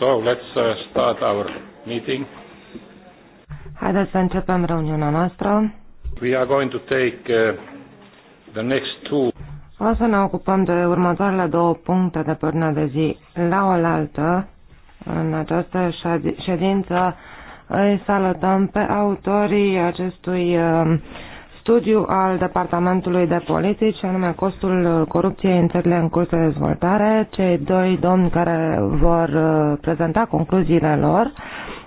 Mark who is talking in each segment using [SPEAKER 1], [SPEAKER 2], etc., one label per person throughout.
[SPEAKER 1] So let's uh, start our meeting.
[SPEAKER 2] Haideți să începem reuniunea noastră.
[SPEAKER 1] We are going to take uh, the next
[SPEAKER 2] two. O să ne ocupăm de următoarele două puncte de până de zi la oaltă în această ședință îi salutăm pe autorii acestui uh, studiu al Departamentului de Politici, anume costul corupției în țările în curs de dezvoltare, cei doi domni care vor uh, prezenta concluziile lor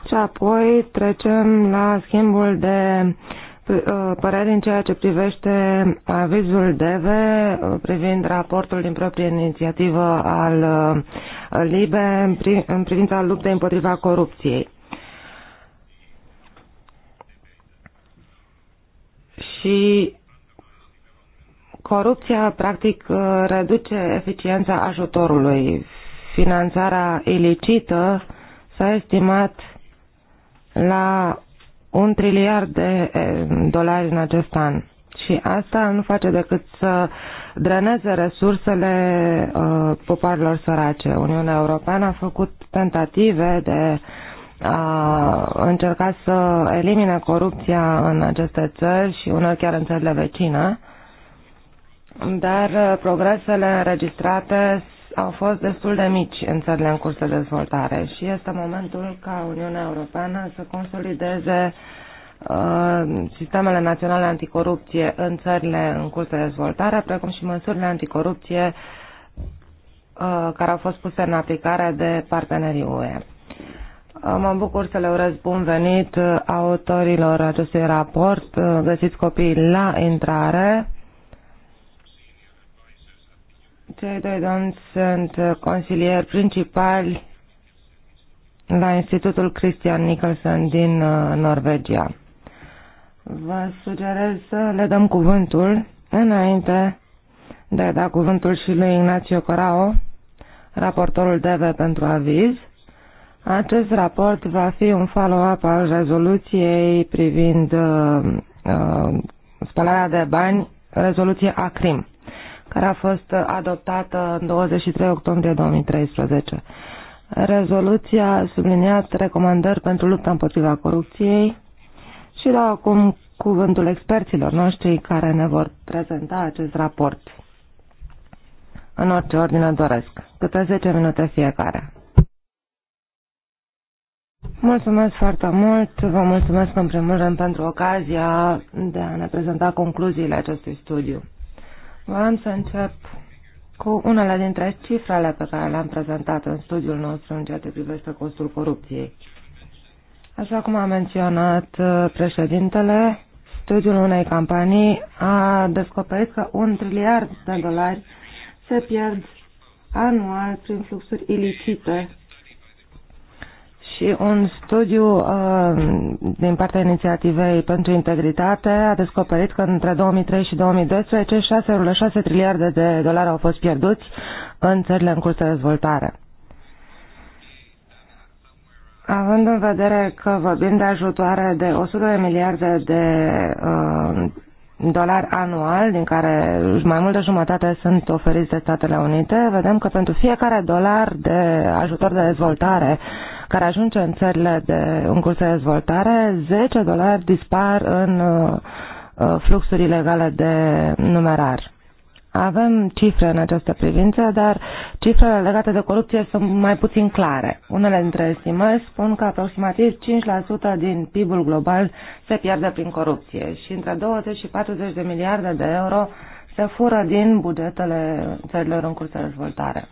[SPEAKER 2] și apoi trecem la schimbul de uh, păreri în ceea ce privește avizul DV privind raportul din proprie inițiativă al LIBE în privința luptei împotriva corupției. și corupția practic uh, reduce eficiența ajutorului. Finanțarea ilicită s-a estimat la un triliard de eh, dolari în acest an. Și asta nu face decât să dreneze resursele uh, popoarelor sărace. Uniunea Europeană a făcut tentative de a încercat să elimine corupția în aceste țări și unor chiar în țările vecine, dar uh, progresele înregistrate au fost destul de mici în țările în curs de dezvoltare și este momentul ca Uniunea Europeană să consolideze uh, sistemele naționale anticorupție în țările în curs de dezvoltare, precum și măsurile anticorupție uh, care au fost puse în aplicare de partenerii UE. Uh, mă bucur să le urez bun venit uh, autorilor acestui raport. Uh, găsiți copiii la intrare. Cei doi domni sunt consilieri principali la Institutul Christian Nicholson din Norvegia. Vă sugerez să le dăm cuvântul înainte de a da cuvântul și lui Ignacio Corao, raportorul DV pentru aviz. Acest raport va fi un follow-up al rezoluției privind uh, uh, spălarea de bani, rezoluție ACRIM, care a fost adoptată în 23 octombrie 2013. Rezoluția a subliniat recomandări pentru lupta împotriva corupției și dau acum cuvântul experților noștri care ne vor prezenta acest raport. În orice ordine doresc, câte 10 minute fiecare. Mulțumesc foarte mult, vă mulțumesc în primul rând pentru ocazia de a ne prezenta concluziile acestui studiu. Vreau să încep cu unele dintre cifrele pe care le-am prezentat în studiul nostru în ceea ce privește costul corupției. Așa cum a menționat uh, președintele, studiul unei campanii a descoperit că un triliard de dolari se pierd anual prin fluxuri ilicite și un studiu uh, din partea inițiativei pentru integritate a descoperit că între 2003 și 2012 6,6 triliarde de dolari au fost pierduți în țările în curs de dezvoltare. Având în vedere că vorbim de ajutoare de 100 de miliarde de uh, dolari anual, din care mai mult de jumătate sunt oferiți de Statele Unite, vedem că pentru fiecare dolar de ajutor de dezvoltare care ajunge în țările de, în curs de dezvoltare, 10 dolari dispar în uh, uh, fluxuri ilegale de numerar. Avem cifre în această privință, dar cifrele legate de corupție sunt mai puțin clare. Unele dintre estimări spun că aproximativ 5% din PIB-ul global se pierde prin corupție și între 20 și 40 de miliarde de euro se fură din bugetele țărilor în curs de dezvoltare.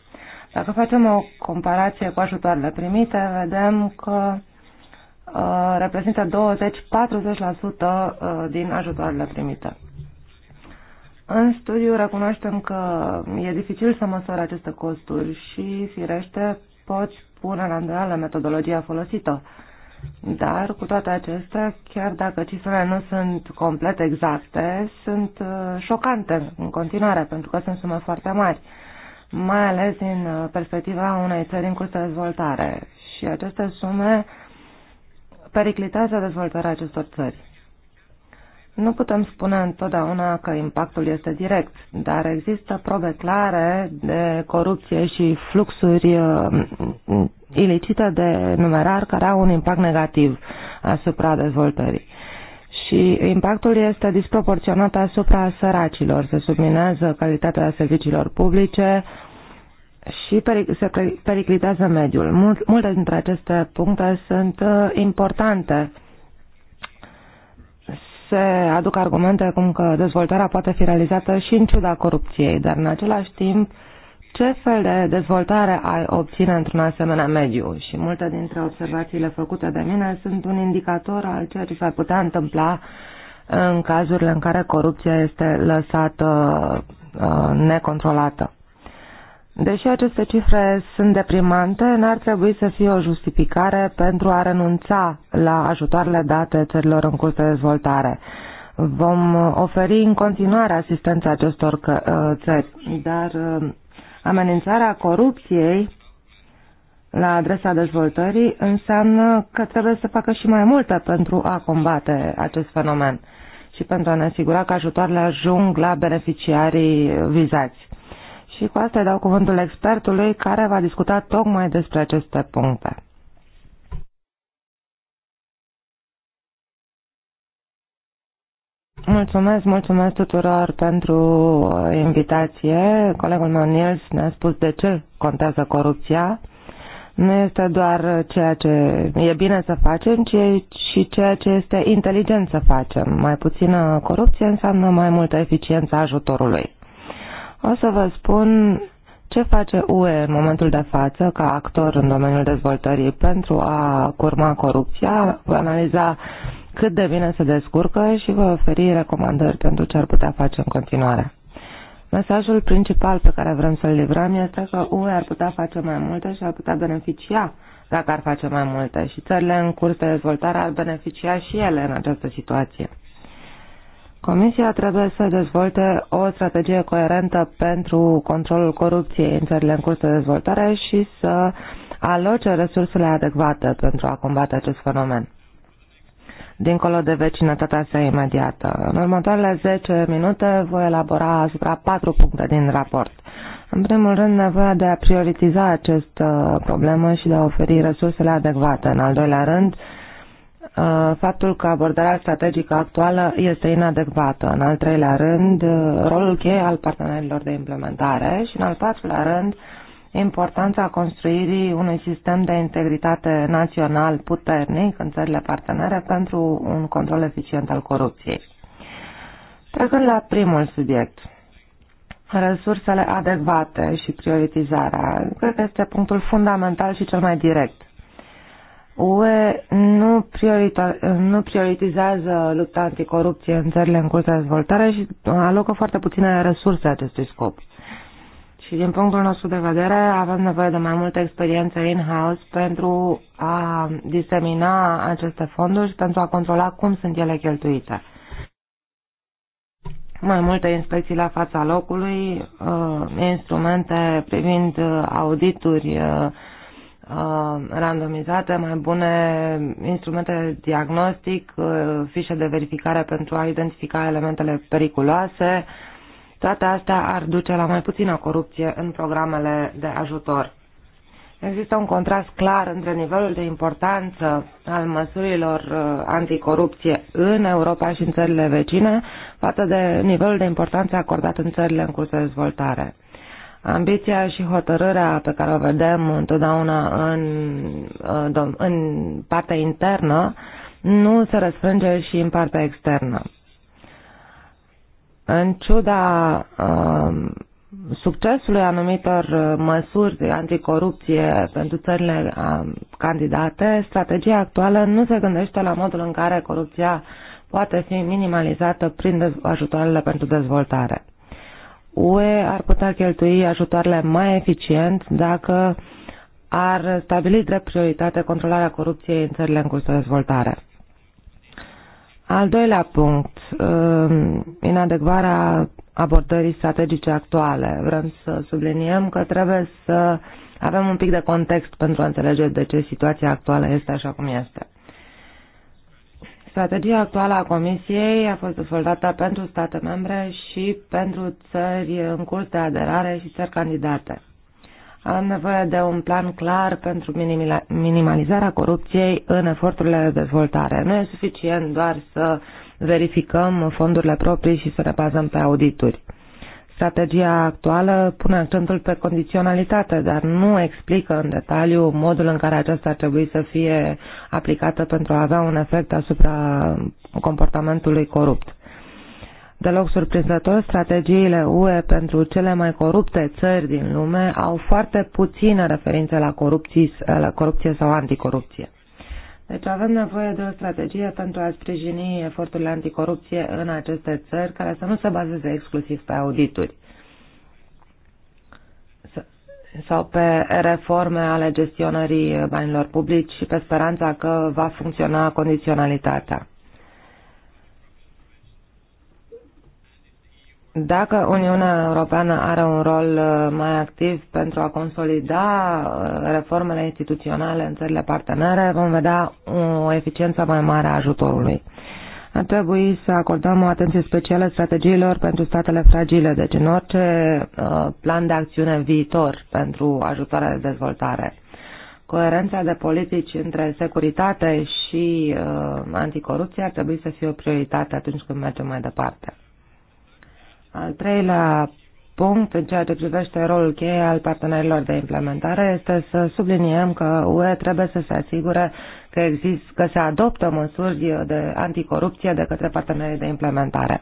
[SPEAKER 2] Dacă facem o comparație cu ajutoarele primite, vedem că uh, reprezintă 20-40% uh, din ajutoarele primite. În studiu recunoaștem că e dificil să măsori aceste costuri și, firește, poți pune la îndoială metodologia folosită. Dar, cu toate acestea, chiar dacă cifrele nu sunt complet exacte, sunt uh, șocante în continuare, pentru că sunt sume foarte mari mai ales din uh, perspectiva unei țări în curs de dezvoltare. Și aceste sume periclitează dezvoltarea acestor țări. Nu putem spune întotdeauna că impactul este direct, dar există probe clare de corupție și fluxuri uh, ilicite de numerar care au un impact negativ asupra dezvoltării. Și impactul este disproporționat asupra săracilor. Se subminează calitatea serviciilor publice, și se periclitează mediul. Multe dintre aceste puncte sunt uh, importante. Se aduc argumente cum că dezvoltarea poate fi realizată și în ciuda corupției, dar în același timp ce fel de dezvoltare ai obține într-un asemenea mediu? Și multe dintre observațiile făcute de mine sunt un indicator al ceea ce s-ar putea întâmpla în cazurile în care corupția este lăsată uh, necontrolată. Deși aceste cifre sunt deprimante, n-ar trebui să fie o justificare pentru a renunța la ajutoarele date țărilor în curs de dezvoltare. Vom uh, oferi în continuare asistența acestor uh, țări, dar uh, amenințarea corupției la adresa dezvoltării înseamnă că trebuie să facă și mai multe pentru a combate acest fenomen și pentru a ne asigura că ajutoarele ajung la beneficiarii vizați. Și cu asta îi dau cuvântul expertului care va discuta tocmai despre aceste puncte. Mulțumesc, mulțumesc tuturor pentru invitație. Colegul meu Nils ne-a spus de ce contează corupția. Nu este doar ceea ce e bine să facem, ci și ceea ce este inteligent să facem. Mai puțină corupție înseamnă mai multă eficiență ajutorului. O să vă spun ce face UE în momentul de față ca actor în domeniul dezvoltării pentru a curma corupția, vă analiza cât de bine se descurcă și vă oferi recomandări pentru ce ar putea face în continuare. Mesajul principal pe care vrem să-l livrăm este că UE ar putea face mai multe și ar putea beneficia dacă ar face mai multe și țările în curs de dezvoltare ar beneficia și ele în această situație. Comisia trebuie să dezvolte o strategie coerentă pentru controlul corupției în țările în curs de dezvoltare și să aloce resursele adecvate pentru a combate acest fenomen dincolo de vecinătatea sa imediată. În următoarele 10 minute voi elabora asupra patru puncte din raport. În primul rând, nevoia de a prioritiza această uh, problemă și de a oferi resursele adecvate. În al doilea rând, Uh, faptul că abordarea strategică actuală este inadecvată. În al treilea rând, uh, rolul cheie al partenerilor de implementare și, în al patrulea rând, importanța construirii unui sistem de integritate național puternic în țările partenere pentru un control eficient al corupției. Trecând la primul subiect, resursele adecvate și prioritizarea, cred că este punctul fundamental și cel mai direct UE nu, nu prioritizează lupta anticorupție în țările în curs de dezvoltare și alocă foarte puține resurse acestui scop. Și din punctul nostru de vedere avem nevoie de mai multă experiență in-house pentru a disemina aceste fonduri și pentru a controla cum sunt ele cheltuite. Mai multe inspecții la fața locului, uh, instrumente privind uh, audituri, uh, Uh, randomizate, mai bune instrumente de diagnostic, uh, fișe de verificare pentru a identifica elementele periculoase. Toate astea ar duce la mai puțină corupție în programele de ajutor. Există un contrast clar între nivelul de importanță al măsurilor uh, anticorupție în Europa și în țările vecine față de nivelul de importanță acordat în țările în curs de dezvoltare. Ambiția și hotărârea pe care o vedem întotdeauna în, uh, în partea internă nu se răsfrânge și în partea externă. În ciuda uh, succesului anumitor uh, măsuri anticorupție pentru țările candidate, strategia actuală nu se gândește la modul în care corupția poate fi minimalizată prin ajutoarele pentru dezvoltare. UE ar putea cheltui ajutoarele mai eficient dacă ar stabili drept prioritate controlarea corupției în țările în curs de dezvoltare. Al doilea punct, um, inadecvarea abordării strategice actuale. Vrem să subliniem că trebuie să avem un pic de context pentru a înțelege de ce situația actuală este așa cum este. Strategia actuală a Comisiei a fost dezvoltată pentru state membre și pentru țări în curs de aderare și țări candidate. Am nevoie de un plan clar pentru minimalizarea corupției în eforturile de dezvoltare. Nu e suficient doar să verificăm fondurile proprii și să ne bazăm pe audituri. Strategia actuală pune accentul pe condiționalitate, dar nu explică în detaliu modul în care aceasta ar trebui să fie aplicată pentru a avea un efect asupra comportamentului corupt. Deloc surprinzător, strategiile UE pentru cele mai corupte țări din lume au foarte puține referințe la, corupții, la corupție sau anticorupție. Deci avem nevoie de o strategie pentru a sprijini eforturile anticorupție în aceste țări, care să nu se bazeze exclusiv pe audituri sau pe reforme ale gestionării banilor publici și pe speranța că va funcționa condiționalitatea. Dacă Uniunea Europeană are un rol uh, mai activ pentru a consolida uh, reformele instituționale în țările partenere, vom vedea o eficiență mai mare a ajutorului. Ar trebui să acordăm o atenție specială strategiilor pentru statele fragile, deci în orice uh, plan de acțiune viitor pentru ajutarea de dezvoltare. Coerența de politici între securitate și anticorupție ar trebui să fie o prioritate atunci când mergem mai departe. Al treilea punct în ceea ce privește rolul cheie al partenerilor de implementare este să subliniem că UE trebuie să se asigure că, exist, că se adoptă măsuri de anticorupție de către partenerii de implementare.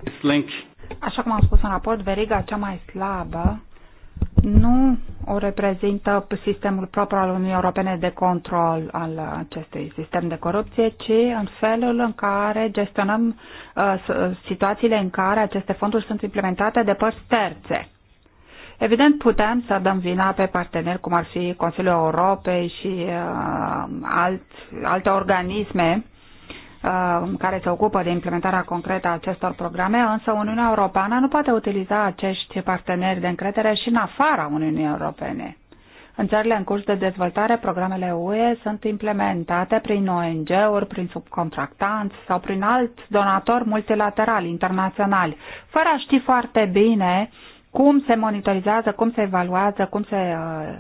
[SPEAKER 3] Așa cum am spus în raport, veriga cea mai slabă nu o reprezintă sistemul propriu al Uniunii Europene de control al acestui sistem de corupție, ci în felul în care gestionăm uh, uh, situațiile în care aceste fonduri sunt implementate de părți terțe. Evident, putem să dăm vina pe parteneri, cum ar fi Consiliul Europei și uh, alt, alte organisme Uh, care se ocupă de implementarea concretă a acestor programe, însă Uniunea Europeană nu poate utiliza acești parteneri de încredere și în afara Uniunii Europene. În țările în curs de dezvoltare, programele UE sunt implementate prin ONG-uri, prin subcontractanți sau prin alți donatori multilaterali, internaționali, fără a ști foarte bine cum se monitorizează, cum se evaluează, cum se uh,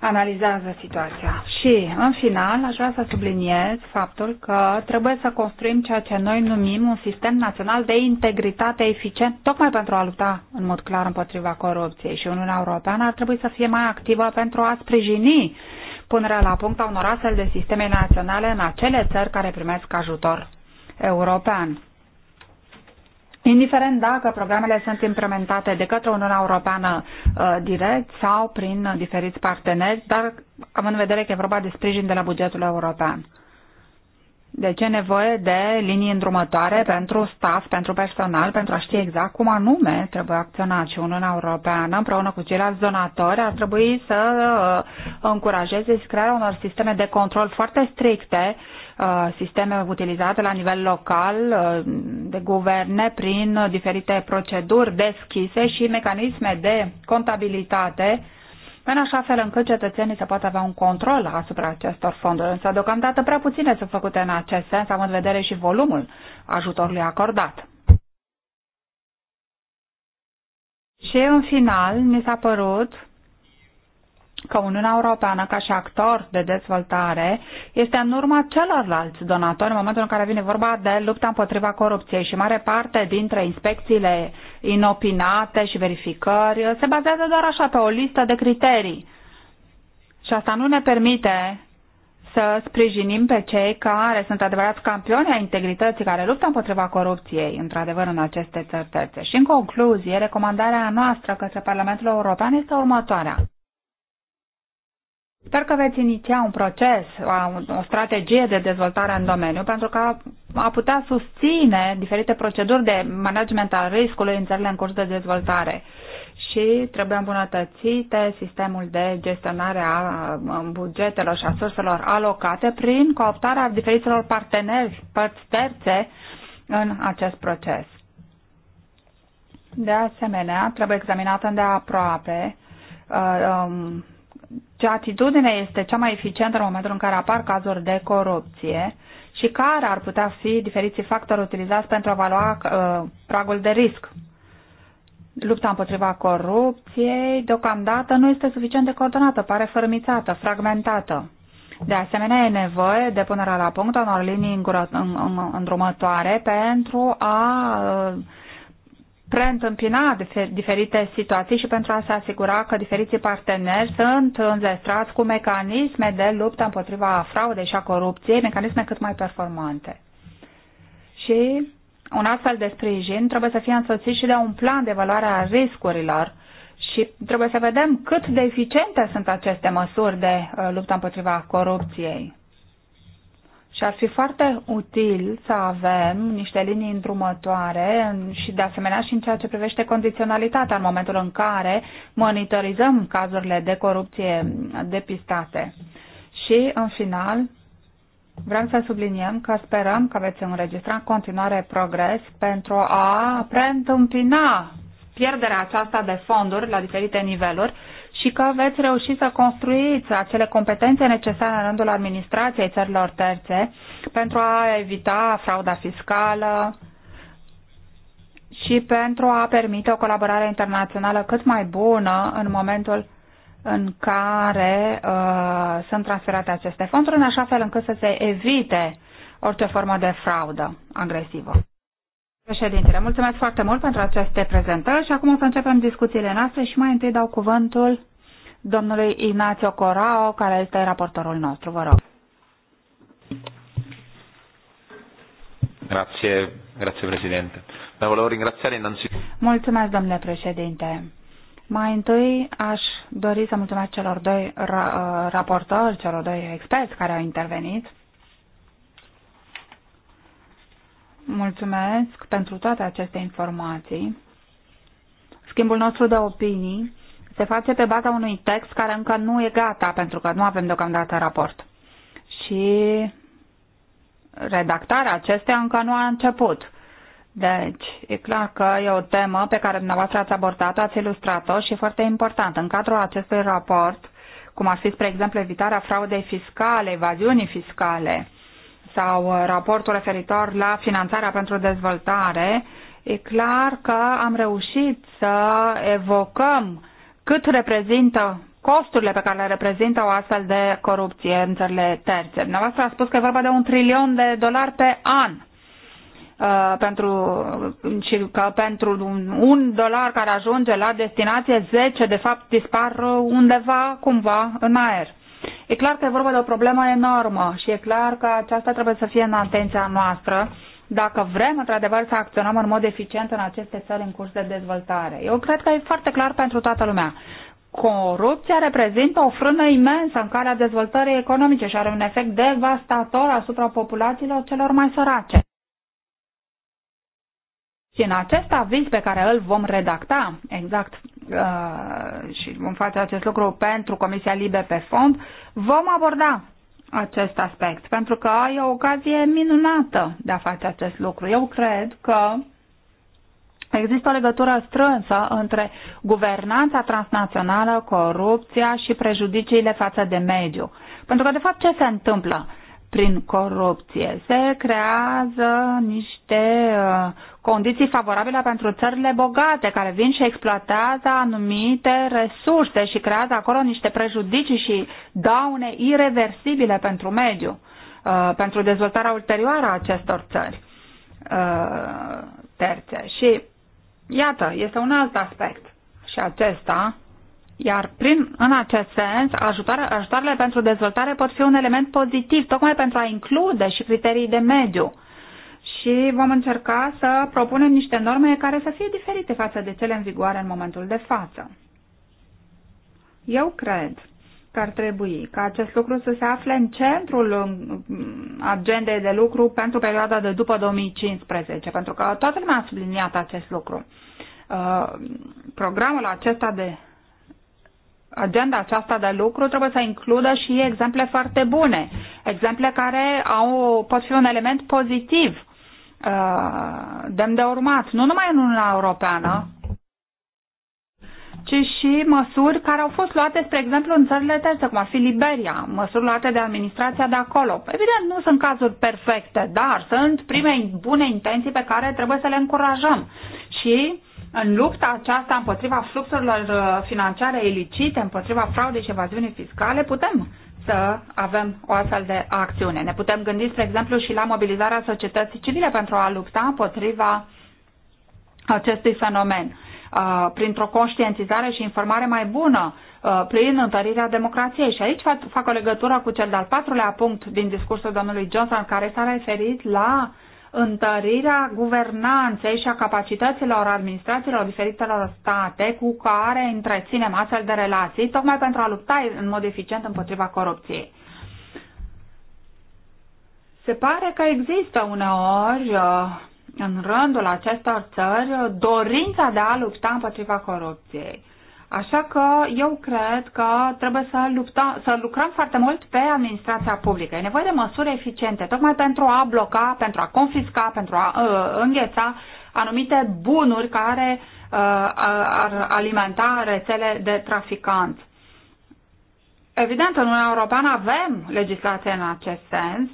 [SPEAKER 3] analizează situația. Și, în final, aș vrea să subliniez faptul că trebuie să construim ceea ce noi numim un sistem național de integritate eficient, tocmai pentru a lupta în mod clar împotriva corupției. Și Uniunea Europeană ar trebui să fie mai activă pentru a sprijini punerea la punct a unor astfel de sisteme naționale în acele țări care primesc ajutor european indiferent dacă programele sunt implementate de către Uniunea Europeană uh, direct sau prin diferiți parteneri, dar am în vedere că e vorba de sprijin de la bugetul european. Deci e nevoie de linii îndrumătoare pentru staff, pentru personal, pentru a ști exact cum anume trebuie acționat și Uniunea Europeană împreună cu ceilalți donatori ar trebui să uh, încurajeze crearea unor sisteme de control foarte stricte Uh, sisteme utilizate la nivel local uh, de guverne prin diferite proceduri deschise și mecanisme de contabilitate în așa fel încât cetățenii să poată avea un control asupra acestor fonduri. Însă, deocamdată, prea puține sunt făcute în acest sens, am în vedere și volumul ajutorului acordat. Și, în final, mi s-a părut că Uniunea Europeană, ca și actor de dezvoltare, este în urma celorlalți donatori în momentul în care vine vorba de lupta împotriva corupției și mare parte dintre inspecțiile inopinate și verificări se bazează doar așa pe o listă de criterii. Și asta nu ne permite să sprijinim pe cei care sunt adevărați campioni ai integrității, care luptă împotriva corupției, într-adevăr, în aceste țărtețe. Și, în concluzie, recomandarea noastră către Parlamentul European este următoarea. Sper că veți iniția un proces, o strategie de dezvoltare în domeniu pentru că a putea susține diferite proceduri de management al riscului în țările în curs de dezvoltare și trebuie îmbunătățite sistemul de gestionare a bugetelor și a surselor alocate prin cooptarea diferiților parteneri, părți terțe în acest proces. De asemenea, trebuie examinată îndeaproape uh, um, ce atitudine este cea mai eficientă în momentul în care apar cazuri de corupție și care ar putea fi diferiții factori utilizați pentru a evalua uh, pragul de risc. Lupta împotriva corupției deocamdată nu este suficient de coordonată, pare fărâmițată, fragmentată. De asemenea, e nevoie de punerea la punct a unor linii îndrumătoare pentru a uh, preîntâmpina diferite situații și pentru a se asigura că diferiții parteneri sunt înzestrați cu mecanisme de luptă împotriva fraudei și a corupției, mecanisme cât mai performante. Și un astfel de sprijin trebuie să fie însoțit și de un plan de evaluare a riscurilor și trebuie să vedem cât de eficiente sunt aceste măsuri de uh, luptă împotriva corupției. Și ar fi foarte util să avem niște linii îndrumătoare și de asemenea și în ceea ce privește condiționalitatea în momentul în care monitorizăm cazurile de corupție depistate. Și în final, Vrem să subliniem că sperăm că veți înregistra în continuare progres pentru a preîntâmpina pierderea aceasta de fonduri la diferite niveluri și că veți reuși să construiți acele competențe necesare în rândul administrației țărilor terțe pentru a evita frauda fiscală și pentru a permite o colaborare internațională cât mai bună în momentul în care uh, sunt transferate aceste fonduri, în așa fel încât să se evite orice formă de fraudă agresivă. Președintele, mulțumesc foarte mult pentru aceste prezentări și acum o să începem discuțiile noastre și mai întâi dau cuvântul domnului Ignacio Corao, care este raportorul nostru. Vă rog.
[SPEAKER 1] Grazie, grazie Presidente. Vă volevo ringraziare innanzitutto.
[SPEAKER 3] Mulțumesc, domnule președinte. Mai întâi aș dori să mulțumesc celor doi ra- uh, raportori, celor doi experți care au intervenit. Mulțumesc pentru toate aceste informații. Schimbul nostru de opinii se face pe baza unui text care încă nu e gata, pentru că nu avem deocamdată raport. Și redactarea acestea încă nu a început. Deci, e clar că e o temă pe care dumneavoastră ați abordat-o, ați ilustrat-o și e foarte important. În cadrul acestui raport, cum ar fi, spre exemplu, evitarea fraudei fiscale, evaziunii fiscale sau uh, raportul referitor la finanțarea pentru dezvoltare, e clar că am reușit să evocăm cât reprezintă costurile pe care le reprezintă o astfel de corupție în țările terțe. Dumneavoastră a spus că e vorba de un trilion de dolari pe an. Uh, pentru, și că pentru un, un dolar care ajunge la destinație, 10 de fapt dispar undeva, cumva, în aer. E clar că e vorba de o problemă enormă și e clar că aceasta trebuie să fie în atenția noastră dacă vrem într-adevăr să acționăm în mod eficient în aceste țări în curs de dezvoltare. Eu cred că e foarte clar pentru toată lumea. Corupția reprezintă o frână imensă în calea dezvoltării economice și are un efect devastator asupra populațiilor celor mai sărace. Și în acest aviz pe care îl vom redacta, exact, uh, și vom face acest lucru pentru Comisia Libe pe fond, vom aborda acest aspect, pentru că ai o ocazie minunată de a face acest lucru. Eu cred că Există o legătură strânsă între guvernanța transnațională, corupția și prejudiciile față de mediu. Pentru că, de fapt, ce se întâmplă prin corupție? Se creează niște uh, condiții favorabile pentru țările bogate care vin și exploatează anumite resurse și creează acolo niște prejudicii și daune irreversibile pentru mediu, uh, pentru dezvoltarea ulterioară a acestor țări uh, terțe. Și iată, este un alt aspect și acesta, iar prin, în acest sens, ajutoare, ajutoarele pentru dezvoltare pot fi un element pozitiv, tocmai pentru a include și criterii de mediu și vom încerca să propunem niște norme care să fie diferite față de cele în vigoare în momentul de față. Eu cred că ar trebui ca acest lucru să se afle în centrul um, agendei de lucru pentru perioada de după 2015, pentru că toată lumea a subliniat acest lucru. Uh, programul acesta de agenda aceasta de lucru trebuie să includă și exemple foarte bune, exemple care au, pot fi un element pozitiv Uh, demn de urmat, nu numai în Uniunea Europeană, ci și măsuri care au fost luate, spre exemplu, în țările terțe, cum ar fi Liberia, măsuri luate de administrația de acolo. Evident, nu sunt cazuri perfecte, dar sunt prime bune intenții pe care trebuie să le încurajăm. Și în lupta aceasta împotriva fluxurilor uh, financiare ilicite, împotriva fraudei și evaziunii fiscale, putem să avem o astfel de acțiune. Ne putem gândi, spre exemplu, și la mobilizarea societății civile pentru a lupta împotriva acestui fenomen, uh, printr-o conștientizare și informare mai bună, uh, prin întărirea democrației. Și aici fac o legătură cu cel de-al patrulea punct din discursul domnului Johnson, care s-a referit la uh, întărirea guvernanței și a capacităților administrațiilor diferitelor state cu care întreținem astfel de relații, tocmai pentru a lupta în mod eficient împotriva corupției. Se pare că există uneori uh, în rândul acestor țări dorința de a lupta împotriva corupției. Așa că eu cred că trebuie să, lupta, să lucrăm foarte mult pe administrația publică. E nevoie de măsuri eficiente, tocmai pentru a bloca, pentru a confisca, pentru a uh, îngheța anumite bunuri care uh, ar alimenta rețele de traficanți. Evident, în Uniunea Europeană avem legislație în acest sens,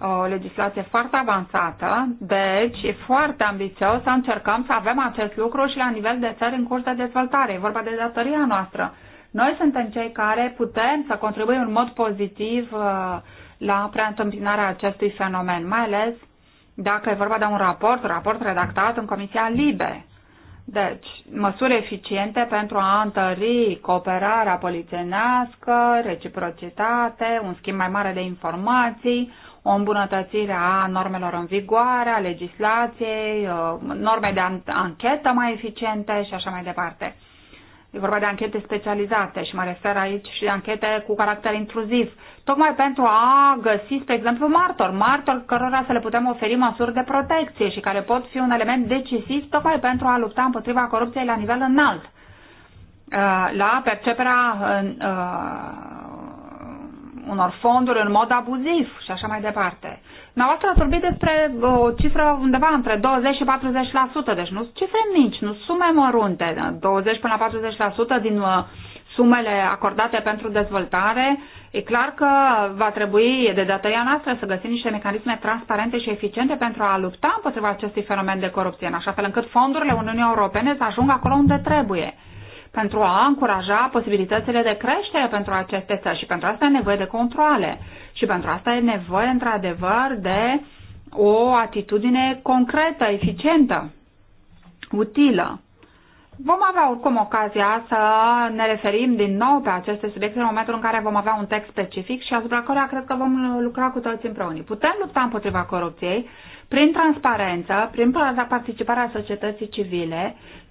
[SPEAKER 3] o legislație foarte avansată, deci e foarte ambițios să încercăm să avem acest lucru și la nivel de țări în curs de dezvoltare. E vorba de datoria noastră. Noi suntem cei care putem să contribuim în mod pozitiv uh, la preîntâmpinarea acestui fenomen, mai ales dacă e vorba de un raport, un raport redactat în Comisia Libe. Deci, măsuri eficiente pentru a întări cooperarea polițienească, reciprocitate, un schimb mai mare de informații, o îmbunătățire a normelor în vigoare, a legislației, uh, norme de anchetă mai eficiente și așa mai departe. E vorba de anchete specializate și mă refer aici și de anchete cu caracter intruziv, tocmai pentru a găsi, spre exemplu, martor, martor cărora să le putem oferi măsuri de protecție și care pot fi un element decisiv tocmai pentru a lupta împotriva corupției la nivel înalt, uh, la perceperea uh, unor fonduri în mod abuziv și așa mai departe. Dumneavoastră ați vorbit despre o cifră undeva între 20 și 40%, deci nu cifre mici, nu sume mărunte, 20 până la 40% din uh, sumele acordate pentru dezvoltare, e clar că va trebui de datoria noastră să găsim niște mecanisme transparente și eficiente pentru a lupta împotriva acestui fenomen de corupție, în așa fel încât fondurile Uniunii Europene să ajungă acolo unde trebuie pentru a încuraja posibilitățile de creștere pentru aceste țări și pentru asta e nevoie de controle și pentru asta e nevoie într-adevăr de o atitudine concretă, eficientă, utilă. Vom avea oricum ocazia să ne referim din nou pe aceste subiecte în momentul în care vom avea un text specific și asupra căruia cred că vom lucra cu toți împreună. Putem lupta împotriva corupției prin transparență, prin participarea societății civile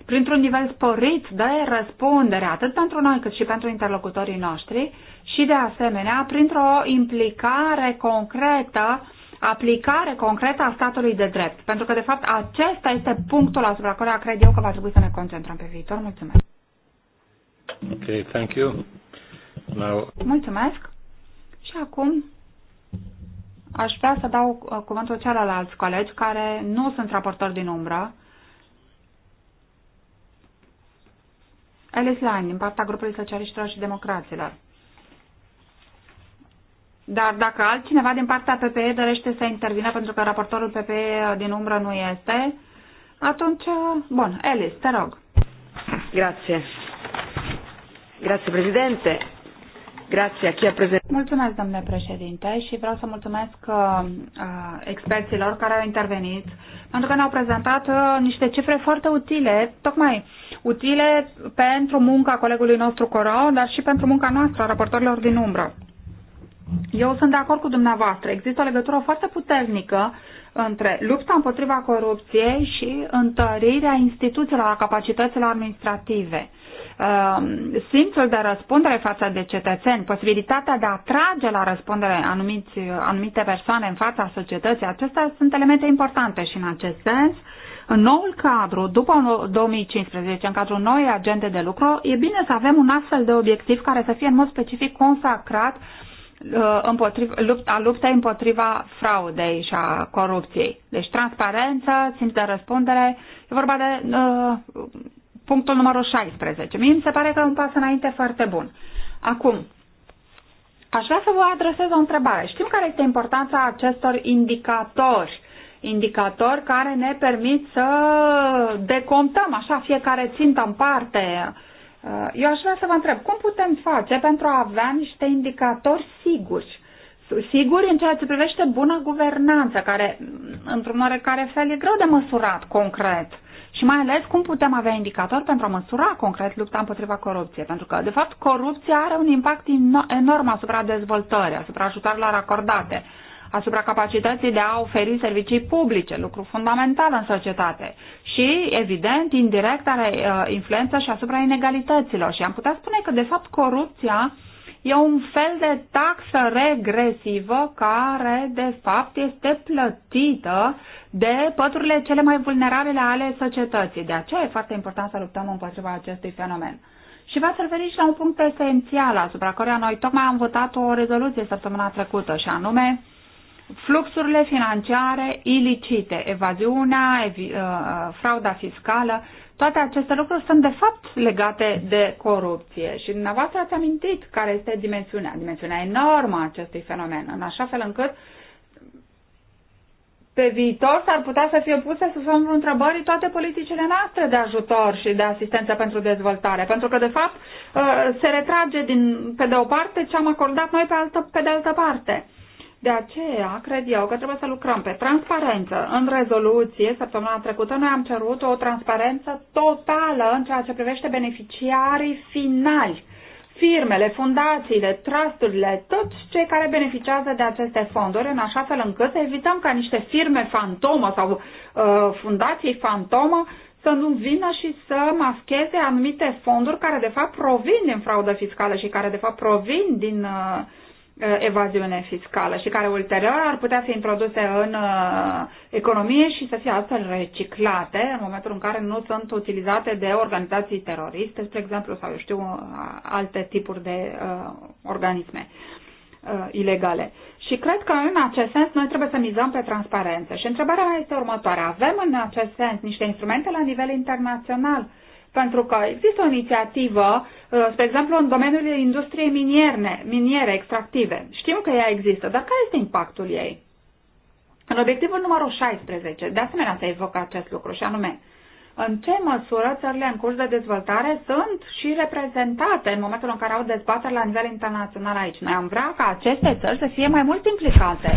[SPEAKER 3] printr-un nivel sporit de răspundere, atât pentru noi cât și pentru interlocutorii noștri, și de asemenea printr-o implicare concretă, aplicare concretă a statului de drept. Pentru că, de fapt, acesta este punctul asupra căruia cred eu că va trebui să ne concentrăm pe viitor. Mulțumesc!
[SPEAKER 1] Ok, thank you. Now...
[SPEAKER 3] Mulțumesc! Și acum aș vrea să dau uh, cuvântul celorlalți colegi care nu sunt raportori din umbră, Alice Line, din partea grupului socialiștilor și democraților. Dar dacă altcineva din partea PPE dorește să intervină pentru că raportorul PPE din umbră nu este, atunci, bun, Alice, te rog. Grazie. Grazie, Presidente. Mulțumesc, domnule președinte, și vreau să mulțumesc uh, uh, experților care au intervenit, pentru că ne-au prezentat uh, niște cifre foarte utile, tocmai utile pentru munca colegului nostru Corau, dar și pentru munca noastră a raportorilor din umbră. Eu sunt de acord cu dumneavoastră. Există o legătură foarte puternică între lupta împotriva corupției și întărirea instituțiilor a capacităților administrative. Uh, Um, simțul de răspundere față de cetățeni, posibilitatea de a trage la răspundere anumiți, anumite persoane în fața societății, acestea sunt elemente importante și în acest sens, în noul cadru, după 2015, în cadrul noii agende de lucru, e bine să avem un astfel de obiectiv care să fie în mod specific consacrat uh, împotriva, a luptei împotriva fraudei și a corupției. Deci transparență, simț de răspundere, e vorba de uh, punctul numărul 16. Mie mi se pare că e un pas înainte foarte bun. Acum, aș vrea să vă adresez o întrebare. Știm care este importanța acestor indicatori indicatori care ne permit să decontăm așa fiecare țintă în parte. Uh, eu aș vrea să vă întreb, cum putem face pentru a avea niște indicatori siguri? sigur în ceea ce privește bună guvernanță, care mm, într-un oarecare fel e greu de măsurat concret și mai ales cum putem avea indicatori pentru a măsura concret lupta împotriva corupției. Pentru că, de fapt, corupția are un impact enorm asupra dezvoltării, asupra ajutoarelor acordate, asupra capacității de a oferi servicii publice, lucru fundamental în societate. Și, evident, indirect are uh, influență și asupra inegalităților. Și am putea spune că, de fapt, corupția E un fel de taxă regresivă care, de fapt, este plătită de păturile cele mai vulnerabile ale societății. De aceea e foarte important să luptăm împotriva acestui fenomen. Și v-ați referit și la un punct esențial asupra căruia noi tocmai am votat o rezoluție săptămâna trecută, și anume fluxurile financiare ilicite, evaziunea, uh, uh, frauda fiscală, toate aceste lucruri sunt de fapt legate de corupție și dumneavoastră ați amintit care este dimensiunea, dimensiunea enormă a acestui fenomen, în așa fel încât pe viitor s-ar putea să fie puse sub semnul întrebări toate politicile noastre de ajutor și de asistență pentru dezvoltare, pentru că de fapt uh, se retrage din, pe de o parte ce am acordat noi pe, altă, pe de altă parte. De aceea, cred eu că trebuie să lucrăm pe transparență. În rezoluție, săptămâna trecută, noi am cerut o transparență totală în ceea ce privește beneficiarii finali, firmele, fundațiile, trusturile, toți cei care beneficiază de aceste fonduri, în așa fel încât să evităm ca niște firme fantomă sau uh, fundații fantomă să nu vină și să mascheze anumite fonduri care de fapt provin din fraudă fiscală și care de fapt provin din uh, Uh, evaziune fiscală și care ulterior ar putea fi introduse în uh, economie și să fie astfel reciclate în momentul în care nu sunt utilizate de organizații teroriste, spre exemplu, sau eu știu, uh, alte tipuri de uh, organisme uh, ilegale. Și cred că în acest sens noi trebuie să mizăm pe transparență. Și întrebarea mea este următoarea. Avem în acest sens niște instrumente la nivel internațional uh, pentru că există o inițiativă, uh, spre exemplu, în domeniul industriei minierne, miniere extractive. Știm că ea există, dar care este impactul ei? În obiectivul numărul 16, de asemenea se evocă acest lucru și anume, în ce măsură țările în curs de dezvoltare sunt și reprezentate în momentul în care au dezbateri la nivel internațional aici. Noi am vrea ca aceste țări să fie mai mult implicate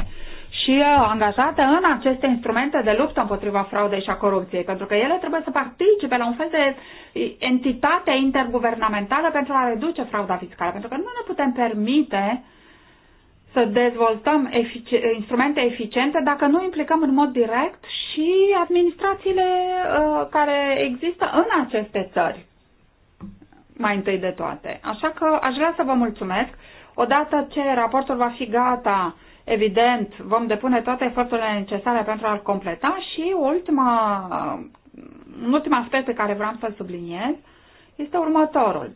[SPEAKER 3] și uh, angajată în aceste instrumente de luptă împotriva fraudei și a corupției, pentru că ele trebuie să participe la un fel de entitate interguvernamentală pentru a reduce frauda fiscală, pentru că nu ne putem permite să dezvoltăm efici- instrumente eficiente dacă nu implicăm în mod direct și administrațiile uh, care există în aceste țări, mai întâi de toate. Așa că aș vrea să vă mulțumesc. Odată ce raportul va fi gata, Evident, vom depune toate eforturile necesare pentru a-l completa și ultima, un ultim aspect pe care vreau să-l subliniez este următorul.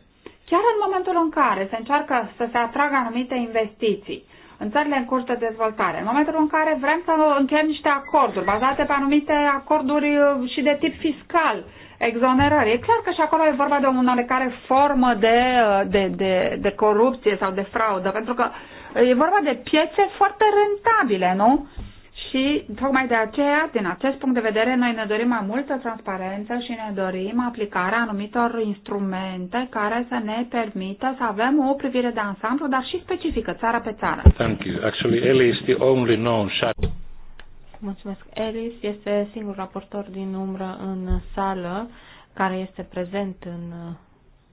[SPEAKER 3] Chiar în momentul în care se încearcă să se atragă anumite investiții în țările în curs de dezvoltare, în momentul în care vrem să încheiem niște acorduri bazate pe anumite acorduri uh, și de tip fiscal, exonerări, e clar că și acolo e vorba de o oarecare formă de, uh, de, de, de corupție sau de fraudă, pentru că uh, E vorba de piețe foarte rentabile, nu? Și tocmai de aceea, din acest punct de vedere, noi ne dorim mai multă transparență și ne dorim aplicarea anumitor instrumente care să ne permită să avem o privire de ansamblu, dar și specifică, țara pe țară.
[SPEAKER 4] Thank
[SPEAKER 1] you. Actually, Ellie is the only known shadow.
[SPEAKER 3] Mulțumesc.
[SPEAKER 4] Elis este singurul raportor din umbră în sală care este prezent în uh,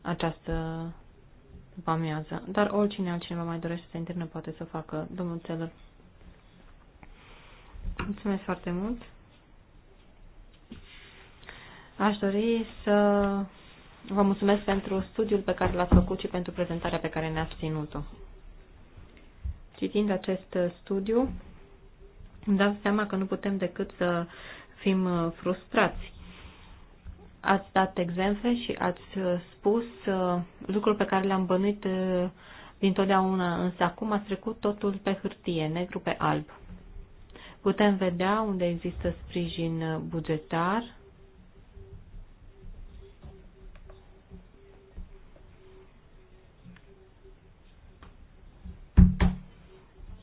[SPEAKER 4] această după amiază. Dar oricine altcineva mai dorește să interne poate să facă. Domnul Țelăr. Mulțumesc foarte mult. Aș dori să vă mulțumesc pentru studiul pe care l-ați făcut și pentru prezentarea pe care ne-ați ținut-o. Citind acest studiu, îmi dau seama că nu putem decât să fim frustrați ați dat exemple și ați uh, spus uh, lucruri pe care le-am bănuit uh, dintotdeauna, însă acum ați trecut totul pe hârtie, negru pe alb. Putem vedea unde există sprijin bugetar,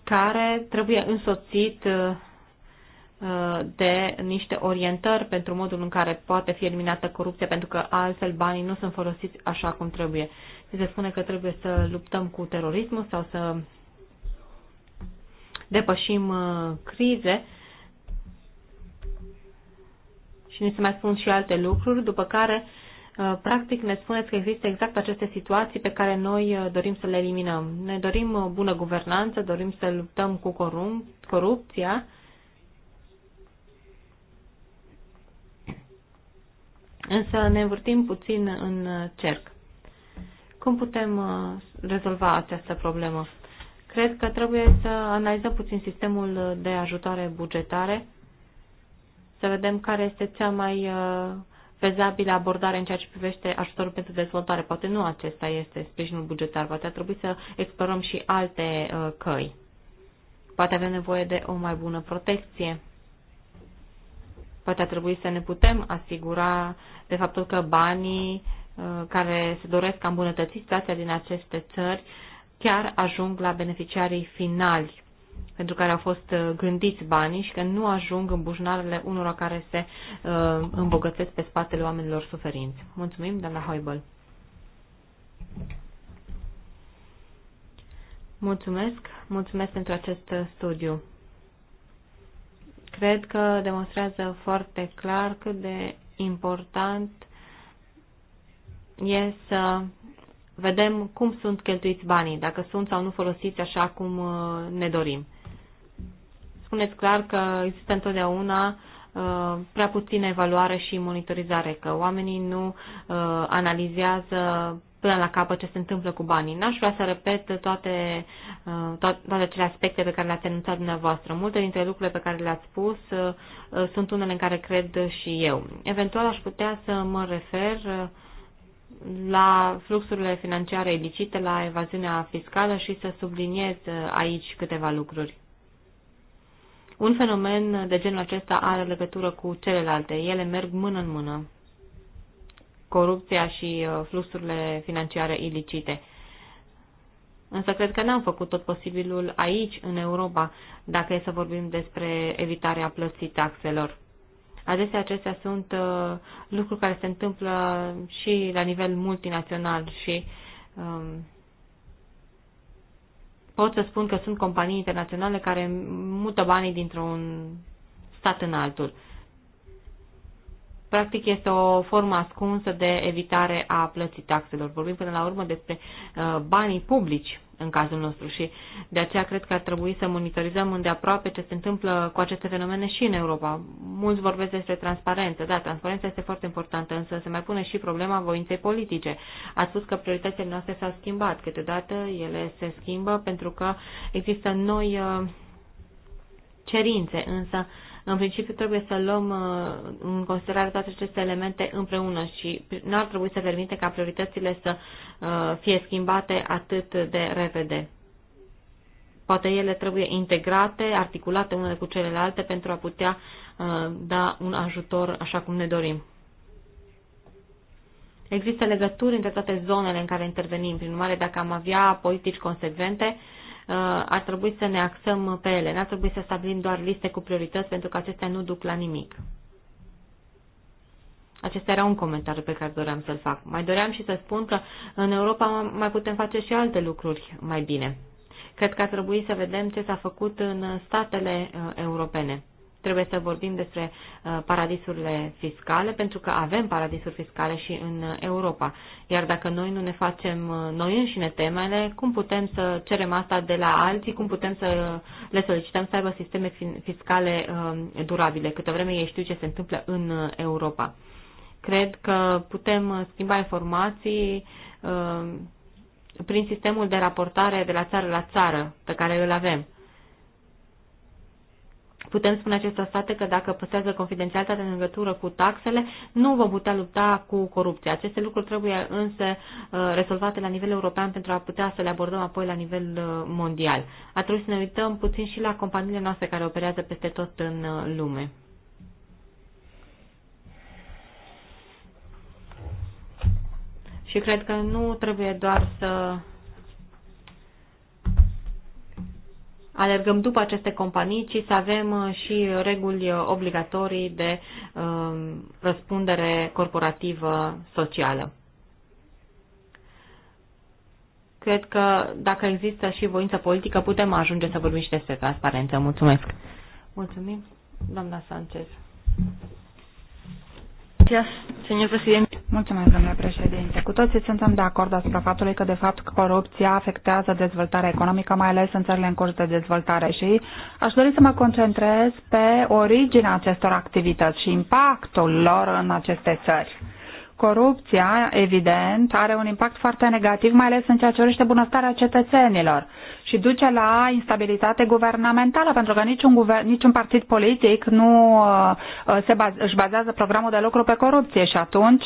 [SPEAKER 4] care trebuie însoțit de niște orientări pentru modul în care poate fi eliminată corupția, pentru că altfel banii nu sunt folosiți așa cum trebuie. Se spune că trebuie să luptăm cu terorismul sau să depășim uh, crize și ne se mai spun și alte lucruri, după care uh, practic ne spuneți că există exact aceste situații pe care noi uh, dorim să le eliminăm. Ne dorim bună guvernanță, dorim să luptăm cu corupția, Însă ne învârtim puțin în uh, cerc. Cum putem uh, rezolva această problemă? Cred că trebuie să analizăm puțin sistemul de ajutoare bugetare, să vedem care este cea mai uh, fezabilă abordare în ceea ce privește ajutorul pentru dezvoltare. Poate nu acesta este sprijinul bugetar, poate ar trebui să explorăm și alte căi. Poate avem nevoie de o mai bună protecție Poate ar trebui să ne putem asigura de faptul că banii uh, care se doresc a îmbunătăți situația din aceste țări chiar ajung la beneficiarii finali pentru care au fost uh, gândiți banii și că nu ajung în bujnarele unora care se uh, îmbogățesc pe spatele oamenilor suferinți. Mulțumim, doamna Hoibel. Mulțumesc, mulțumesc pentru acest studiu cred că demonstrează foarte clar cât de important e să vedem cum sunt cheltuiți banii, dacă sunt sau nu folosiți așa cum uh, ne dorim. Spuneți clar că există întotdeauna uh, prea puțină evaluare și monitorizare, că oamenii nu uh, analizează până la capăt ce se întâmplă cu banii. N-aș vrea să repet toate, uh, toate acele aspecte pe care le-ați enunțat dumneavoastră. Multe dintre lucrurile pe care le-ați spus uh, uh, sunt unele în care cred și eu. Eventual aș putea să mă refer la fluxurile financiare ilicite, la evaziunea fiscală și să subliniez aici câteva lucruri. Un fenomen de genul acesta are legătură cu celelalte. Ele merg mână în mână corupția și uh, fluxurile financiare ilicite. Însă cred că n-am făcut tot posibilul aici, în Europa, dacă e să vorbim despre evitarea plății taxelor. Adesea acestea sunt uh, lucruri care se întâmplă și la nivel multinațional și um, pot să spun că sunt companii internaționale care mută banii dintr-un stat în altul practic este o formă ascunsă de evitare a plății taxelor. Vorbim până la urmă despre uh, banii publici în cazul nostru și de aceea cred că ar trebui să monitorizăm îndeaproape ce se întâmplă cu aceste fenomene și în Europa. Mulți vorbesc despre transparență. Da, transparența este foarte importantă, însă se mai pune și problema voinței politice. Ați spus că prioritățile noastre s-au schimbat. Câteodată ele se schimbă pentru că există noi uh, cerințe, însă uh, în principiu trebuie să luăm uh, în considerare toate aceste elemente împreună și nu ar trebui să permite ca prioritățile să uh, fie schimbate atât de repede. Poate ele trebuie integrate, articulate unele cu celelalte pentru a putea uh, da un ajutor așa cum ne dorim. Există legături între toate zonele în care intervenim. Prin urmare, dacă am avea politici consecvente, uh, Uh, ar trebui să ne axăm pe ele. N-ar trebui să stabilim doar liste cu priorități pentru că acestea nu duc la nimic. Acesta era un comentariu pe care doream să-l fac. Mai doream și să spun că în Europa mai putem face și alte lucruri mai bine. Cred că ar trebui să vedem ce s-a făcut în statele uh, europene trebuie să vorbim despre uh, paradisurile fiscale, pentru că avem paradisuri fiscale și în Europa. Iar dacă noi nu ne facem uh, noi înșine temele, cum putem să cerem asta de la alții, cum putem să le solicităm să aibă sisteme fiscale uh, durabile, câtă vreme ei știu ce se întâmplă în Europa. Cred că putem schimba informații prin sistemul de raportare de la țară la țară pe care îl avem Putem spune acestor state că dacă păstrează confidențialitatea în legătură cu taxele, nu vom putea lupta cu corupția. Aceste lucruri trebuie însă uh, rezolvate la nivel european pentru a putea să le abordăm apoi la nivel uh, mondial. A trebuit să ne uităm puțin și la companiile noastre care operează peste tot în uh, lume. Și cred că nu trebuie doar să alergăm după aceste companii, ci să avem uh, și reguli uh, obligatorii de um, răspundere corporativă socială. Cred că dacă există și voință politică, putem ajunge să vorbim și despre transparență. Mulțumesc! Mulțumim, doamna Sanchez.
[SPEAKER 3] Mulțumesc, domnule președinte. Cu toții suntem de acord asupra faptului că, de fapt, corupția afectează dezvoltarea economică, mai ales în țările în curs de dezvoltare și aș dori să mă concentrez pe originea acestor activități și impactul lor în aceste țări. Corupția, evident, are un impact foarte negativ, mai ales în ceea ce urește bunăstarea cetățenilor și duce la instabilitate guvernamentală, pentru că niciun, guvern, niciun partid politic nu uh, uh, se baz, își bazează programul de lucru pe corupție și atunci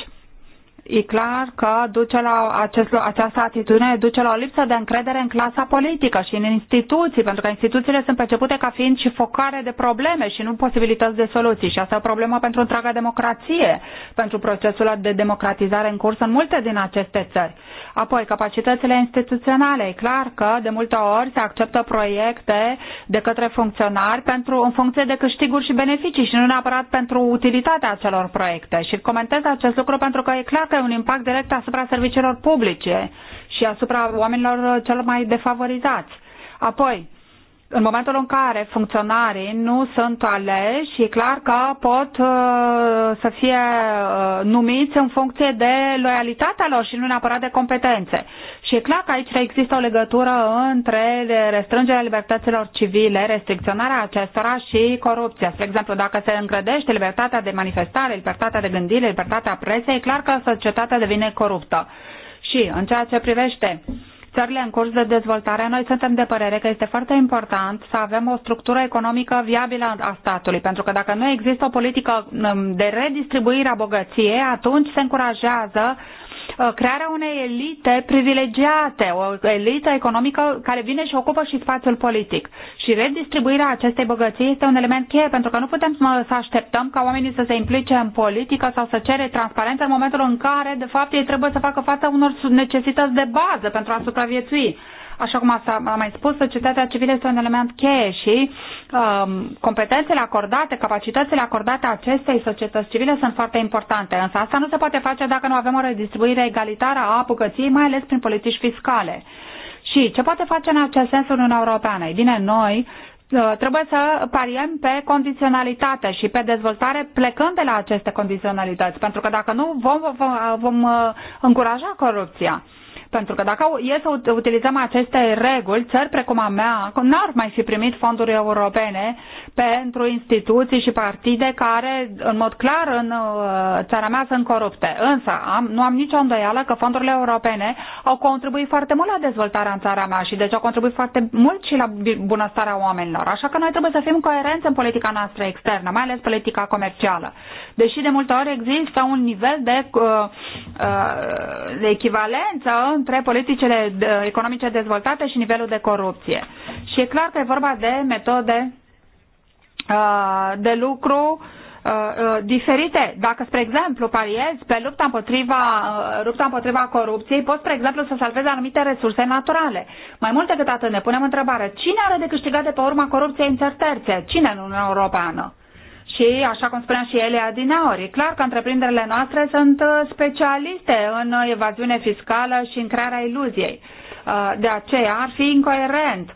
[SPEAKER 3] e clar că duce la acest, această atitudine duce la o lipsă de încredere în clasa politică și în instituții, pentru că instituțiile sunt percepute ca fiind și focare de probleme și nu posibilități de soluții. Și asta e o problemă pentru întreaga democrație, pentru procesul de democratizare în curs în multe din aceste țări. Apoi, capacitățile instituționale. E clar că de multe ori se acceptă proiecte de către funcționari pentru, în funcție de câștiguri și beneficii și nu neapărat pentru utilitatea acelor proiecte. Și comentez acest lucru pentru că e clar că un impact direct asupra serviciilor publice și asupra oamenilor cel mai defavorizați. Apoi, în momentul în care funcționarii nu sunt aleși, e clar că pot uh, să fie uh, numiți în funcție de loialitatea lor și nu neapărat de competențe. Și e clar că aici există o legătură între restrângerea libertăților civile, restricționarea acestora și corupția. Spre exemplu, dacă se încredește libertatea de manifestare, libertatea de gândire, libertatea presei, e clar că societatea devine coruptă. Și în ceea ce privește uh, țările în curs de dezvoltare, noi suntem de părere că este foarte important să avem o structură economică viabilă a statului, pentru că dacă nu există o politică um, de redistribuire a bogăției, atunci se încurajează uh, Uh, crearea unei elite privilegiate, o elită economică care vine și ocupă și spațiul politic. Și redistribuirea acestei bogății este un element cheie, pentru că nu putem să așteptăm ca oamenii să se implice în politică sau să cere transparență în momentul în care, de fapt, ei trebuie să facă față unor necesități de bază pentru a supraviețui așa cum am mai spus, societatea civilă este un element cheie și um, competențele acordate, capacitățile acordate acestei societăți civile sunt foarte importante, însă asta nu se poate face dacă nu avem o redistribuire egalitară a bogăției, mai ales prin politici fiscale. Și ce poate face în acest sens Uniunea Europeană? Ei bine, noi uh, trebuie să pariem pe condiționalitate și pe dezvoltare plecând de la aceste condiționalități, pentru că dacă nu vom, vom uh, încuraja corupția. Pentru că dacă e să utilizăm aceste reguli, țări precum a mea n-ar mai fi primit fonduri europene pentru instituții și partide care, în mod clar, în uh, țara mea sunt corupte. Însă am, nu am nicio îndoială că fondurile europene au contribuit foarte mult la dezvoltarea în țara mea și deci au contribuit foarte mult și la bunăstarea oamenilor. Așa că noi trebuie să fim coerenți în politica noastră externă, mai ales politica comercială. Deși de multe ori există un nivel de, uh, uh, de echivalență între politicile economice dezvoltate și nivelul de corupție. Și e clar că e vorba de metode uh, de lucru uh, uh, diferite. Dacă, spre exemplu, pariezi pe lupta împotriva, lupta împotriva corupției, poți, spre exemplu, să salvezi anumite resurse naturale. Mai mult decât atât, ne punem întrebarea, cine are de câștigat de pe urma corupției în țări terțe? Cine în Uniunea Europeană? Și, așa cum spunea și ele adineori, e clar că întreprinderile noastre sunt uh, specialiste în uh, evaziune fiscală și în crearea iluziei. Uh, de aceea ar fi incoerent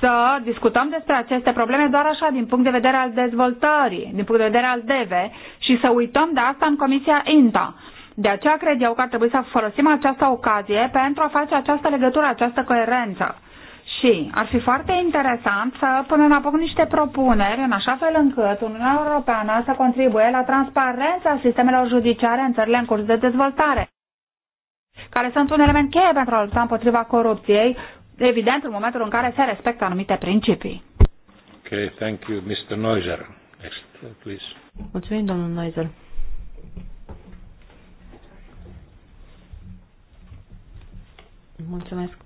[SPEAKER 3] să discutăm despre aceste probleme doar așa, din punct de vedere al dezvoltării, din punct de vedere al DEVE și să uităm de asta în Comisia INTA. De aceea cred eu că ar trebui să folosim această ocazie pentru a face această legătură, această coerență și ar fi foarte interesant să punem la punct niște propuneri în așa fel încât Uniunea Europeană să contribuie la transparența sistemelor judiciare în țările în curs de dezvoltare, care sunt un element cheie pentru a lupta împotriva corupției, evident în momentul în care se respectă anumite principii.
[SPEAKER 1] Okay, thank you, Mr. Neuser. Next, please.
[SPEAKER 4] Mulțumim, domnul Neuser. Mulțumesc,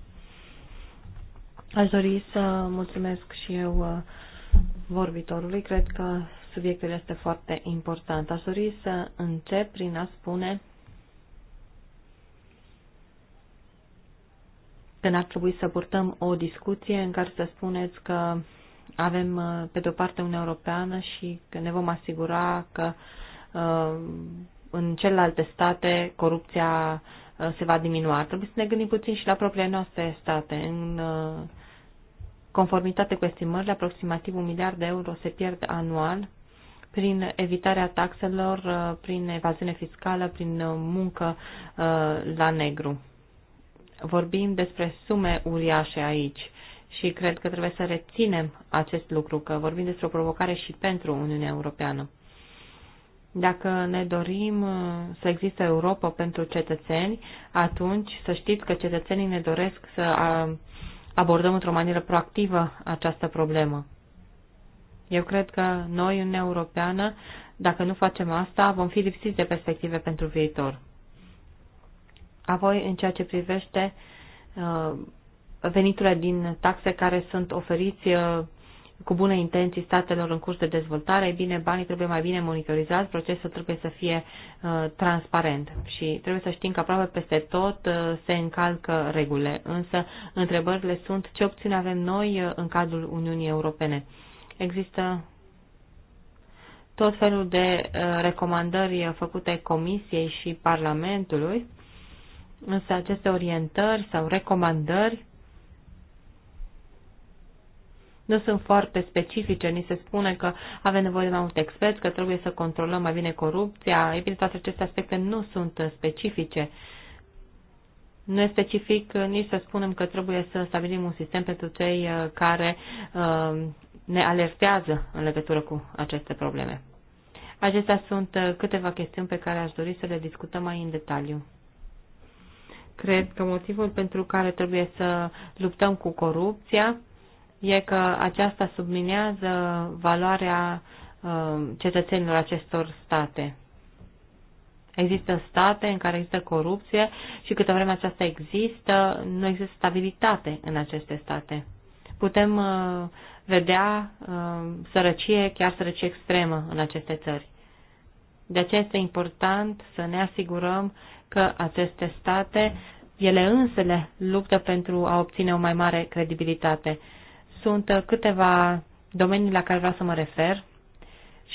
[SPEAKER 4] Aș dori să mulțumesc și eu uh, vorbitorului. Cred că subiectul este foarte important. Aș dori să încep prin a spune că n-ar trebui să purtăm o discuție în care să spuneți că avem, uh, pe de-o parte, Uniunea Europeană și că ne vom asigura că uh, în celelalte state corupția Uh, se va diminua. Trebuie să ne gândim puțin și la propriile noastre state. În uh, conformitate cu estimările, aproximativ un miliard de euro se pierd anual prin evitarea taxelor, uh, prin evaziune fiscală, prin muncă la negru. Vorbim despre sume uriașe aici și cred că trebuie să reținem acest lucru, că vorbim despre o provocare și pentru Uniunea Europeană. Dacă ne dorim uh, să existe Europa pentru cetățeni, atunci să știți că cetățenii ne doresc să abordăm într-o manieră proactivă această problemă. Eu cred că noi, Uniunea Europeană, dacă nu facem asta, vom fi lipsiți de perspective pentru viitor. Apoi, în ceea ce privește uh, veniturile din taxe care sunt oferiți uh, cu bune intenții statelor în curs de dezvoltare, e bine, banii trebuie mai bine monitorizați, procesul trebuie să fie uh, transparent și trebuie să știm că aproape peste tot uh, se încalcă regulile, însă întrebările sunt ce opțiuni avem noi uh, în cadrul Uniunii Europene. Există tot felul de uh, recomandări uh, făcute Comisiei și Parlamentului, însă aceste orientări sau recomandări nu sunt foarte specifice. Ni se spune că avem nevoie de mai mulți experți, că trebuie să controlăm mai bine corupția. E bine, toate aceste aspecte nu sunt uh, specifice. Nu e specific uh, nici să spunem că trebuie să stabilim un sistem pentru cei uh, care ne alertează în legătură cu aceste probleme. Acestea sunt câteva chestiuni pe care aș dori să le discutăm mai în detaliu. Cred că motivul pentru care trebuie să luptăm cu corupția e că aceasta subminează valoarea uh, cetățenilor acestor state. Există state în care există corupție și câtă vreme aceasta există, nu există stabilitate în aceste state. Putem uh, vedea uh, sărăcie, chiar sărăcie extremă în aceste țări. De aceea este important să ne asigurăm că aceste state, ele însele, luptă pentru a obține o mai mare credibilitate. Sunt uh, câteva domenii la care vreau să mă refer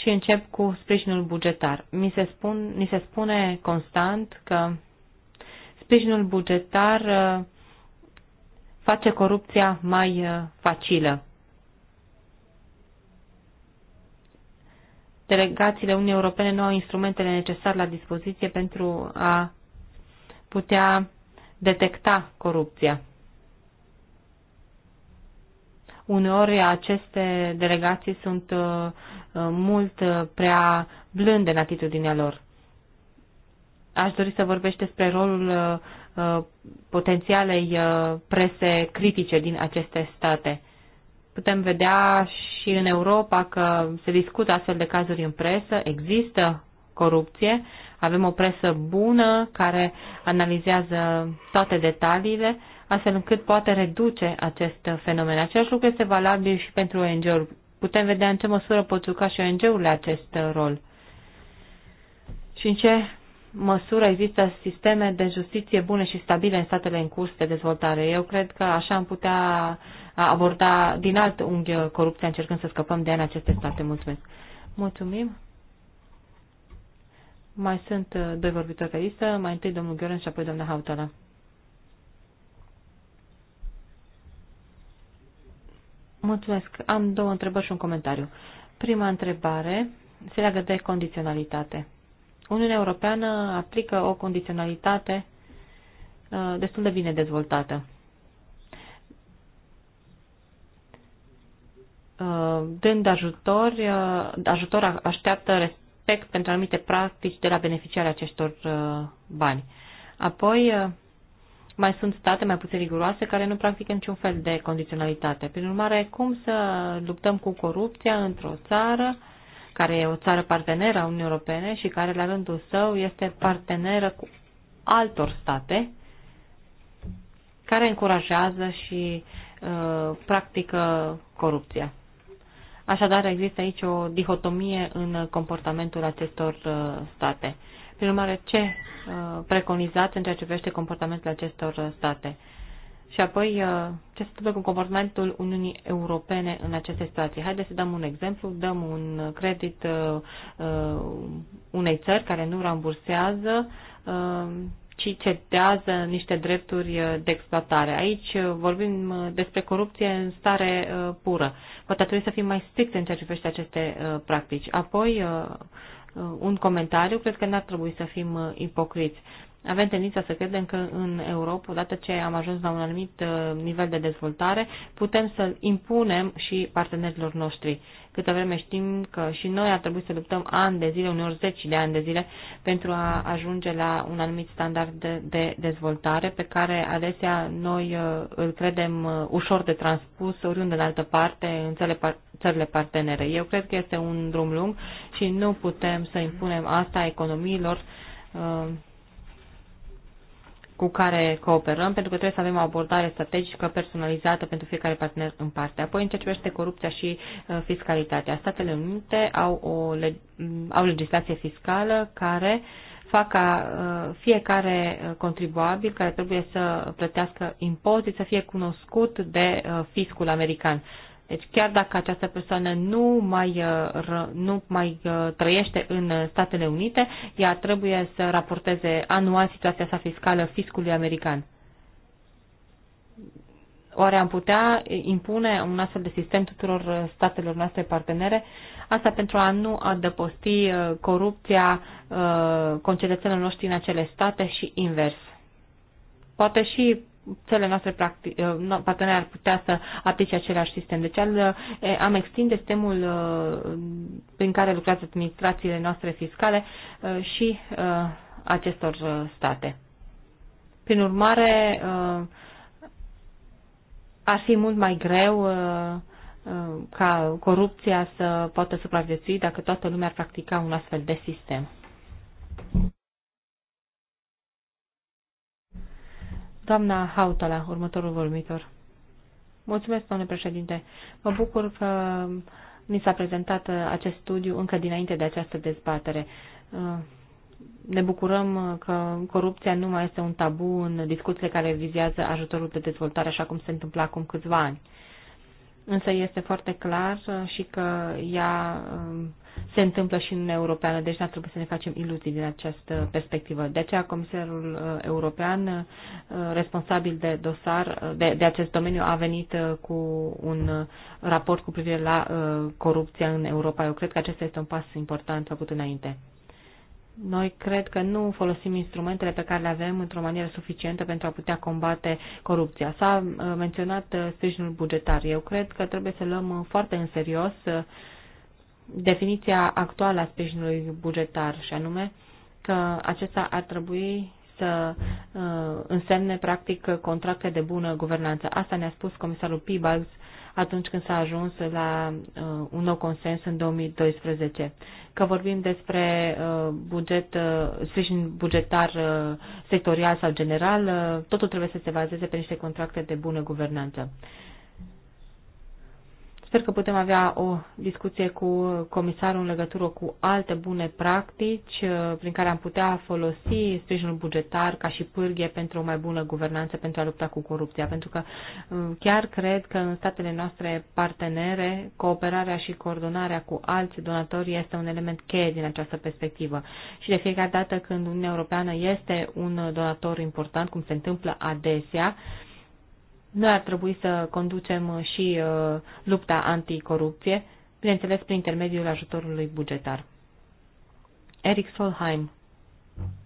[SPEAKER 4] și încep cu sprijinul bugetar. Mi se, spun, mi se spune constant că sprijinul bugetar uh, face corupția mai uh, facilă. Delegațiile Uniunii Europene nu au instrumentele necesare la dispoziție pentru a putea detecta corupția uneori aceste delegații sunt uh, uh, mult uh, prea blânde în atitudinea lor. Aș dori să vorbesc despre rolul potențialei prese critice din aceste state. Putem vedea și în Europa că se discută astfel de cazuri în presă, există corupție, avem o presă bună care analizează toate detaliile, astfel încât poate reduce acest fenomen. Același lucru este valabil și pentru ONG-uri. Putem vedea în ce măsură pot juca și ONG-urile acest rol și în ce măsură există sisteme de justiție bune și stabile în statele în curs de dezvoltare. Eu cred că așa am putea aborda din alt unghi corupția, încercând să scăpăm de în aceste state. Mulțumesc! Mulțumim! Mai sunt uh, doi vorbitori pe listă, mai întâi domnul Gheorân și apoi doamna Hautala. Mulțumesc. Am două întrebări și un comentariu. Prima întrebare se leagă de condiționalitate. Uniunea Europeană aplică o condiționalitate uh, destul de bine dezvoltată. Uh, dând ajutor, uh, ajutor așteaptă respect pentru anumite practici de la beneficiarii acestor bani. Apoi, mai sunt state mai puțin riguroase care nu practică niciun fel de condiționalitate. Prin urmare, cum să luptăm cu corupția într-o țară care e o țară parteneră a Uniunii Europene și care, la rândul său, este parteneră cu altor state care încurajează și uh, practică corupția. Așadar, există aici o dihotomie în comportamentul acestor uh, state. Uh, prin urmare, ce uh, preconizați în ceea ce privește comportamentul acestor state? Și apoi, uh, ce se întâmplă cu comportamentul Uniunii Europene în aceste situații? Haideți să dăm un exemplu. Dăm un credit uh, unei țări care nu rambursează, ci cedează niște drepturi de exploatare. Aici vorbim despre corupție în stare pură. Poate trebuie să fim mai stricți în ceea ce privește aceste practici. Apoi, Uh, un comentariu, cred că n-ar trebui să fim uh, ipocriți. Avem tendința să credem că în Europa, odată ce am ajuns la un anumit uh, nivel de dezvoltare, putem să impunem și partenerilor noștri câtă vreme știm că și noi ar trebui să luptăm ani de zile, uneori zeci de ani de zile, pentru a ajunge la un anumit standard de dezvoltare pe care adesea noi uh, îl credem uh, ușor de transpus oriunde în altă parte, în țările, par țările partenere. Eu cred că este un drum lung și nu putem să impunem asta economiilor uh, cu care cooperăm, pentru că trebuie să avem o abordare strategică personalizată pentru fiecare partener în parte. Apoi, în ceea ce privește corupția și uh, fiscalitatea, Statele Unite au, o, mm, au legislație fiscală care fac ca uh, fiecare uh, contribuabil care trebuie să plătească impozit să fie cunoscut de fiscul american. Deci chiar dacă această persoană nu mai, uh, nu mai uh, trăiește în Statele Unite, ea trebuie să raporteze anual situația sa fiscală fiscului american. Oare am putea impune un astfel de sistem tuturor uh, statelor noastre partenere? Asta pentru a nu adăposti corupția concetățenilor noștri în acele state și invers. Poate și țările noastre practic, uh, parteneri ar putea să aplice același sistem. Deci uh, am extinde sistemul uh, prin care lucrează administrațiile noastre fiscale și acestor state. Prin urmare, ar fi mult mai greu ca corupția să poată supraviețui dacă toată lumea ar practica un astfel de sistem. Doamna Hautala, următorul vorbitor. Mulțumesc, domnule președinte. Mă bucur că mi s-a prezentat uh, acest studiu încă dinainte de această dezbatere. Uh, ne bucurăm uh, că corupția nu mai este un tabu în discuțiile care vizează ajutorul de dezvoltare, așa cum se întâmpla acum câțiva ani. Însă este foarte clar și că ea se întâmplă și în Uniunea Europeană, deci nu trebuie să ne facem iluzii din această perspectivă. De aceea, Comisarul uh, European, uh, responsabil de dosar, uh, de, de acest domeniu, a venit cu un raport cu privire la corupția în Europa. Eu cred că acesta este un pas important făcut înainte. Noi cred că nu folosim instrumentele pe care le avem într-o manieră suficientă pentru a putea combate corupția. S-a menționat sprijinul bugetar. Eu cred că trebuie să luăm foarte în serios uh, definiția actuală a sprijinului bugetar, și anume că acesta ar trebui să uh, însemne, practic, contracte de bună guvernanță. Asta ne-a spus comisarul Peebles atunci când s-a ajuns la uh, un nou consens în 2012. Că vorbim despre uh, buget, uh, sprijin bugetar uh, sectorial sau general, uh, totul trebuie să se bazeze pe niște contracte de bună guvernanță. Uh, Sper că putem avea o discuție cu comisarul în legătură cu alte bune practici uh, prin care am putea folosi sprijinul bugetar ca și pârghie pentru o mai bună guvernanță, pentru a lupta cu corupția, pentru că uh, chiar cred că în statele noastre partenere cooperarea și coordonarea cu alți donatori este un element cheie din această perspectivă. Și de fiecare dată când Uniunea Europeană este un donator important, cum se întâmplă adesea, noi ar trebui să conducem și uh, lupta anticorupție, bineînțeles prin intermediul ajutorului bugetar. Eric Solheim,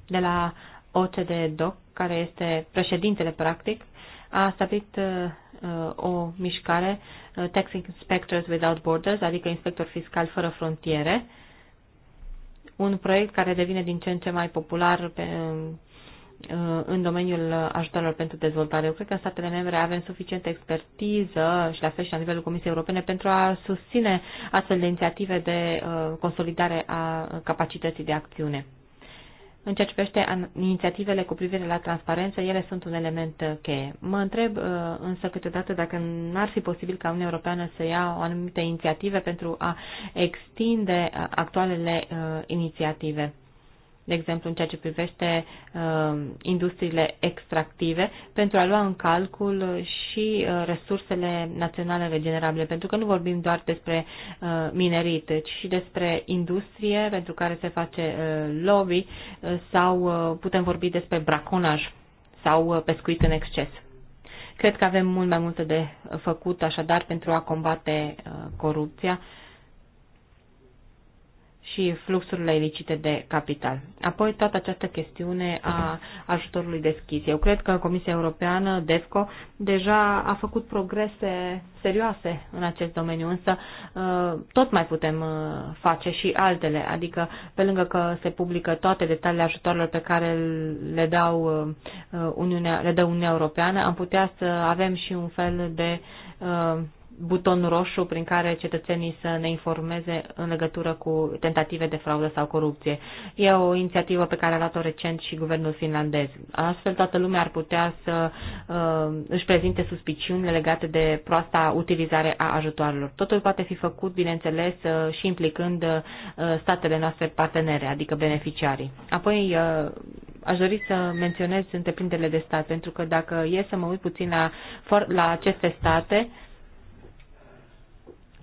[SPEAKER 4] de la OCD DOC, care este președintele practic, a stabilit uh, uh, o mișcare uh, Tax Inspectors Without Borders, adică inspector fiscal fără frontiere, un proiect care devine din ce în ce mai popular pe, Uh, în domeniul ajutorilor pentru dezvoltare. Eu cred că statele membre avem suficientă expertiză și la fel și la nivelul Comisiei Europene pentru a susține astfel de inițiative de uh, consolidare a capacității de acțiune. În ceea ce privește inițiativele cu privire la transparență, ele sunt un element uh, cheie. Mă întreb însă câteodată dacă n-ar fi posibil ca Uniunea Europeană să ia o anumită inițiative pentru a extinde actualele inițiative de exemplu în ceea ce privește uh, industriile extractive, pentru a lua în calcul și uh, resursele naționale regenerabile, pentru că nu vorbim doar despre uh, minerit, ci deci și despre industrie pentru care se face uh, lobby uh, sau uh, putem vorbi despre braconaj sau uh, pescuit în exces. Cred că avem mult mai multe de făcut, așadar, pentru a combate uh, corupția. Uh, și fluxurile ilicite de capital. Apoi toată această chestiune a ajutorului deschis. Eu cred că Comisia Europeană, DEFCO, deja a făcut progrese serioase în acest domeniu, însă uh, tot mai putem uh, face și altele, adică pe lângă că se publică toate detaliile ajutoarelor pe care le, dau uh, Uniunea, le dă Uniunea Europeană, am putea să avem și un fel de buton roșu prin care cetățenii să ne informeze în legătură cu tentative de fraudă sau corupție. E o inițiativă pe care a luat-o recent și guvernul finlandez. Astfel toată lumea ar putea să uh, își prezinte suspiciunile legate de proasta utilizare a ajutoarelor. Totul poate fi făcut, bineînțeles, uh, și implicând uh, statele noastre partenere, adică beneficiarii. Apoi, uh, aș dori să menționez întreprinderile de stat, pentru că dacă e să mă uit puțin la, la aceste state,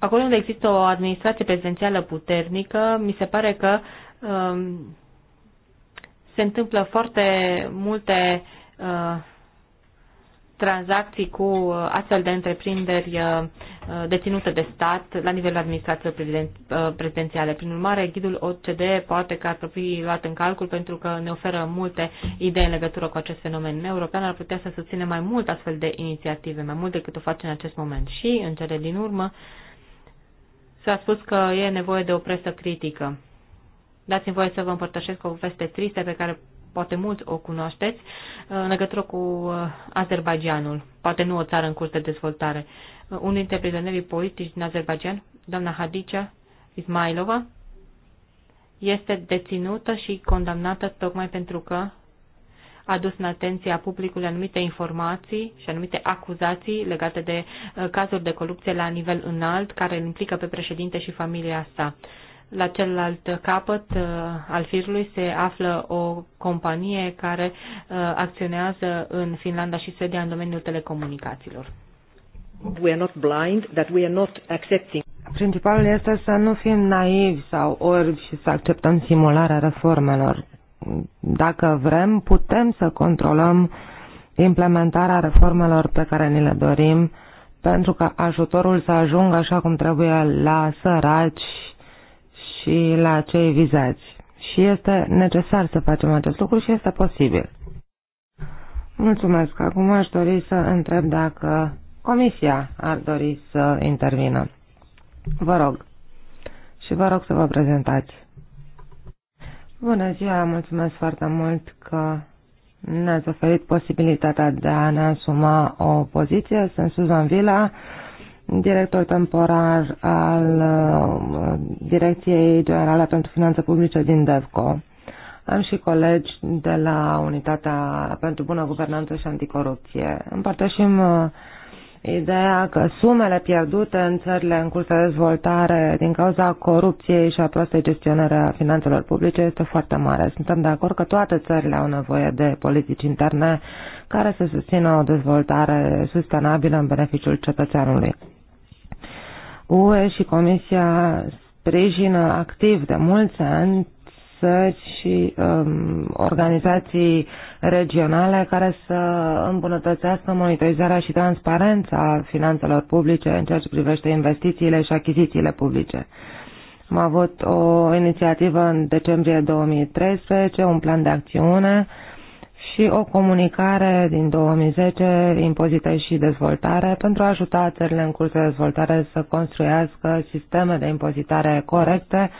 [SPEAKER 4] acolo unde există o administrație prezidențială puternică, mi se pare că um, se întâmplă foarte multe uh, tranzacții cu astfel de întreprinderi uh, uh, deținute de stat la nivelul administrației uh, prezidențiale. Prin urmare, ghidul OCD poate că ar trebui luat în calcul pentru că ne oferă multe idei în legătură cu acest fenomen. European ar putea să susține mai mult astfel de inițiative, mai mult decât o face în acest moment. Și, în cele din urmă, uh, S-a spus că e nevoie de o presă critică. Dați-mi voie să vă împărtășesc o veste tristă pe care poate mulți o cunoașteți, uh, în legătură cu uh, Azerbaijanul, poate nu o țară în curs de dezvoltare. Uh, unul dintre prizonerii politici din Azerbaijan, doamna Hadicea Ismailova, este deținută și condamnată tocmai pentru că adus în atenția publicului anumite informații și anumite acuzații legate de uh, cazuri de corupție la nivel înalt care îl implică pe președinte și familia sa. La celălalt capăt uh, al firului se află o companie care uh, acționează în Finlanda și Suedia în domeniul telecomunicațiilor. We are not blind, that we are not accepting.
[SPEAKER 2] Principalul este să nu fim naivi sau orbi și să acceptăm simularea reformelor dacă vrem, putem să controlăm implementarea reformelor pe care ni le dorim pentru că ajutorul să ajungă așa cum trebuie la săraci și la cei vizați. Și este necesar să facem acest lucru și este posibil. Mulțumesc. Acum aș dori să întreb dacă Comisia ar dori să intervină. Vă rog. Și vă rog să vă prezentați. Bună ziua, mulțumesc foarte mult că ne-ați oferit posibilitatea de a ne asuma o poziție. Sunt Susan Vila, director temporar al uh, Direcției Generală pentru Finanțe Publice din DEVCO. Am și colegi de la Unitatea pentru Bună Guvernanță și Anticorupție. Împărtășim uh, Ideea că sumele pierdute în țările în curs de dezvoltare din cauza corupției și a prostei gestionare a finanțelor publice este foarte mare. Suntem de acord că toate țările au nevoie de politici interne care să susțină o dezvoltare sustenabilă în beneficiul cetățeanului. UE și Comisia sprijină activ de mulți ani țări și um, organizații regionale care să îmbunătățească monitorizarea și transparența finanțelor publice în ceea ce privește investițiile și achizițiile publice. Am avut o inițiativă în decembrie 2013, un plan de acțiune și o comunicare din 2010, impozite și dezvoltare, pentru a ajuta țările în curs de dezvoltare să construiască sisteme de impozitare corecte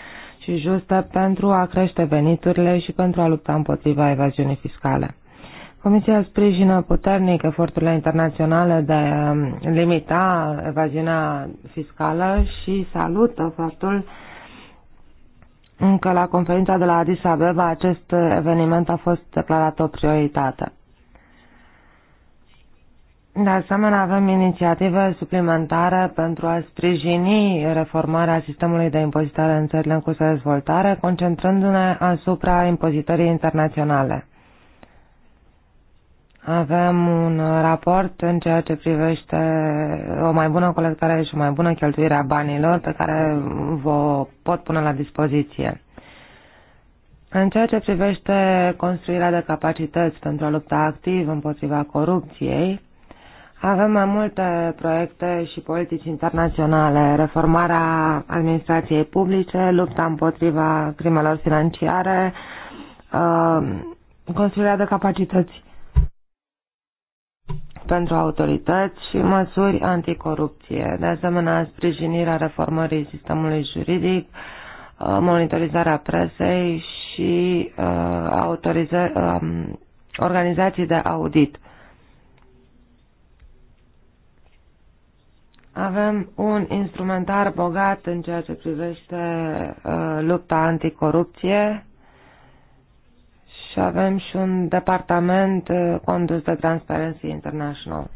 [SPEAKER 2] și justă pentru a crește veniturile și pentru a lupta împotriva evaziunii fiscale. Comisia sprijină puternic eforturile internaționale de a limita evaziunea fiscală și salută faptul că la conferința de la Addis Abeba acest eveniment a fost declarat o prioritate. De asemenea, avem inițiative suplimentare pentru a sprijini reformarea sistemului de impozitare în țările în curs de dezvoltare, concentrându-ne asupra impozitării internaționale. Avem un raport în ceea ce privește o mai bună colectare și o mai bună cheltuire a banilor pe care vă pot pune la dispoziție. În ceea ce privește construirea de capacități pentru a lupta activ împotriva corupției, avem mai multe proiecte și politici internaționale, reformarea administrației publice, lupta împotriva crimelor financiare, uh, construirea de capacități pentru autorități și măsuri anticorupție. De asemenea, sprijinirea reformării sistemului juridic, uh, monitorizarea presei și uh, um, organizații de audit. Avem un instrumentar bogat în ceea ce privește uh, lupta anticorupție și avem și un departament uh, condus de Transparency International.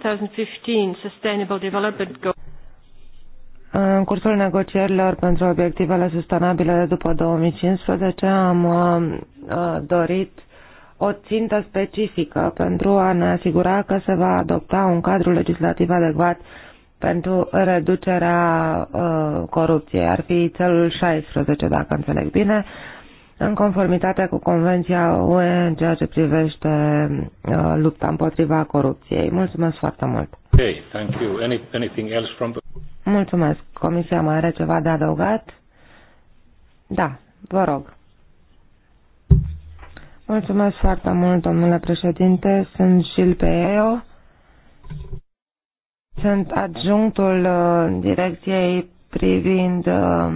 [SPEAKER 4] 2015 Sustainable Development
[SPEAKER 2] În cursul negocierilor pentru obiectivele sustenabile de după 2015 am uh, uh, dorit o țintă specifică pentru a ne asigura că se va adopta un cadru legislativ adecvat pentru reducerea uh, corupției. Ar fi celul 16, dacă înțeleg bine, în conformitate cu Convenția UE în ceea ce privește uh, lupta împotriva corupției. Mulțumesc foarte mult!
[SPEAKER 1] Okay, thank you. Any, anything else from the...
[SPEAKER 2] Mulțumesc. Comisia mai are ceva de adăugat? Da, vă rog. Mulțumesc foarte mult, domnule președinte. Sunt Gilpeo. Sunt adjunctul uh, direcției privind uh,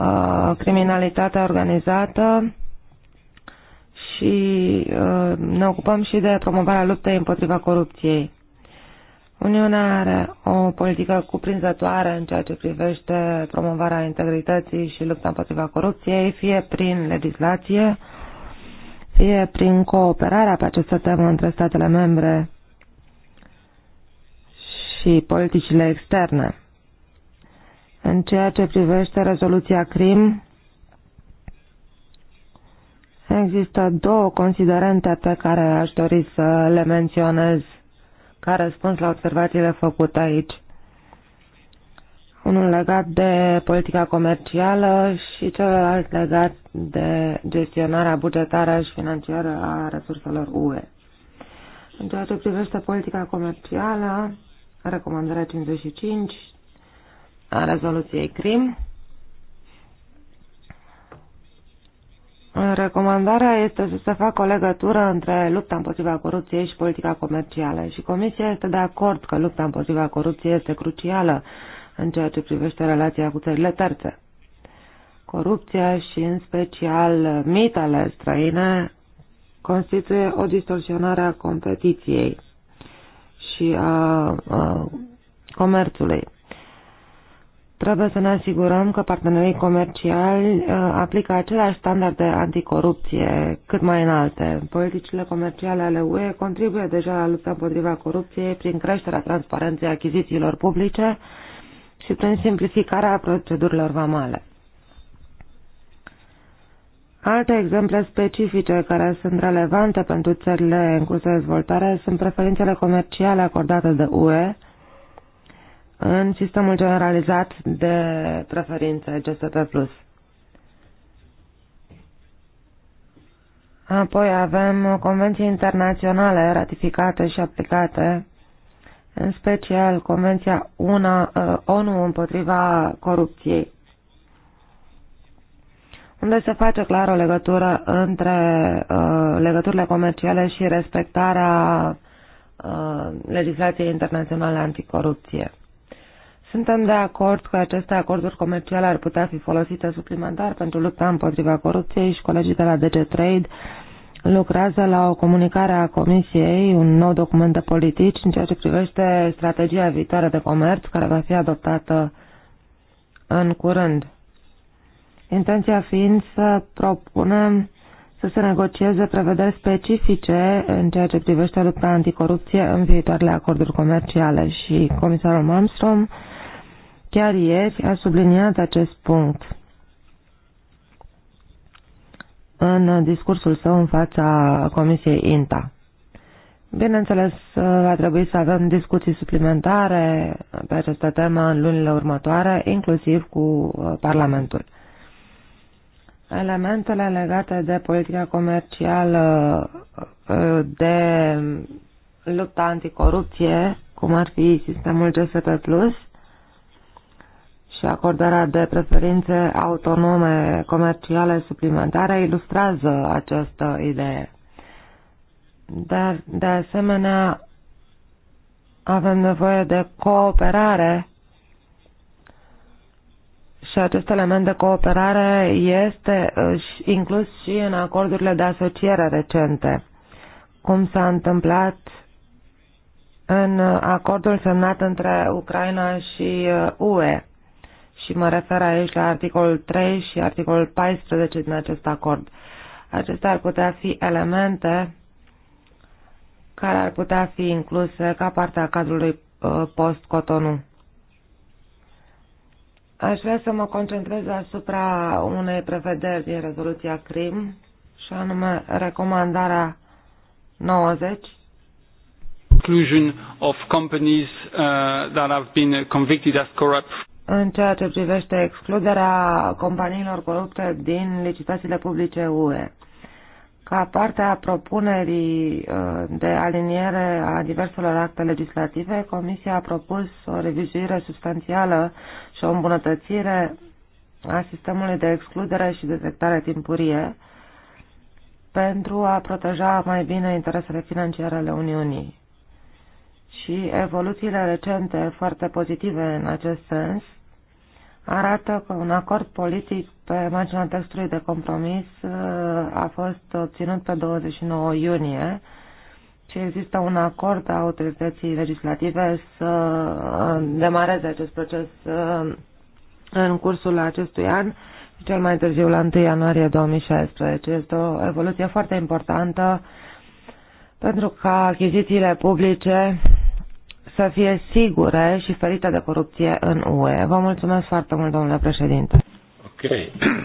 [SPEAKER 2] uh, criminalitatea organizată și uh, ne ocupăm și de promovarea luptei împotriva corupției. Uniunea are o politică cuprinzătoare în ceea ce privește promovarea integrității și lupta împotriva corupției, fie prin legislație, fie prin cooperarea pe această temă între statele membre și politicile externe. În ceea ce privește rezoluția CRIM, există două considerente pe care aș dori să le menționez ca răspuns la observațiile făcute aici. Unul legat de politica comercială și celălalt legat de gestionarea bugetară și financiară a resurselor UE. În ceea ce privește politica comercială, recomandarea 55 a rezoluției CRIM, Recomandarea este să se facă o legătură între lupta împotriva corupției și politica comercială și Comisia este de acord că lupta împotriva corupției este crucială în ceea ce privește relația cu țările terțe. Corupția și, în special, mitele străine constituie o distorsionare a competiției și a, a comerțului. Trebuie să ne asigurăm că partenerii comerciali uh, aplică aceleași standarde anticorupție cât mai înalte. Politicile comerciale ale UE contribuie deja la lupta împotriva corupției prin creșterea transparenței achizițiilor publice și prin simplificarea procedurilor vamale. Alte exemple specifice care sunt relevante pentru țările în curs de dezvoltare sunt preferințele comerciale acordate de UE, în sistemul generalizat de preferințe GSP+. Apoi avem convenții internaționale ratificate și aplicate, în special Convenția UNA, uh, ONU împotriva corupției, unde se face clar o legătură între uh, legăturile comerciale și respectarea uh, legislației internaționale anticorupție. Suntem de acord că aceste acorduri comerciale ar putea fi folosite suplimentar pentru lupta împotriva corupției și colegii de la DG Trade lucrează la o comunicare a Comisiei, un nou document de politici în ceea ce privește strategia viitoare de comerț care va fi adoptată în curând. Intenția fiind să propunem să se negocieze prevederi specifice în ceea ce privește lupta anticorupție în viitoarele acorduri comerciale și comisarul Malmström chiar ieri, a subliniat acest punct în discursul său în fața Comisiei INTA. Bineînțeles, va trebui să avem discuții suplimentare pe această temă în lunile următoare, inclusiv cu uh, Parlamentul. Elementele legate de politica comercială, uh, de lupta anticorupție, cum ar fi sistemul GSP+, și acordarea de preferințe autonome comerciale suplimentare ilustrează această idee. Dar, de asemenea, avem nevoie de cooperare și acest element de cooperare este inclus și în acordurile de asociere recente, cum s-a întâmplat în acordul semnat între Ucraina și UE. Uh, și mă refer aici la articolul 3 și articolul 14 din acest acord. Acestea ar putea fi elemente care ar putea fi incluse ca parte a cadrului uh, post-Cotonou. Aș vrea să mă concentrez asupra unei prevederi din rezoluția CRIM, și anume recomandarea 90
[SPEAKER 5] inclusion of companies uh, that have been convicted as corrupt
[SPEAKER 2] în ceea ce privește excluderea companiilor corupte din licitațiile publice UE. Ca parte a propunerii uh, de aliniere a diverselor acte legislative, Comisia a propus o revizuire substanțială și o îmbunătățire a sistemului de excludere și detectare timpurie pentru a proteja mai bine interesele financiare ale Uniunii. Și evoluțiile recente foarte pozitive în acest sens arată că un acord politic pe marginea textului de compromis uh, a fost obținut pe 29 iunie și există un acord a autorității legislative să uh, demareze acest proces uh, în cursul acestui an, cel mai târziu la 1 ianuarie 2016. Este o evoluție foarte importantă pentru ca achizițiile publice să fie sigure și ferite de corupție în UE. Vă mulțumesc foarte mult, domnule președinte.
[SPEAKER 6] Ok.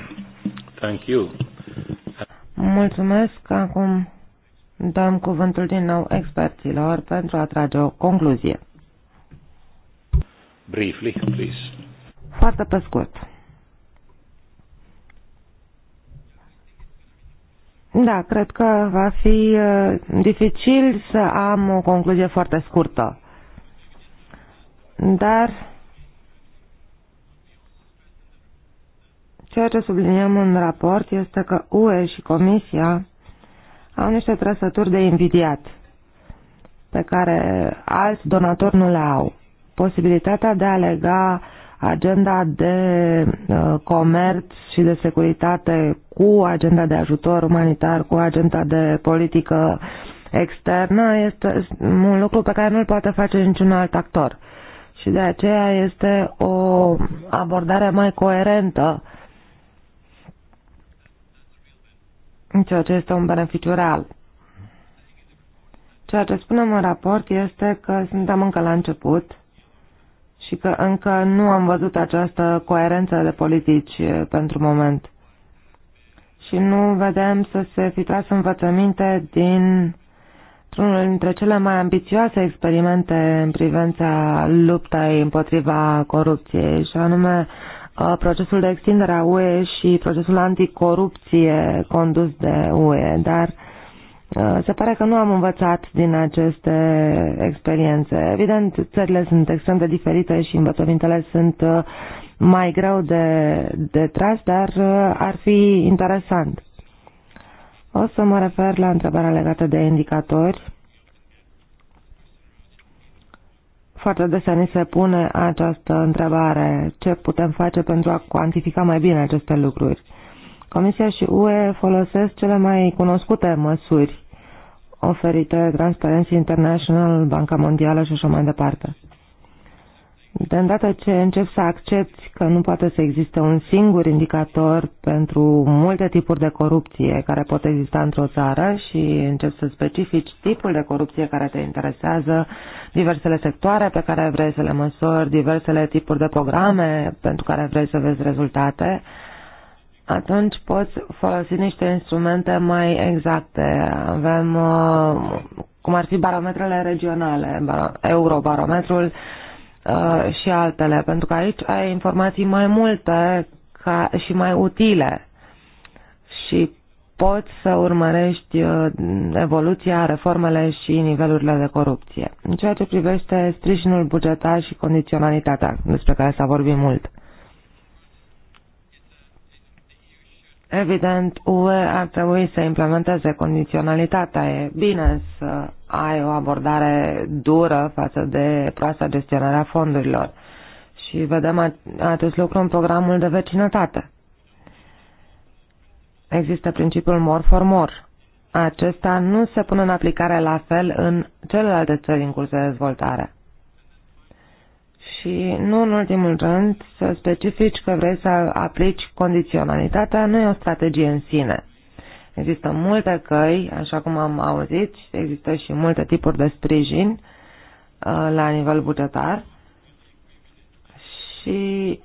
[SPEAKER 1] Thank you.
[SPEAKER 2] Mulțumesc. Acum dăm cuvântul din nou experților pentru a trage o concluzie.
[SPEAKER 1] Briefly, please.
[SPEAKER 2] Foarte pe scurt. Da, cred că va fi uh, dificil să am o concluzie foarte scurtă. Dar ceea ce subliniem în raport este că UE și Comisia au niște trăsături de invidiat pe care alți donatori nu le au. Posibilitatea de a lega agenda de uh, comerț și de securitate cu agenda de ajutor umanitar, cu agenda de politică externă, este un lucru pe care nu-l poate face niciun alt actor. Și de aceea este o abordare mai coerentă ceea ce este un beneficiu real. Ceea ce spunem în raport este că suntem încă la început și că încă nu am văzut această coerență de politici eh, pentru moment. Și nu vedem să se fi tras învățăminte din unul dintre cele mai ambițioase experimente în privința luptei împotriva corupției, și anume uh, procesul de extindere a UE și procesul anticorupție condus de UE, dar uh, se pare că nu am învățat din aceste experiențe. Evident, țările sunt extrem de diferite și învățămintele sunt uh, mai greu de, de tras, dar ar fi interesant. O să mă refer la întrebarea legată de indicatori. Foarte des ni se pune această întrebare, ce putem face pentru a cuantifica mai bine aceste lucruri. Comisia și UE folosesc cele mai cunoscute măsuri oferite Transparency International, Banca Mondială și așa mai departe. De îndată ce încep să accepti că nu poate să existe un singur indicator pentru multe tipuri de corupție care pot exista într-o țară și încep să specifici tipul de corupție care te interesează, diversele sectoare pe care vrei să le măsori, diversele tipuri de programe pentru care vrei să vezi rezultate, atunci poți folosi niște instrumente mai exacte. Avem uh, cum ar fi barometrele regionale, eurobarometrul, Uh, și altele, pentru că aici ai informații mai multe ca, și mai utile și poți să urmărești uh, evoluția, reformele și nivelurile de corupție. În ceea ce privește sprijinul bugetar și condiționalitatea, despre care s-a vorbit mult. Evident, UE ar trebui să implementeze condiționalitatea. E bine să ai o abordare dură față de proasta gestionarea fondurilor. Și vedem acest lucru în programul de vecinătate. Există principiul more for more. Acesta nu se pune în aplicare la fel în celelalte țări în curs de dezvoltare. Și nu în ultimul rând, să specifici că vrei să aplici condiționalitatea nu e o strategie în sine Există multe căi, așa cum am auzit, există și multe tipuri de sprijin uh, la nivel bugetar și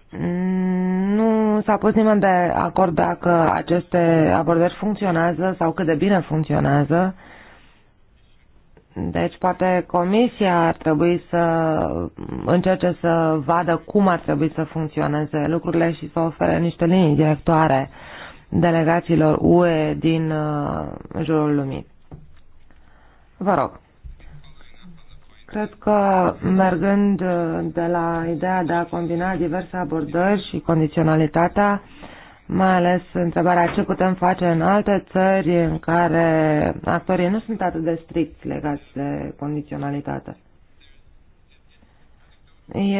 [SPEAKER 2] nu s-a pus nimeni de acord dacă aceste abordări funcționează sau cât de bine funcționează. Deci poate comisia ar trebui să încerce să vadă cum ar trebui să funcționeze lucrurile și să ofere niște linii directoare delegațiilor UE din uh, jurul lumii. Vă rog. Cred că mergând uh, de la ideea de a combina diverse abordări și condiționalitatea, mai ales întrebarea ce putem face în alte țări în care actorii nu sunt atât de stricți legați de condiționalitate.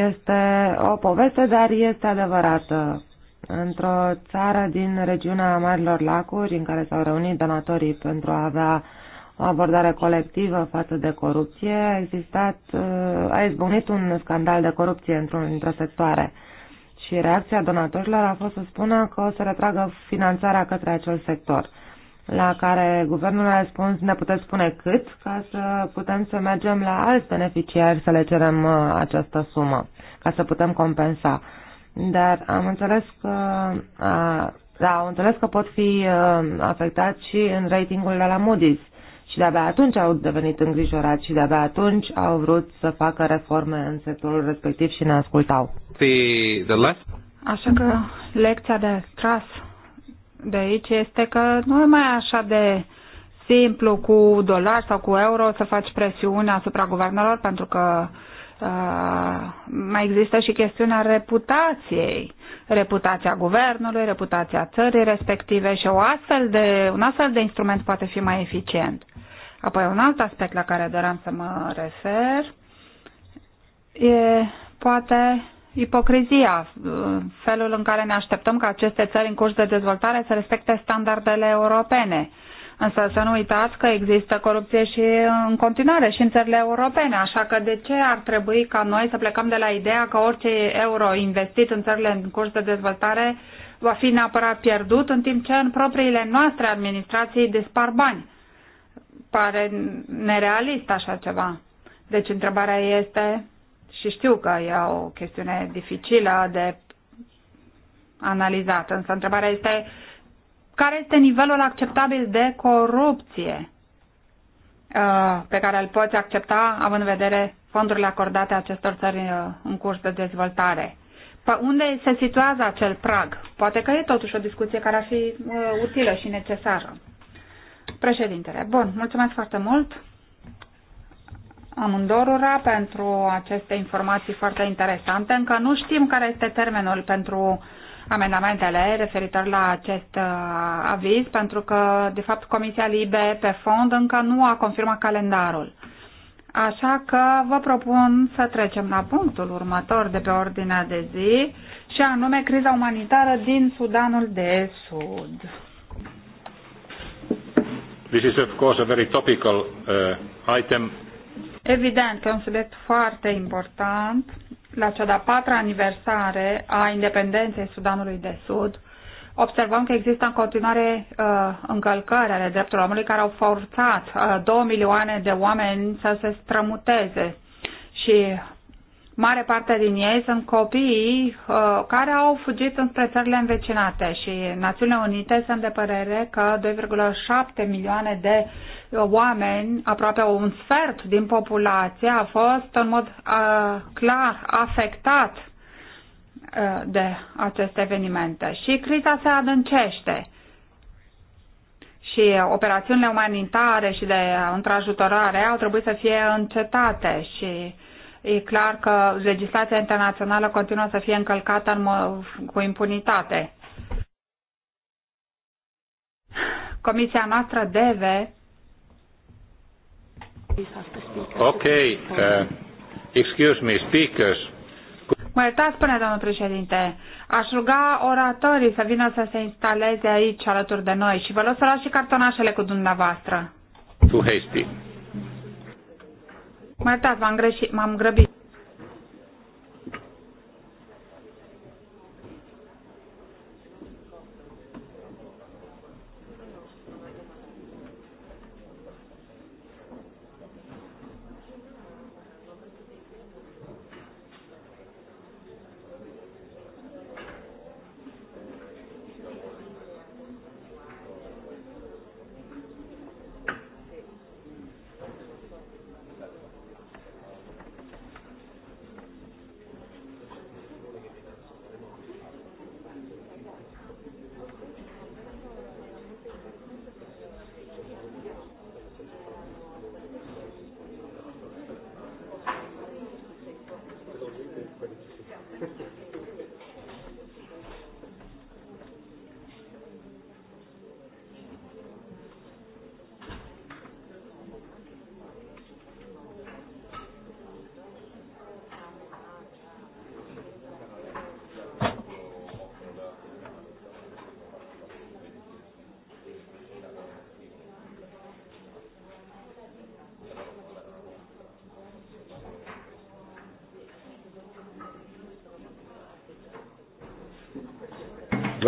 [SPEAKER 2] Este o poveste, dar este adevărată într-o țară din regiunea Marilor Lacuri, în care s-au reunit donatorii pentru a avea o abordare colectivă față de corupție, a existat, uh, a izbucnit un scandal de corupție într-un dintre sectoare. Și reacția donatorilor a fost să spună că o să retragă finanțarea către acel sector, la care guvernul a răspuns, ne puteți spune cât, ca să putem să mergem la alți beneficiari să le cerem uh, această sumă, ca să putem compensa. Dar am înțeles că a, da, am înțeles că pot fi a, afectat și în ratingul de la Moody's. Și de-abia atunci au devenit îngrijorați și de-abia atunci au vrut să facă reforme în sectorul
[SPEAKER 3] respectiv și ne ascultau.
[SPEAKER 1] The, the last...
[SPEAKER 3] Așa că lecția de tras de aici este că nu e mai așa de simplu cu dolari sau cu euro să faci presiune asupra guvernelor pentru că uh, Uh, mai există și chestiunea reputației, reputația guvernului, reputația țării respective și o astfel de, un astfel de instrument poate fi mai eficient. Apoi un alt aspect la care doream să mă refer e poate ipocrizia, felul în care ne așteptăm ca aceste țări în curs de dezvoltare să respecte standardele europene. Însă să nu uitați că există corupție și în continuare și în țările europene, așa că de ce ar trebui ca noi să plecăm de la ideea că orice euro investit în țările în curs de dezvoltare va fi neapărat pierdut, în timp ce în propriile noastre administrații dispar bani? Pare nerealist așa ceva. Deci întrebarea este, și știu că e o chestiune dificilă de analizat, însă întrebarea este care este nivelul acceptabil de corupție uh, pe care îl poți accepta având în vedere fondurile acordate acestor țări uh, în curs de dezvoltare. Unde se situează acel prag? Poate că e totuși o discuție care ar fi uh, utilă și necesară. Președintele, bun, mulțumesc foarte mult amândorura pentru aceste informații foarte interesante. Încă nu știm care este termenul pentru amendamentele referitor la acest uh, aviz, pentru că, de fapt, Comisia Libe pe fond încă nu a confirmat calendarul. Așa că vă propun să trecem la punctul următor de pe ordinea de zi, și anume criza umanitară din Sudanul de Sud.
[SPEAKER 1] This is of course a very topical uh, item.
[SPEAKER 3] Evident că e un subiect foarte important la cea de-a patra aniversare a independenței Sudanului de Sud, observăm că există în continuare uh, încălcări ale drepturilor omului care au forțat uh, 2 milioane de oameni să se strămuteze și mare parte din ei sunt copii uh, care au fugit înspre țările învecinate și Națiunile Unite sunt de părere că 2,7 milioane de oameni, aproape un sfert din populație a fost în mod uh, clar afectat uh, de aceste evenimente și criza se adâncește și operațiunile umanitare și de întrajutorare au trebuit să fie încetate și e clar că legislația internațională continuă să fie încălcată în, cu impunitate. Comisia noastră deve Ok. Uh,
[SPEAKER 1] excuse me, speakers.
[SPEAKER 3] Mă iertați, spune domnul președinte. Aș ruga oratorii să vină să se instaleze aici alături de noi și vă lăs să luați și cartonașele cu dumneavoastră. Too hasty. Mă iertați, m-am grăbit.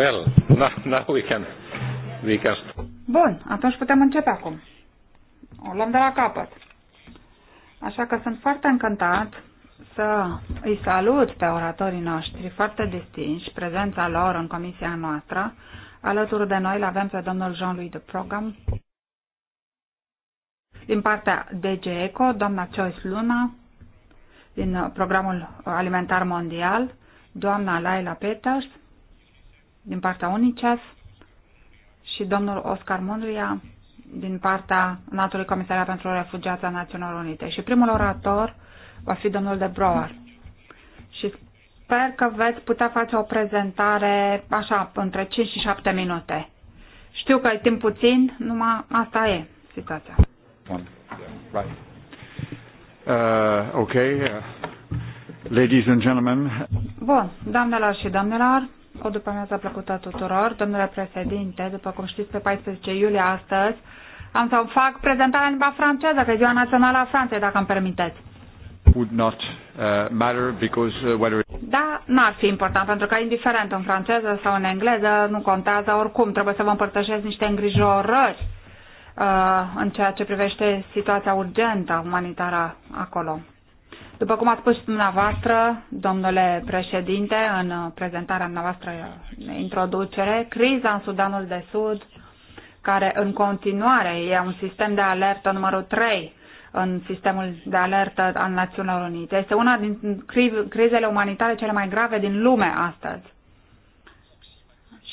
[SPEAKER 1] Well, now, now we can, we can...
[SPEAKER 3] Bun, atunci putem începe acum. O luăm de la capăt. Așa că sunt foarte încântat să îi salut pe oratorii noștri foarte distinși, prezența lor în comisia noastră. Alături de noi îl avem pe domnul Jean-Louis de Program, din partea DG ECO, doamna Joyce Luna, din Programul Alimentar Mondial, doamna Laila Peters, din partea UNICEF și domnul Oscar Mondria din partea Natului Comisaria pentru Refugiața Națiunilor Unite. Și primul orator va fi domnul de Broar. Și sper că veți putea face o prezentare așa, între 5 și 7 minute. Știu că e timp puțin, numai asta e situația.
[SPEAKER 6] Bun.
[SPEAKER 5] Right. Uh, uh, Ladies
[SPEAKER 1] and gentlemen.
[SPEAKER 3] Bun, doamnelor și domnilor, o după amiază plăcută tuturor. Domnule președinte, după cum știți, pe 14 iulie astăzi am să fac prezentarea în limba franceză, că e ziua națională a Franței, dacă îmi permiteți.
[SPEAKER 1] Would not, uh, matter because, uh, whether...
[SPEAKER 3] Da, n-ar fi important, pentru că indiferent în franceză sau în engleză, nu contează oricum. Trebuie să vă împărtășesc niște îngrijorări uh, în ceea ce privește situația urgentă umanitară acolo. După cum ați spus și dumneavoastră, domnule președinte, în prezentarea dumneavoastră introducere, criza în Sudanul de Sud, care în continuare e un sistem de alertă numărul 3 în sistemul de alertă al Națiunilor Unite, este una din crizele umanitare cele mai grave din lume astăzi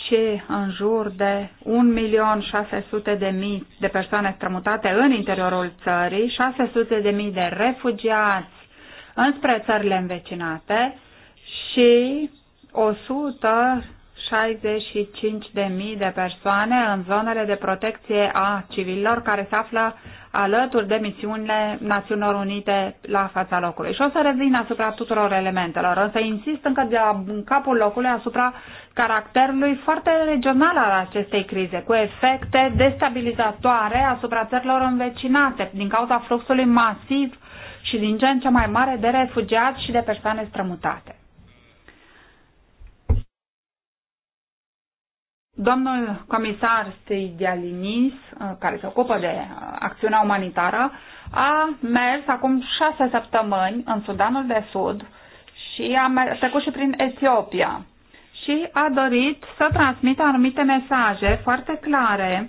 [SPEAKER 3] și în jur de 1.600.000 de persoane strămutate în interiorul țării, 600.000 de refugiați înspre țările învecinate și 165.000 de persoane în zonele de protecție a civililor care se află alături de misiunile Națiunilor Unite la fața locului. Și o să revin asupra tuturor elementelor, însă insist încă de la capul locului asupra caracterului foarte regional al acestei crize, cu efecte destabilizatoare asupra țărilor învecinate din cauza fluxului masiv și din ce în ce mai mare de refugiați și de persoane strămutate. Domnul comisar Stidialinis, uh, care se ocupă de uh, acțiunea umanitară, a mers acum șase săptămâni în Sudanul de Sud și a trecut și prin Etiopia și a dorit să transmită anumite mesaje foarte clare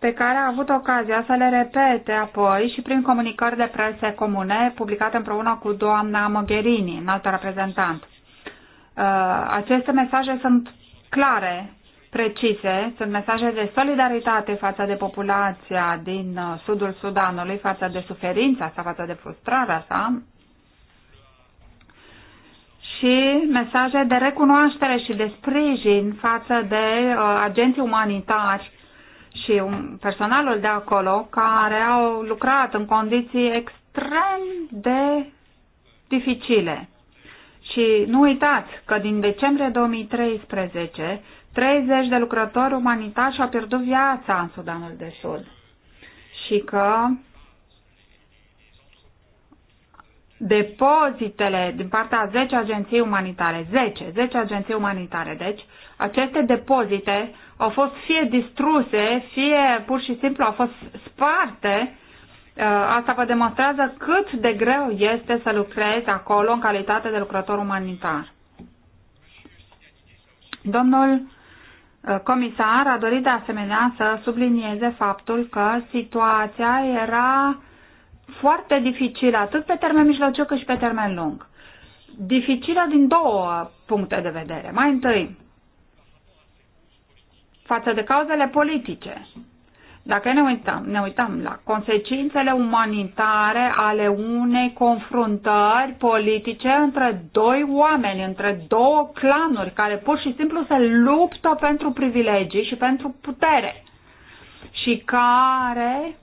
[SPEAKER 3] pe care a avut ocazia să le repete apoi și prin comunicări de prese comune publicate împreună cu doamna Mogherini, altă reprezentant. Uh, aceste mesaje sunt clare, precise, sunt mesaje de solidaritate față de populația din uh, sudul Sudanului, față de suferința sa, față de frustrarea sa și mesaje de recunoaștere și de sprijin față de uh, agenții umanitari și personalul de acolo care au lucrat în condiții extrem de dificile. Și nu uitați că din decembrie 2013, 30 de lucrători umanitari și-au pierdut viața în Sudanul de Sud. Și că depozitele din partea 10 agenții umanitare, 10, 10 agenții umanitare, deci aceste depozite au fost fie distruse, fie pur și simplu au fost sparte. Uh, asta vă demonstrează cât de greu este să lucrezi acolo în calitate de lucrător umanitar. Domnul uh, comisar a dorit de asemenea să sublinieze faptul că situația era foarte dificilă, atât pe termen mijlociu cât și pe termen lung. Dificilă din două puncte de vedere. Mai întâi, față de cauzele politice. Dacă ne uităm, ne uităm la consecințele umanitare ale unei confruntări politice între doi oameni, între două clanuri care pur și simplu se luptă pentru privilegii și pentru putere și care,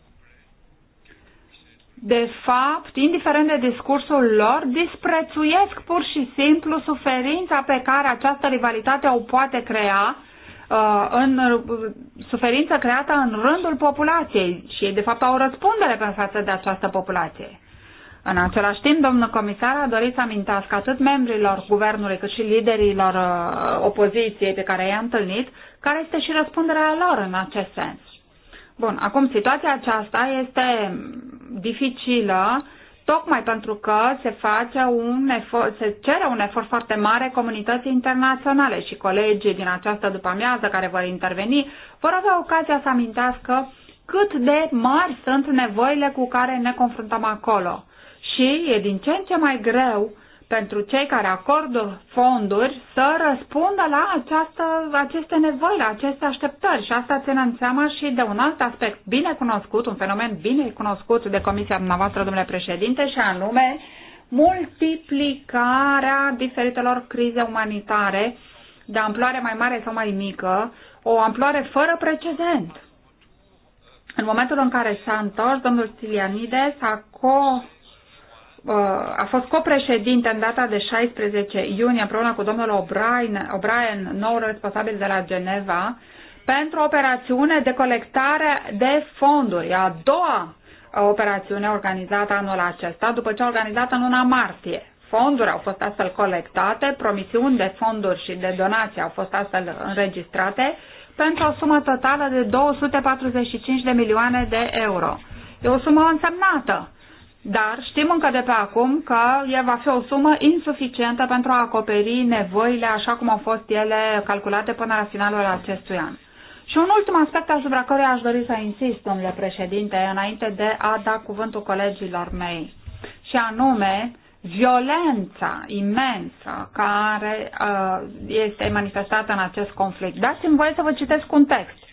[SPEAKER 3] de fapt, indiferent de discursul lor, disprețuiesc pur și simplu suferința pe care această rivalitate o poate crea Uh, în suferință creată în rândul populației și ei de fapt au o răspundere pe față de această populație. În același timp, domnul comisar a dorit să amintească atât membrilor guvernului cât și liderilor uh, opoziției pe care i-a întâlnit, care este și răspunderea lor în acest sens. Bun, acum situația aceasta este dificilă tocmai pentru că se face un efort, se cere un efort foarte mare comunității internaționale și colegii din această după-amiază care vor interveni vor avea ocazia să amintească cât de mari sunt nevoile cu care ne confruntăm acolo. Și e din ce în ce mai greu pentru cei care acordă fonduri să răspundă la această, aceste nevoi, la aceste așteptări. Și asta în seama și de un alt aspect bine cunoscut, un fenomen bine cunoscut de Comisia dumneavoastră, domnule președinte, și anume multiplicarea diferitelor crize umanitare de amploare mai mare sau mai mică, o amploare fără precedent. În momentul în care s-a întors, domnul Stilianides a co Uh, a fost copreședinte în data de 16 iunie împreună cu domnul O'Brien, nou responsabil de la Geneva, pentru operațiune de colectare de fonduri, a doua uh, operațiune organizată anul acesta, după ce a organizat în luna martie. Fonduri au fost astfel colectate, promisiuni de fonduri și de donații au fost astfel înregistrate pentru o sumă totală de 245 de milioane de euro. E o sumă însemnată dar știm încă de pe acum că e va fi o sumă insuficientă pentru a acoperi nevoile așa cum au fost ele calculate până la finalul acestui an. Și un ultim aspect asupra căruia aș dori să insist, domnule președinte, înainte de a da cuvântul colegilor mei, și anume violența imensă care uh, este manifestată în acest conflict. Dați-mi voie să vă citesc un text.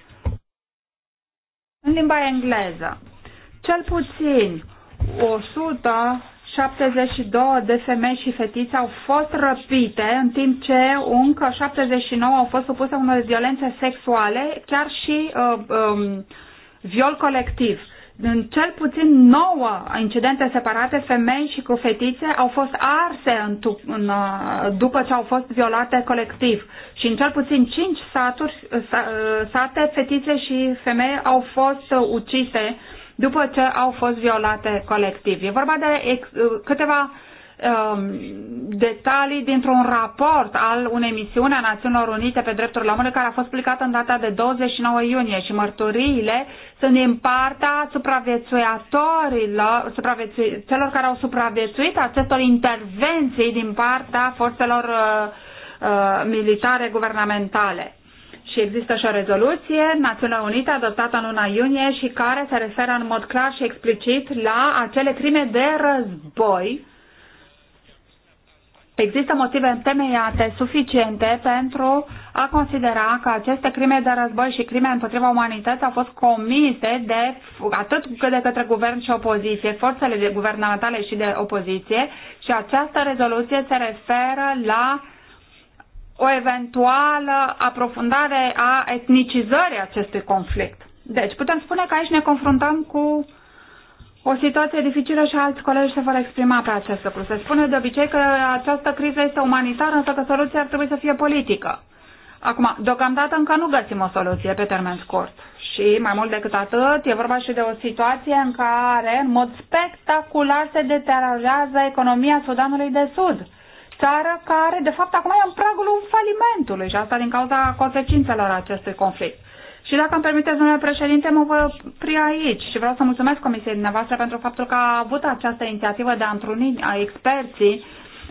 [SPEAKER 3] În limba engleză, cel puțin 172 de femei și fetițe au fost răpite, în timp ce încă 79 au fost supuse unor violențe sexuale, chiar și uh, um, viol colectiv. În cel puțin 9 incidente separate, femei și cu fetițe au fost arse în, în, uh, după ce au fost violate colectiv. Și în cel puțin 5 saturi, uh, sate, fetițe și femei au fost uh, ucise uh, după ce au fost violate colectiv. E vorba de ex, câteva um, detalii dintr-un raport al unei misiuni a Națiunilor Unite pe drepturile omului care a fost publicată în data de 29 iunie și mărturiile sunt din partea supraviețuitorilor, supraviețui, celor care au supraviețuit acestor intervenții din partea forțelor uh, uh, militare guvernamentale. Și există și o rezoluție, Națiunea Unită, adoptată în luna iunie și care se referă în mod clar și explicit la acele crime de război. Există motive întemeiate suficiente pentru a considera că aceste crime de război și crime împotriva umanității au fost comise de, atât de către guvern și opoziție, forțele guvernamentale și de opoziție și această rezoluție se referă la o eventuală aprofundare a etnicizării acestui conflict. Deci, putem spune că aici ne confruntăm cu o situație dificilă și alți colegi se vor exprima pe acest lucru. Se spune de obicei că această criză este umanitară, însă că soluția ar trebui să fie politică. Acum, deocamdată încă nu găsim o soluție pe termen scurt. Și mai mult decât atât, e vorba și de o situație în care, în mod spectacular, se deteriorează economia Sudanului de Sud țară care, de fapt, acum e în pragul falimentului și asta din cauza consecințelor acestui conflict. Și dacă îmi permiteți, domnule președinte, mă voi opri aici și vreau să mulțumesc Comisiei dumneavoastră pentru faptul că a avut această inițiativă de a întruni a experții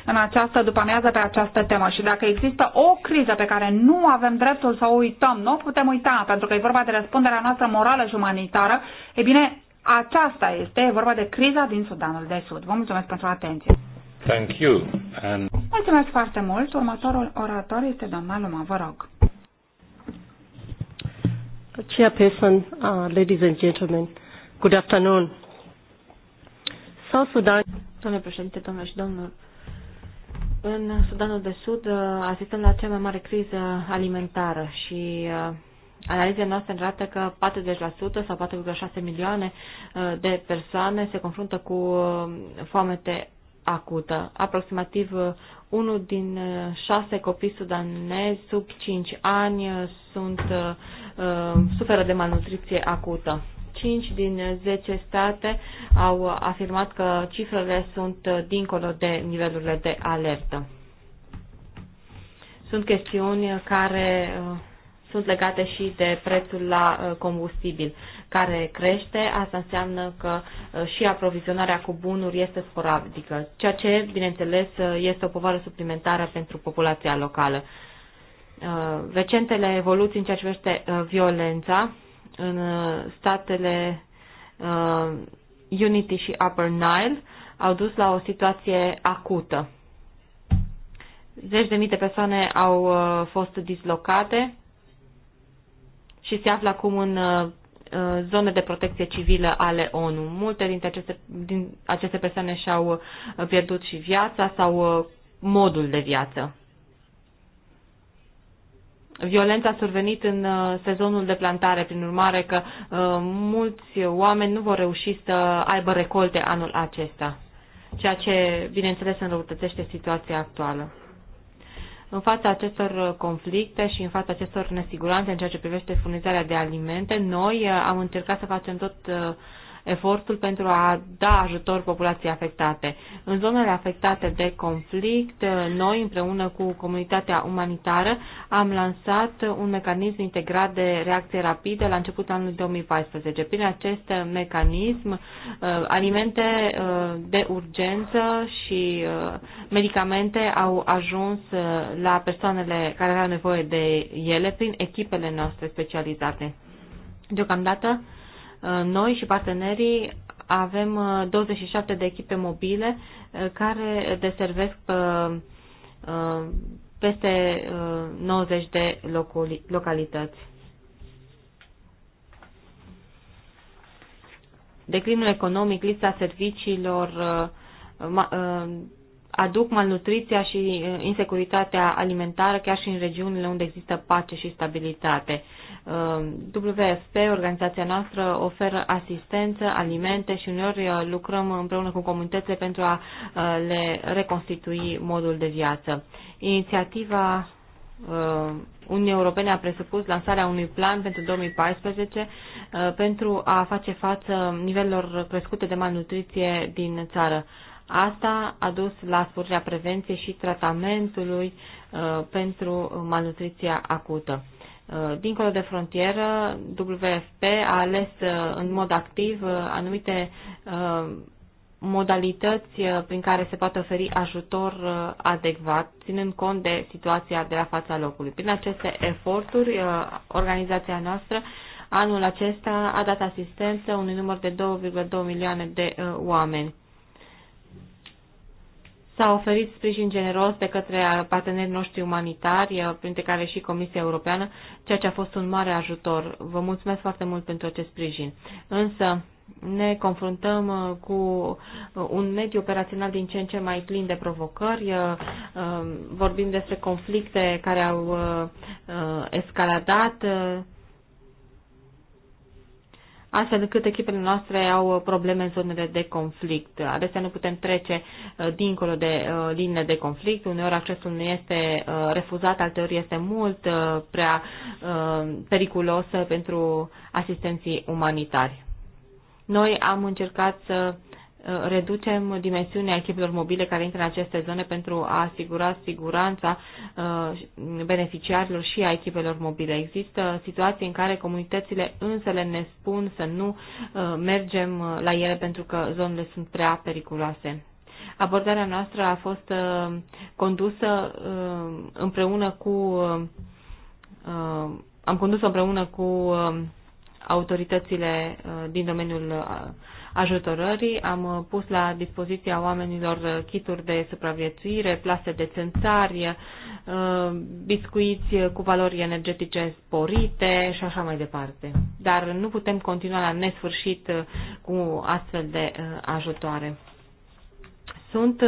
[SPEAKER 3] în această după-amiază pe această temă și dacă există o criză pe care nu avem dreptul să o uităm, nu o putem uita pentru că e vorba de răspunderea noastră morală și umanitară, e bine, aceasta este, e vorba de criza din Sudanul de Sud. Vă mulțumesc pentru atenție.
[SPEAKER 1] Thank you. And...
[SPEAKER 3] Mulțumesc foarte mult. Următorul orator este doamna Luma, vă rog.
[SPEAKER 4] Chairperson, uh, ladies and gentlemen, good afternoon. South Sudan. Domnule președinte, domnule și domnul, în Sudanul de Sud uh, asistăm la cea mai mare criză alimentară și uh, Analizele noastre arată că 40% sau 4,6 milioane uh, de persoane se confruntă cu uh, foamete acută. Aproximativ uh, unul din uh, șase copii sudanezi sub 5 ani uh, sunt, suferă de malnutriție acută. 5 din 10 state au afirmat că cifrele sunt dincolo de nivelurile de alertă. Sunt chestiuni care sunt legate și de prețul la combustibil care crește, asta înseamnă că uh, și aprovizionarea cu bunuri este sporadică, ceea ce, bineînțeles, uh, este o povară suplimentară pentru populația locală. Uh, recentele evoluții în ceea ce privește violența în statele Unity și Upper Nile au dus la o situație acută. Zeci de mii de persoane au fost dislocate și se află acum în Uh, zone de protecție civilă ale ONU. Multe dintre aceste, din aceste persoane și-au uh, pierdut și viața sau uh, modul de viață. Violența a survenit în sezonul de plantare, prin urmare că mulți oameni nu vor reuși să aibă recolte anul acesta, ceea ce, bineînțeles, înrăutățește situația actuală în fața acestor conflicte și în fața acestor nesiguranțe în ceea ce privește furnizarea de alimente, noi eh, am încercat să facem tot eh, efortul pentru a da ajutor populației afectate. În zonele afectate de conflict, noi împreună cu comunitatea umanitară am lansat un mecanism integrat de reacție rapidă la începutul anului 2014. Prin acest mecanism, uh, alimente uh, de urgență și uh, medicamente au ajuns la persoanele care aveau nevoie de ele prin echipele noastre specializate. Deocamdată, Uh, noi și partenerii avem 27 uh, de echipe mobile uh, care deservesc peste 90 de localități. Declinul economic, lista serviciilor aduc malnutriția și insecuritatea alimentară chiar și în regiunile unde există pace și stabilitate. Uh, WFP, organizația noastră, oferă asistență, alimente și uneori uh, lucrăm împreună cu comunitățile pentru a uh, le reconstitui modul de viață. Inițiativa Uniunii Europene a presupus lansarea unui plan pentru 2014 pentru a face față nivelor crescute de malnutriție din țară. Asta a dus la sporirea prevenției și tratamentului pentru malnutriția acută. Uh, dincolo de frontieră, WFP a ales uh, în mod activ uh, anumite modalități prin care se poate oferi ajutor adecvat, ținând cont de situația de la fața locului. Prin aceste eforturi, organizația noastră anul acesta a dat asistență unui număr de 2,2 milioane de oameni. S-a oferit sprijin generos de către partenerii noștri umanitari, eh, printre care și Comisia Europeană, ceea ce a fost un mare ajutor. Vă mulțumesc foarte mult pentru acest sprijin. Însă ne confruntăm eh, cu eh, un mediu operațional din ce în ce mai plin de provocări. Vorbim despre conflicte care au escaladat astfel încât echipele noastre au uh, probleme în zonele de conflict. Adesea nu putem trece uh, dincolo de uh, linie de conflict, uneori accesul nu este refuzat, alteori este mult prea periculos pentru asistenții umanitari. Noi am încercat să reducem dimensiunea echipelor mobile care intră în aceste zone pentru a asigura siguranța uh, beneficiarilor și a echipelor mobile. Există situații în care comunitățile însele ne spun să nu uh, mergem uh, la ele pentru că zonele sunt prea periculoase. Abordarea noastră a fost condusă împreună cu am condus împreună cu autoritățile din domeniul ajutorării. Am uh, pus la dispoziția oamenilor chituri uh, de supraviețuire, plase de țânțari, uh, biscuiți cu valori energetice sporite și așa mai departe. Dar nu putem continua la nesfârșit cu astfel de ajutoare. Sunt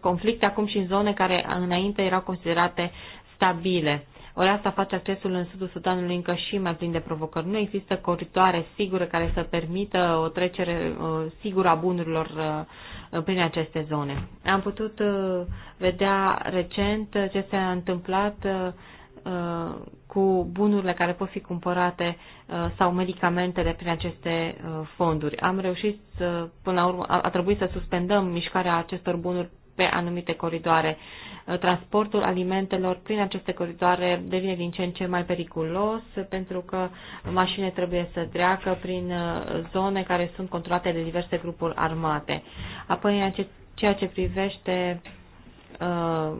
[SPEAKER 4] conflicte acum și în zone care înainte erau considerate stabile. Ori asta face accesul în sudul Sudanului încă și mai plin de provocări. Nu există coritoare sigură care să permită o trecere sigură a bunurilor uh, prin aceste zone. Am putut uh, vedea recent ce s-a întâmplat uh, cu bunurile care pot fi cumpărate sau medicamentele prin aceste fonduri. Am reușit, să, până la urmă, a trebuit să suspendăm mișcarea acestor bunuri pe anumite coridoare. Uh, transportul alimentelor prin aceste coridoare devine din ce în ce mai periculos pentru că mașinile trebuie să treacă prin uh, zone care sunt controlate de diverse grupuri armate. Apoi, în ceea ce privește uh,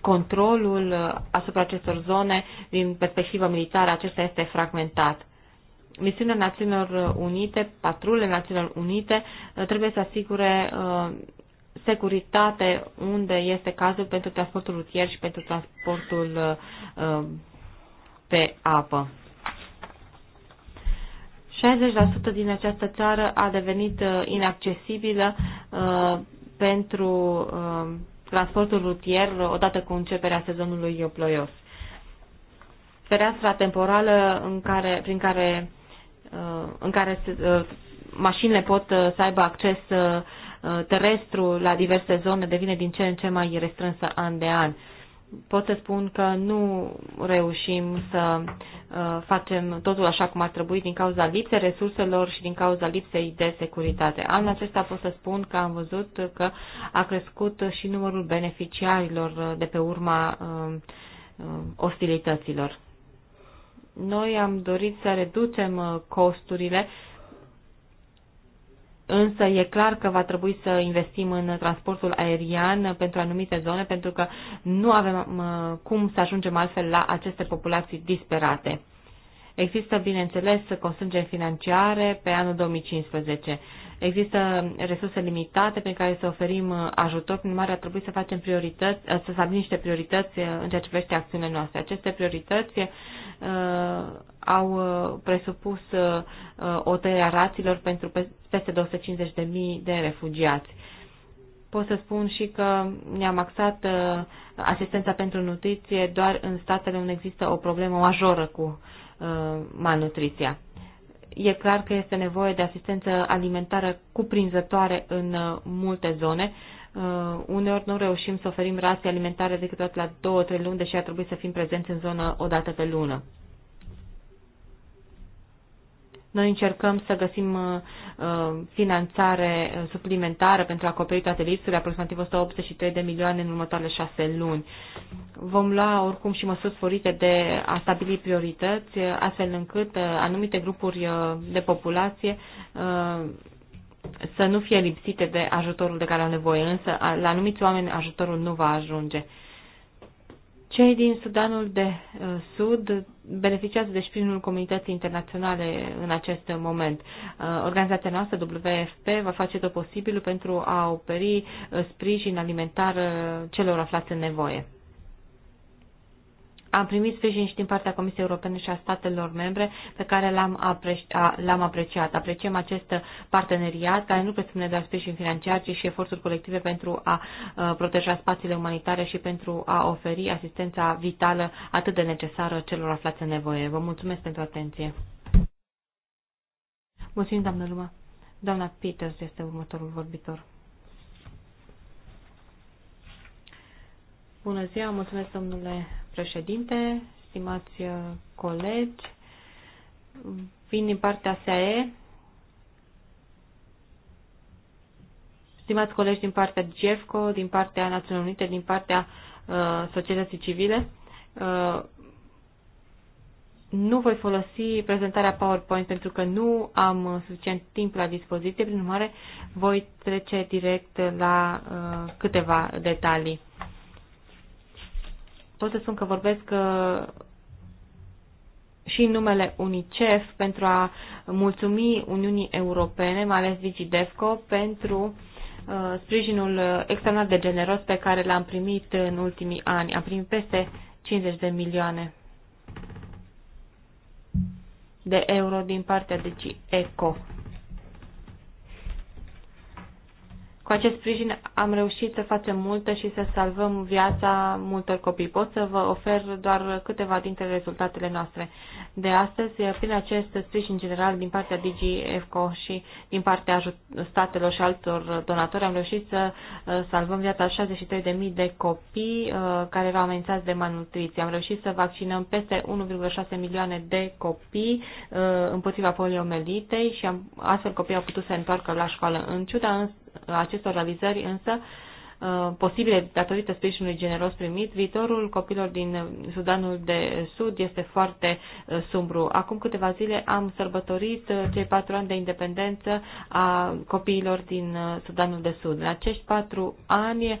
[SPEAKER 4] controlul asupra acestor zone din perspectivă militară, acesta este fragmentat. Misiunea Națiunilor Unite, patrulele Națiunilor Unite trebuie să asigure securitate unde este cazul pentru transportul rutier și pentru transportul uh, pe apă. 60% din această țară a devenit uh, inaccesibilă uh, pentru transportul rutier odată cu începerea sezonului ploios. Fereastra temporală în care, prin care, în care mașinile pot să aibă acces Uh, terestru la diverse zone devine din ce în ce mai restrânsă an de an. Pot să spun că nu reușim să uh, facem totul așa cum ar trebui din cauza lipsei resurselor și din cauza lipsei de securitate. Anul acesta pot să spun că am văzut că a crescut și numărul beneficiarilor de pe urma um, um, ostilităților noi am dorit să reducem uh, costurile Însă e clar că va trebui să investim în transportul aerian pentru anumite zone, pentru că nu avem cum să ajungem altfel la aceste populații disperate. Există, bineînțeles, constrângeri financiare pe anul 2015. Există resurse limitate pe care să oferim ajutor, prin urmare ar trebui să facem priorități, să stabilim niște priorități în ceea ce privește acțiunile noastre. Aceste priorități uh, au uh, presupus uh, uh, o tăiere a raților pentru peste 250.000 de refugiați. Pot să spun și că ne-am axat asistența pentru nutriție doar în statele unde există o problemă majoră cu malnutriția. E clar că este nevoie de asistență alimentară cuprinzătoare în multe zone, Uh, uneori nu reușim să oferim rase alimentare decât doar la două, trei luni, deși ar trebui să fim prezenți în zonă o dată pe lună. Noi încercăm să găsim uh, uh finanțare uh, suplimentară pentru a acoperi toate lipsurile, aproximativ 183 de milioane în următoarele șase luni. Vom lua oricum și măsuri sporite de a stabili priorități, uh, astfel încât uh, anumite grupuri uh, de populație uh, să nu fie lipsite de ajutorul de care au nevoie, însă la anumiți oameni ajutorul nu va ajunge. Uh, cei din Sudanul de uh, Sud beneficiază de sprijinul comunității internaționale în acest moment. Uh, organizația noastră, WFP, va face tot posibilul pentru a oferi uh, sprijin alimentar celor aflați în nevoie. Am primit sprijin și din partea Comisiei Europene și a statelor membre pe care l-am, apreci- apreciat. Apreciem acest parteneriat care nu presupune doar sprijin financiar, ci și eforturi colective pentru a uh, proteja spațiile umanitare și pentru a oferi asistența vitală atât de necesară celor aflați în nevoie. Vă mulțumesc pentru atenție. Mulțumim, doamnă Luma. Doamna Peters este următorul vorbitor. Bună ziua, mulțumesc domnule președinte, stimați uh, colegi, vin din partea SAE, stimați colegi din partea GEFCO, din partea Națiunilor Unite, din partea uh, societății civile. Uh, nu voi folosi prezentarea PowerPoint pentru că nu am uh, suficient timp la dispoziție, prin urmare voi trece direct la uh, câteva detalii tot să spun că vorbesc uh, și în numele UNICEF pentru a mulțumi Uniunii Europene, mai ales DigiDefco, pentru uh, sprijinul extraordinar de generos pe care l-am primit în ultimii ani. Am primit peste 50 de milioane de euro din partea DigiEco. Cu acest sprijin am reușit să facem multe și să salvăm viața multor copii. Pot să vă ofer doar câteva dintre rezultatele noastre de astăzi, prin acest sprijin general din partea DGFCO și din partea statelor și altor donatori, am reușit să uh, salvăm viața 63.000 de copii uh, care erau amenințați de malnutriție. Am reușit să vaccinăm peste 1,6 milioane de copii uh, împotriva poliomelitei și astfel copiii au putut să întoarcă la școală. În ciuda acestor realizări însă uh, posibile datorită sprijinului generos primit, viitorul copilor din Sudanul de Sud este foarte uh, sumbru. Acum câteva zile am sărbătorit uh, cei patru ani de independență a copiilor din Sudanul de Sud. În acești patru ani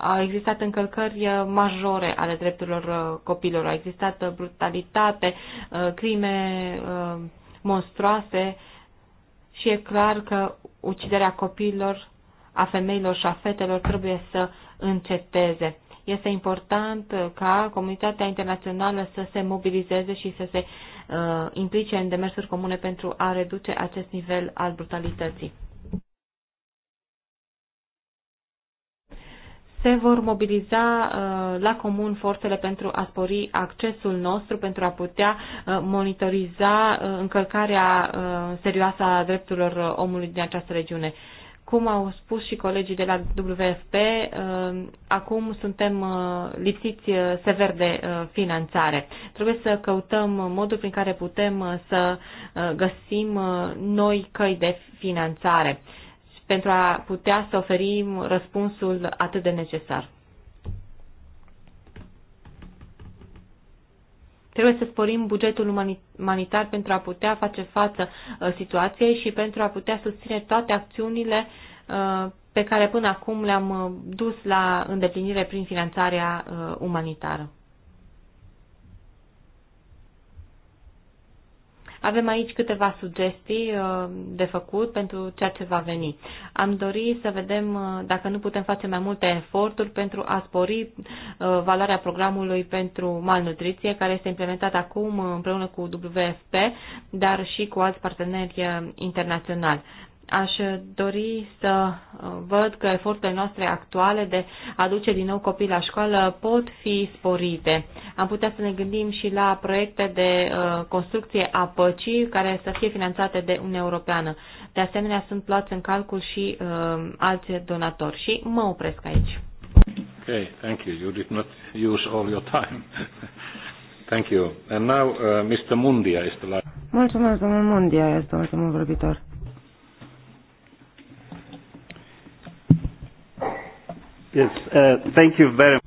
[SPEAKER 4] au existat încălcări majore ale drepturilor copiilor, a existat brutalitate, crime monstruoase și e clar că uciderea copiilor, a femeilor și a fetelor trebuie să înceteze. Este important ca comunitatea internațională să se mobilizeze și să se uh, implice în demersuri comune pentru a reduce acest nivel al brutalității. se vor mobiliza uh, la comun forțele pentru a spori accesul nostru, pentru a putea uh, monitoriza uh, încălcarea serioasă a drepturilor omului din această regiune. Cum au spus și colegii de la WFP, acum suntem lipsiți sever de finanțare. Trebuie să căutăm modul prin care putem să găsim noi căi de finanțare pentru a putea să oferim răspunsul atât de necesar. Trebuie să sporim bugetul umanitar pentru a putea face față uh, situației și pentru a putea susține toate acțiunile uh, pe care până acum le-am uh, dus la îndeplinire prin finanțarea umanitară. Avem aici câteva sugestii uh, de făcut pentru ceea ce va veni. Am dorit să vedem uh, dacă nu putem face mai multe eforturi pentru a spori uh, valoarea programului pentru malnutriție, care este implementat acum împreună cu WFP, dar și cu alți parteneri internaționali. Aș dori să uh, văd că eforturile noastre actuale de a duce din nou copii la școală pot fi sporite. Am putea să ne gândim și la proiecte de uh, construcție a păcii care să fie finanțate de Uniunea Europeană. De asemenea, sunt luați în calcul și uh, alți donatori. Și mă opresc aici.
[SPEAKER 1] Okay, thank you. You did not use all your time. thank you. And now uh, Mr. Mundia este la...
[SPEAKER 2] Mulțumesc, domnul Mundia este ultimul vorbitor.
[SPEAKER 1] Yes, uh,
[SPEAKER 2] thank you very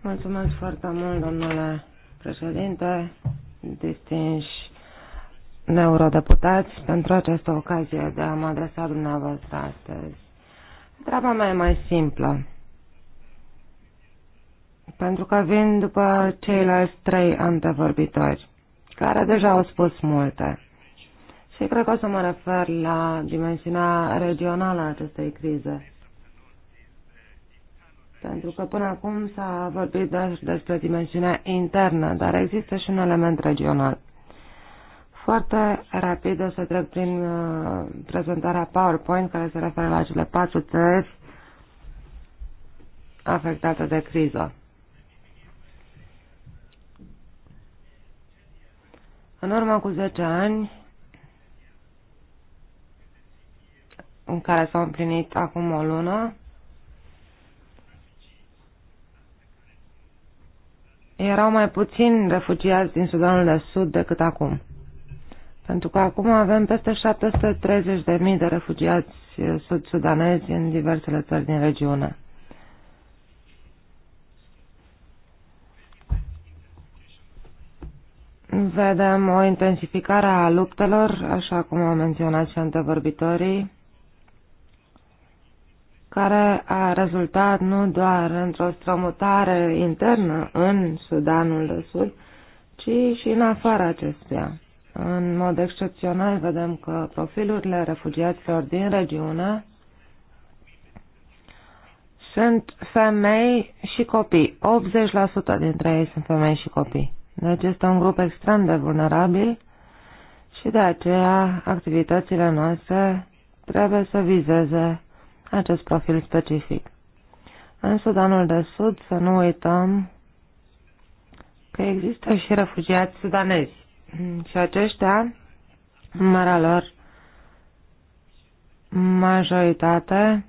[SPEAKER 2] Mulțumesc foarte mult, domnule președinte, distinși neurodeputați, pentru această ocazie de a mă adresa dumneavoastră astăzi. Treaba mea e mai simplă. Pentru că vin după ceilalți trei antevorbitori, care deja au spus multe. Și cred că o să mă refer la dimensiunea regională a acestei crize. Pentru că până acum s-a vorbit despre dimensiunea internă, dar există și un element regional. Foarte rapid o să trec prin uh, prezentarea PowerPoint care se referă la cele patru țări afectate de criză. În urmă cu 10 ani, în care s-au împlinit acum o lună, erau mai puțin refugiați din Sudanul de Sud decât acum. Pentru că acum avem peste 730.000 de refugiați eh, sud-sudanezi în diversele țări din regiune. Vedem o intensificare a luptelor, așa cum au menționat și antevorbitorii, care a rezultat nu doar într-o strămutare internă în Sudanul de Sud, ci și în afara acestuia. În mod excepțional vedem că profilurile refugiaților din regiune sunt femei și copii. 80% dintre ei sunt femei și copii. Deci este un grup extrem de vulnerabil și de aceea activitățile noastre trebuie să vizeze acest profil specific. În Sudanul de Sud, să nu uităm că există și refugiați sudanezi și aceștia, în marea lor majoritate,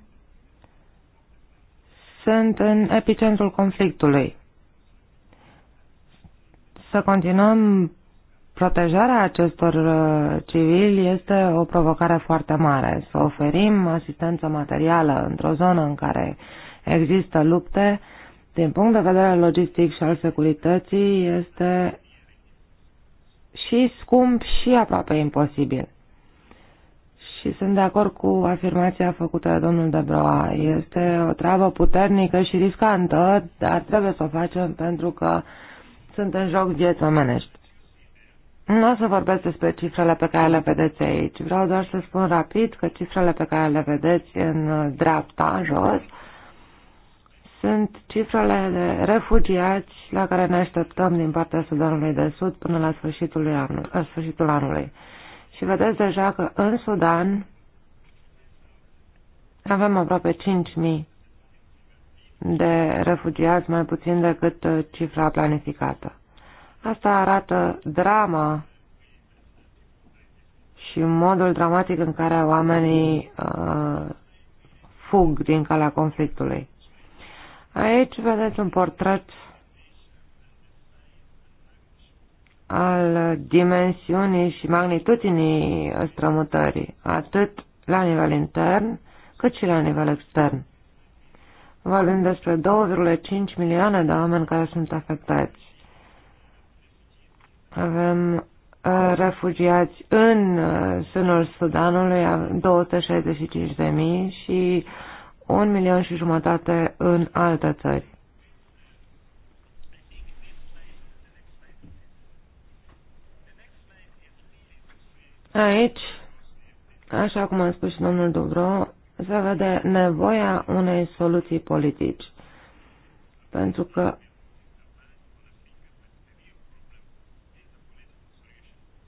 [SPEAKER 2] sunt în epicentrul conflictului. Să continuăm protejarea acestor uh, civili este o provocare foarte mare. Să oferim asistență materială într-o zonă în care există lupte, din punct de vedere logistic și al securității, este și scump și aproape imposibil. Și sunt de acord cu afirmația făcută de domnul Debroa. Este o treabă puternică și riscantă, dar trebuie să o facem pentru că sunt în joc vieți omenești. Nu o să vorbesc despre cifrele pe care le vedeți aici. Vreau doar să spun rapid că cifrele pe care le vedeți în dreapta, jos, sunt cifrele de refugiați la care ne așteptăm din partea Sudanului de Sud până la sfârșitul anului. La sfârșitul anului. Și vedeți deja că în Sudan avem aproape 5.000 de refugiați, mai puțin decât cifra planificată. Asta arată drama și modul dramatic în care oamenii uh, fug din calea conflictului. Aici vedeți un portret al dimensiunii și magnitudinii strămutării, atât la nivel intern, cât și la nivel extern. Vorbim despre 2,5 milioane de oameni care sunt afectați. Avem uh, refugiați în uh, sânul Sudanului, 265 de mii și un milion și jumătate în alte țări. Aici, așa cum a spus și domnul Dubro, se vede nevoia unei soluții politici. Pentru că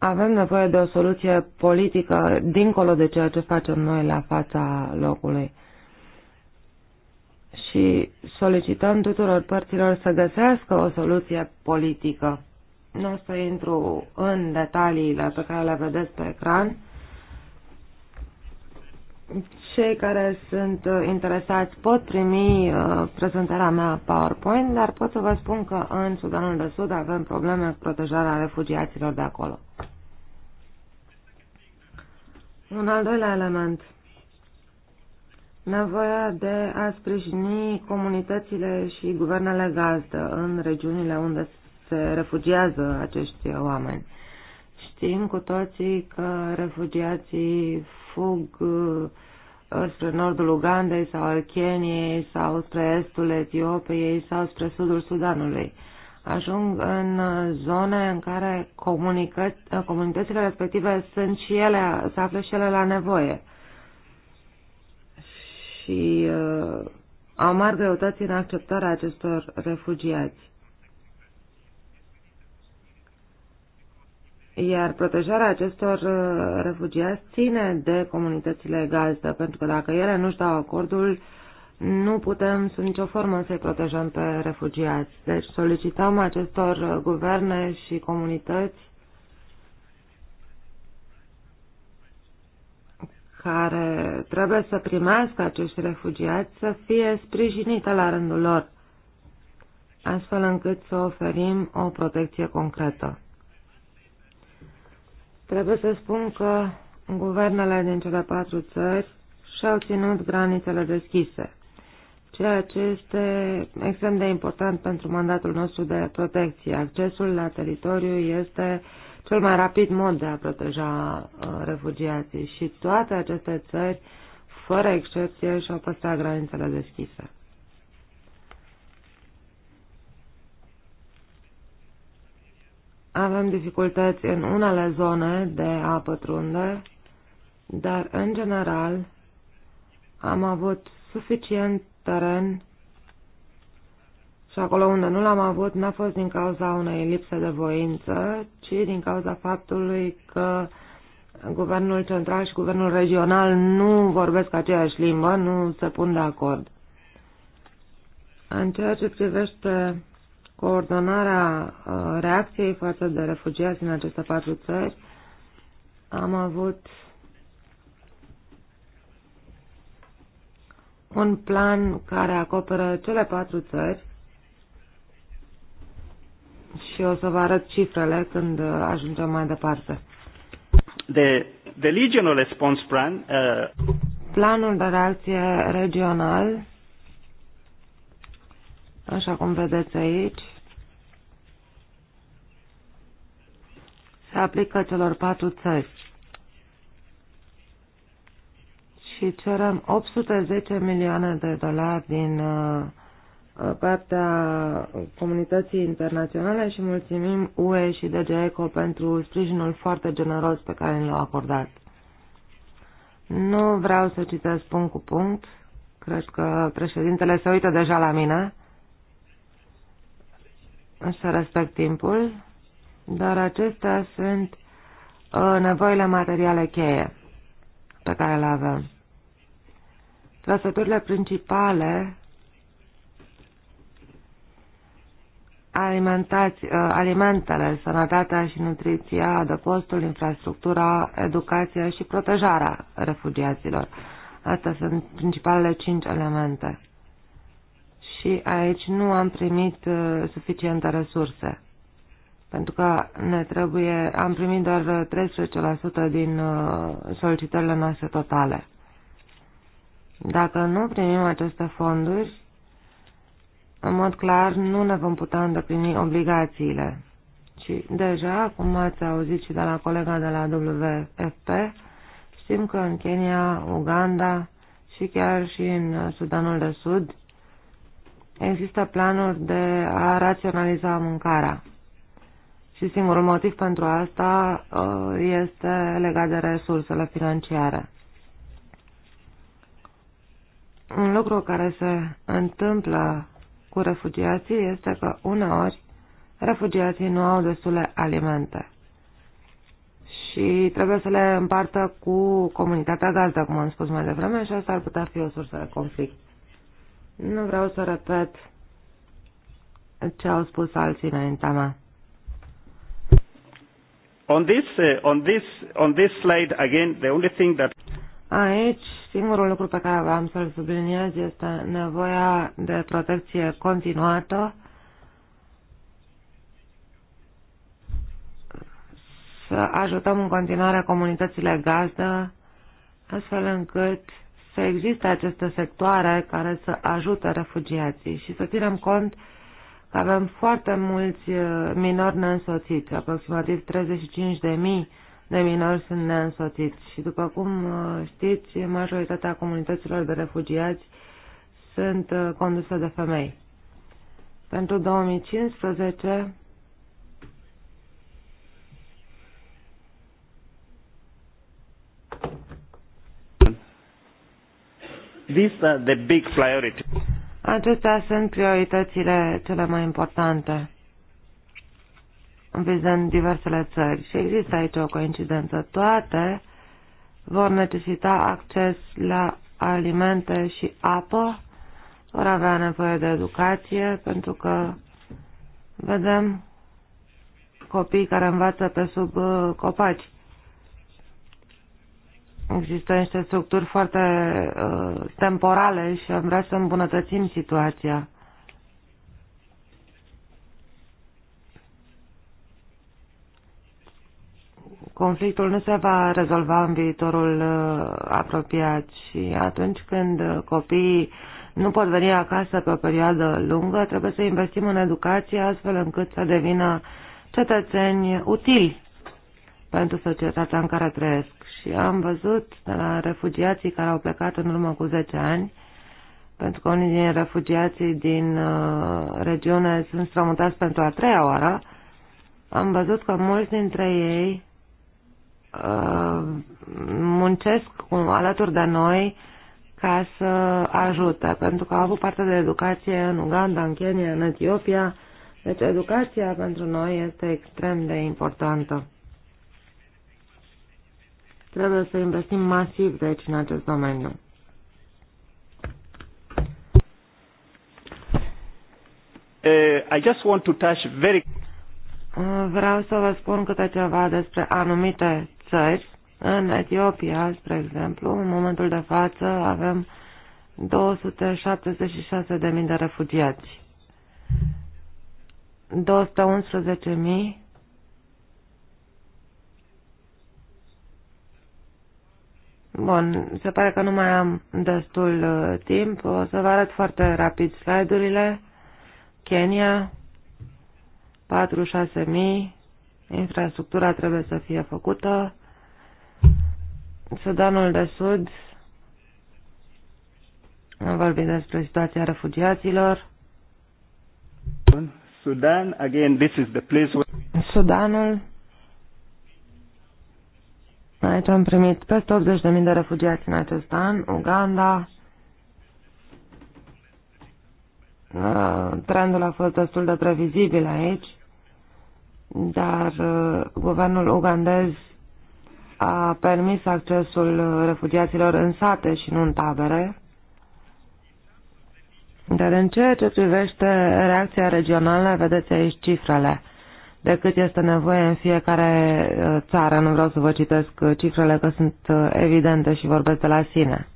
[SPEAKER 2] Avem nevoie de o soluție politică dincolo de ceea ce facem noi la fața locului. Și solicităm tuturor părților să găsească o soluție politică. Nu o să intru în detaliile pe care le vedeți pe ecran. Cei care sunt interesați pot primi uh, prezentarea mea PowerPoint, dar pot să vă spun că în Sudanul de Sud avem probleme cu protejarea refugiaților de acolo. Un al doilea element. Nevoia de a sprijini comunitățile și guvernele gazdă în regiunile unde se refugiază acești oameni. Știm cu toții că refugiații fug uh, spre nordul Ugandei sau al Keniei sau spre estul Etiopiei sau spre sudul Sudanului ajung în zone în care comunitățile respective sunt și ele, se află și ele la nevoie. Și uh, au mari greutăți în acceptarea acestor refugiați. Iar protejarea acestor uh, refugiați ține de comunitățile gazdă, pentru că dacă ele nu-și dau acordul, uh, nu putem sub nicio formă să-i protejăm pe refugiați. Deci solicităm acestor guverne și comunități care trebuie să primească acești refugiați să fie sprijinite la rândul lor, astfel încât să oferim o protecție concretă. Trebuie să spun că guvernele din cele patru țări și-au ținut granițele deschise ceea ce este extrem de important pentru mandatul nostru de protecție. Accesul la teritoriu este cel mai rapid mod de a proteja uh, refugiații și toate aceste țări, fără excepție, și-au păstrat granițele deschise. Avem dificultăți în unele zone de a pătrunde, dar, în general, am avut suficient teren și acolo unde nu l-am avut n-a fost din cauza unei lipse de voință, ci din cauza faptului că guvernul central și guvernul regional nu vorbesc aceeași limbă, nu se pun de acord. În ceea ce privește coordonarea uh, reacției față de refugiați în aceste patru țări, am avut un plan care acoperă cele patru țări și o să vă arăt cifrele când uh, ajungem mai departe.
[SPEAKER 5] The, the regional response plan, uh...
[SPEAKER 2] Planul de reacție regional, așa cum vedeți aici, se aplică celor patru țări și cerem 810 milioane de dolari din uh, uh, partea comunității internaționale și mulțumim UE și DGECO pentru sprijinul foarte generos pe care l-au acordat. Nu vreau să citesc punct cu punct. Cred că președintele se uită deja la mine. Să respect timpul. Dar acestea sunt uh, nevoile materiale cheie pe care le avem trăsăturile principale uh, alimentele, sănătatea și nutriția, adăpostul, infrastructura, educația și protejarea refugiaților. Astea sunt principalele cinci elemente. Și aici nu am primit uh, suficiente resurse. Pentru că ne trebuie, am primit doar 13% uh, din solicitările noastre totale. Dacă nu primim aceste fonduri, în mod clar nu ne vom putea îndeplini obligațiile. Și deja, cum ați auzit și de la colega de la WFP, știm că în Kenya, Uganda și chiar și în Sudanul de Sud există planuri de a raționaliza mâncarea. Și singurul motiv pentru asta uh, este legat de resursele financiare. Un lucru care se întâmplă cu refugiații este că uneori refugiații nu au destule alimente și trebuie să le împartă cu comunitatea gazdă, cum am spus mai devreme, și asta ar putea fi o sursă de conflict. Nu vreau să repet ce au spus alții înaintea mea.
[SPEAKER 5] On this, uh, on this, on this slide, again, the only thing that...
[SPEAKER 2] Aici Singurul lucru pe care vreau să-l subliniez este nevoia de protecție continuată să ajutăm în continuare comunitățile gazdă, astfel încât să existe aceste sectoare care să ajute refugiații și să ținem cont că avem foarte mulți uh, minori neînsoțiți, aproximativ 35.000 de minori sunt neînsoțiți. Și după cum uh, știți, majoritatea comunităților de refugiați sunt uh, conduse de femei. Pentru 2015,
[SPEAKER 5] These are the big priorities.
[SPEAKER 2] Acestea sunt prioritățile cele mai importante vizând diversele țări. Și există aici o coincidență. Toate vor necesita acces la alimente și apă, vor avea nevoie de educație, pentru că vedem copii care învață pe sub uh, copaci. Există niște structuri foarte uh, temporale și am vrea să îmbunătățim situația. conflictul nu se va rezolva în viitorul uh, apropiat și atunci când copiii nu pot veni acasă pe o perioadă lungă, trebuie să investim în educație astfel încât să devină cetățeni utili pentru societatea în care trăiesc. Și am văzut de la refugiații care au plecat în urmă cu 10 ani, pentru că unii din refugiații din uh, regiune sunt strămutați pentru a treia oară, am văzut că mulți dintre ei Uh, muncesc alături de noi ca să ajute, pentru că au avut parte de educație în Uganda, în Kenya, în Etiopia. Deci educația pentru noi este extrem de importantă. Trebuie să investim masiv, deci, în acest domeniu.
[SPEAKER 5] Uh, I just want to touch very...
[SPEAKER 2] Uh, vreau să vă spun câte ceva despre anumite țări. În Etiopia, spre exemplu, în momentul de față avem 276.000 de refugiați. 211.000 Bun, se pare că nu mai am destul uh, timp. O să vă arăt foarte rapid slide-urile. Kenya, 46.000. mii. Infrastructura trebuie să fie făcută. Sudanul de Sud, am vorbit despre situația refugiaților.
[SPEAKER 5] Sudan, again, this is the place where...
[SPEAKER 2] Sudanul, aici am primit peste 80.000 de refugiați în acest an, Uganda, da, trendul a fost destul de previzibil aici, dar uh, guvernul ugandez a permis accesul refugiaților în sate și nu în tabere. Dar în ceea ce privește reacția regională, vedeți aici cifrele de cât este nevoie în fiecare uh, țară. Nu vreau să vă citesc uh, cifrele că sunt uh, evidente și vorbesc de la sine.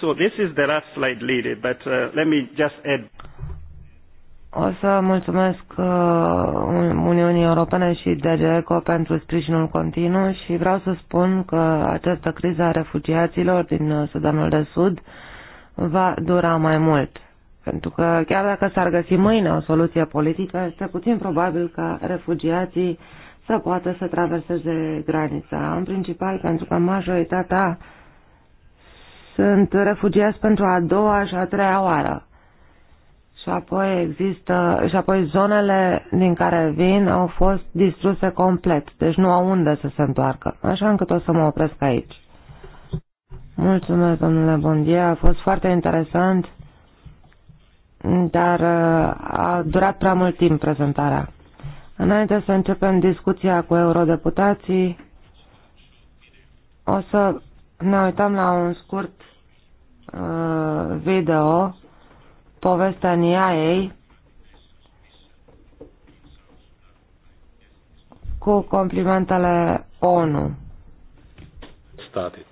[SPEAKER 5] So this is the last slide, Lily, but uh, let me just add.
[SPEAKER 2] O să mulțumesc uh, Uniunii Europene și DGECO pentru sprijinul continuu și vreau să spun că această criză a refugiaților din uh, Sudanul de Sud va dura mai mult. Pentru că chiar dacă s-ar găsi mâine o soluție politică, este puțin probabil ca refugiații să poată să traverseze granița. În principal pentru că majoritatea sunt refugiați pentru a doua și a treia oară și apoi există și apoi zonele din care vin au fost distruse complet, deci nu au unde să se întoarcă. Așa încât o să mă opresc aici. Mulțumesc, domnule Bondie, a fost foarte interesant, dar uh, a durat prea mult timp prezentarea. Înainte să începem discuția cu eurodeputații, o să ne uităm la un scurt uh, video povestea ei cu complimentele ONU.
[SPEAKER 1] State.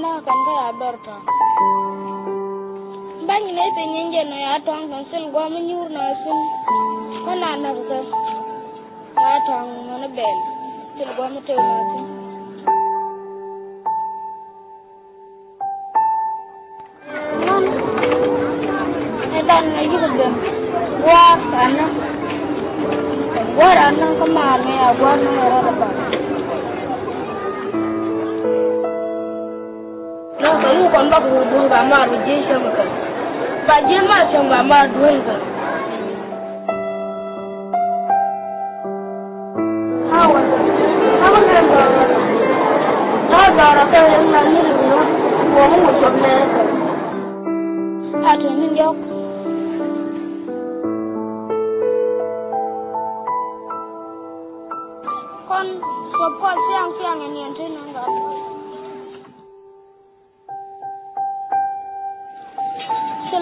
[SPEAKER 6] mama kanda abarta bangi ne te nyenge no ya tang kan sel go mo nyur na sun kana na ko ya no ne bel sel go mo te na sun e dan ne na go dem wa kana wa ran ko ma ne ya gwa na ya ra ba non ko yin kon ba ga ma je shan ka ba je ma shan ba ma dun ga hawa hawa kan ba ta ga ra ta yin na ni ru no ko mu mu so ne a to nin yo kon so ko siang siang ni en tin ga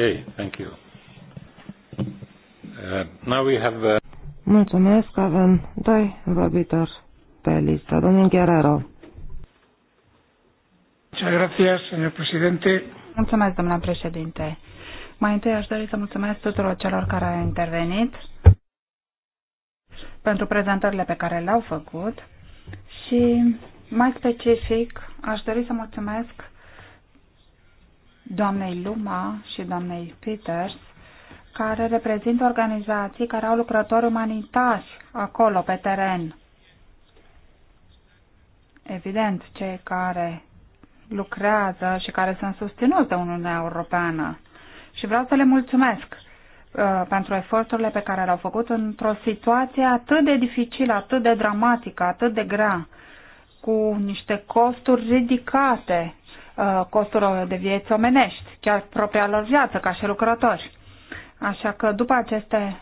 [SPEAKER 1] Okay, thank you. Uh, now we have, uh...
[SPEAKER 2] Mulțumesc, avem doi vorbitori pe listă. Domnul Guerrero.
[SPEAKER 6] Muchas gracias, señor presidente.
[SPEAKER 3] Mulțumesc, domnule președinte. Mai întâi aș dori să mulțumesc tuturor celor care au intervenit pentru prezentările pe care le-au făcut și mai specific aș dori să mulțumesc doamnei Luma și doamnei Peters, care reprezintă organizații care au lucrători umanitari acolo, pe teren. Evident, cei care lucrează și care sunt susținuți de Uniunea Europeană. Și vreau să le mulțumesc uh, pentru eforturile pe care le-au făcut într-o situație atât de dificilă, atât de dramatică, atât de grea, cu niște costuri ridicate Uh, costurilor de vieți omenești, chiar propria lor viață ca și lucrători. Așa că după aceste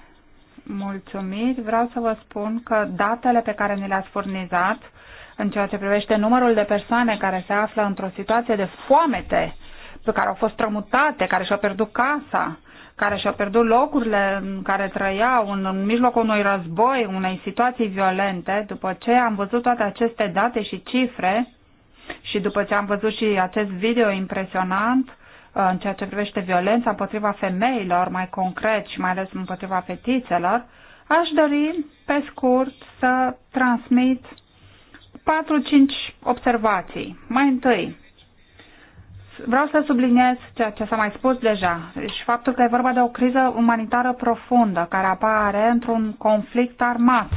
[SPEAKER 3] mulțumiri vreau să vă spun că datele pe care ni le-ați furnizat în ceea ce privește numărul de persoane care se află într-o situație de foamete, pe care au fost strămutate, care și-au pierdut casa, care și-au pierdut locurile în care trăiau, în, în mijlocul unui război, unei situații violente, după ce am văzut toate aceste date și cifre, și după ce am văzut și acest video impresionant uh, în ceea ce privește violența împotriva femeilor, mai concret și mai ales împotriva fetițelor, aș dori, pe scurt, să transmit 4-5 observații. Mai întâi, vreau să subliniez ceea ce s-a mai spus deja și faptul că e vorba de o criză umanitară profundă care apare într-un conflict armat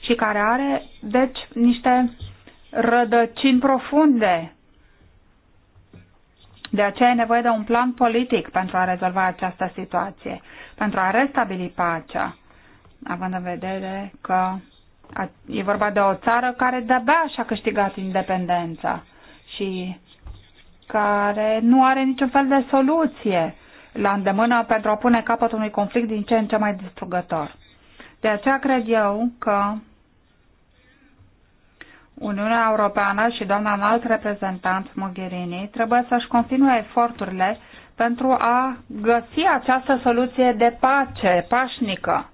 [SPEAKER 3] și care are, deci, niște rădăcini profunde. De aceea e nevoie de un plan politic pentru a rezolva această situație, pentru a restabili pacea, având în vedere că e vorba de o țară care de-abia și-a câștigat independența și care nu are niciun fel de soluție la îndemână pentru a pune capăt unui conflict din ce în ce mai distrugător. De aceea cred eu că Uniunea Europeană și doamna înalt reprezentant Mogherini trebuie să-și continue eforturile pentru a găsi această soluție de pace, pașnică.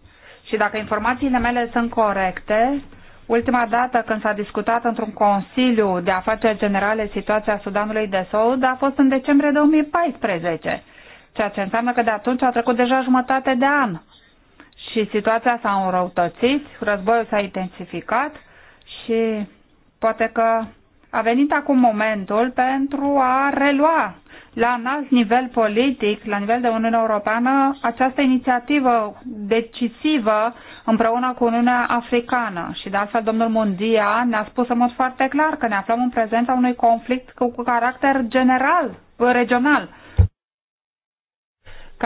[SPEAKER 3] Și dacă informațiile mele sunt corecte, ultima dată când s-a discutat într-un Consiliu de Afaceri Generale situația Sudanului de Sud a fost în decembrie 2014, ceea ce înseamnă că de atunci a trecut deja jumătate de an. Și situația s-a înrăutățit, războiul s-a intensificat și Poate că a venit acum momentul pentru a relua la înalt nivel politic, la nivel de Uniunea Europeană, această inițiativă decisivă împreună cu Uniunea Africană. Și de altfel, domnul Mundia ne-a spus în mod foarte clar că ne aflăm în prezența unui conflict cu caracter general, regional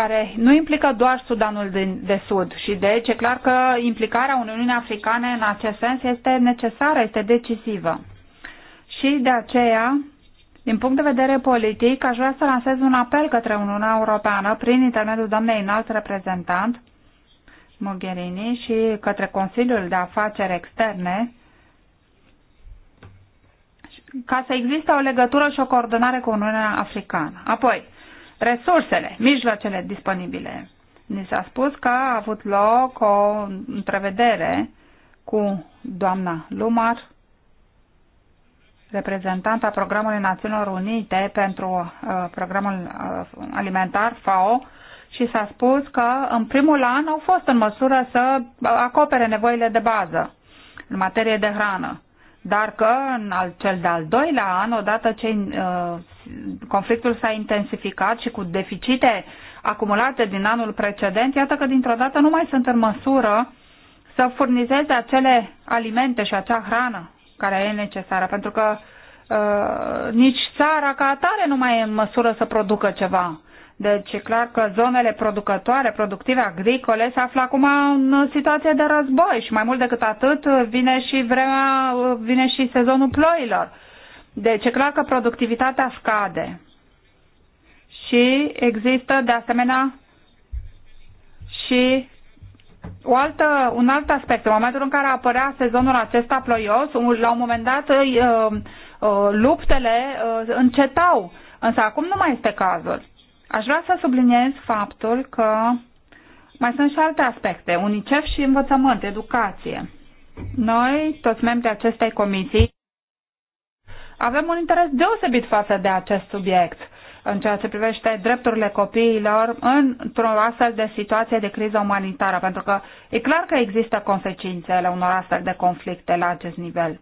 [SPEAKER 3] care nu implică doar Sudanul de Sud și deci e clar că implicarea Uniunii Africane în acest sens este necesară, este decisivă. Și de aceea, din punct de vedere politic, aș vrea să lansez un apel către Uniunea Europeană prin intermediul doamnei înalt reprezentant, Mogherini, și către Consiliul de Afaceri Externe, ca să existe o legătură și o coordonare cu Uniunea Africană. Apoi, resursele, mijloacele disponibile. Ni s-a spus că a avut loc o întrevedere cu doamna Lumar, reprezentanta Programului Națiunilor Unite pentru uh, Programul uh, Alimentar FAO și s-a spus că în primul an au fost în măsură să acopere nevoile de bază în materie de hrană dar că în al, cel de-al doilea an, odată ce uh, conflictul s-a intensificat și cu deficite acumulate din anul precedent, iată că dintr-o dată nu mai sunt în măsură să furnizeze acele alimente și acea hrană care e necesară, pentru că uh, nici țara ca atare nu mai e în măsură să producă ceva. Deci e clar că zonele producătoare, productive, agricole se află acum în situație de război și mai mult decât atât vine și vremea, vine și sezonul ploilor. Deci e clar că productivitatea scade. Și există de asemenea și o altă, un alt aspect. În momentul în care apărea sezonul acesta ploios, la un moment dat uh, uh, luptele uh, încetau. Însă acum nu mai este cazul. Aș vrea să subliniez faptul că mai sunt și alte aspecte, UNICEF și învățământ, educație. Noi, toți membrii acestei comisii, avem un interes deosebit față de acest subiect în ceea ce privește drepturile copiilor într-o astfel de situație de criză umanitară, pentru că e clar că există consecințele unor astfel de conflicte la acest nivel.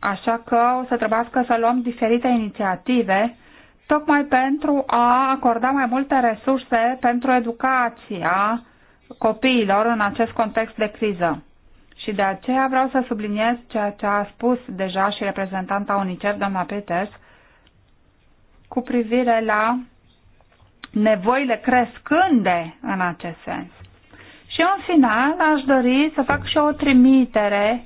[SPEAKER 3] Așa că o să trebuiască să luăm diferite inițiative tocmai pentru a acorda mai multe resurse pentru educația copiilor în acest context de criză. Și de aceea vreau să subliniez ceea ce a spus deja și reprezentanta UNICEF, doamna Peters, cu privire la nevoile crescânde în acest sens. Și în final aș dori să fac și o trimitere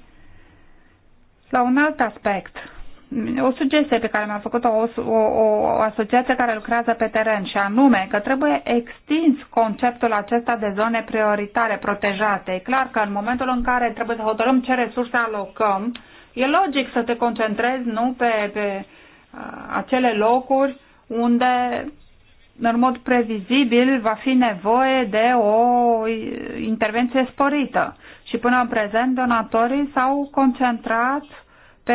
[SPEAKER 3] la un alt aspect o sugestie pe care mi-a făcut-o o, o, o asociație care lucrează pe teren și anume că trebuie extins conceptul acesta de zone prioritare protejate. E clar că în momentul în care trebuie să hotărâm ce resurse alocăm, e logic să te concentrezi nu pe, pe uh, acele locuri unde în mod previzibil va fi nevoie de o intervenție sporită. Și până în prezent donatorii s-au concentrat uh,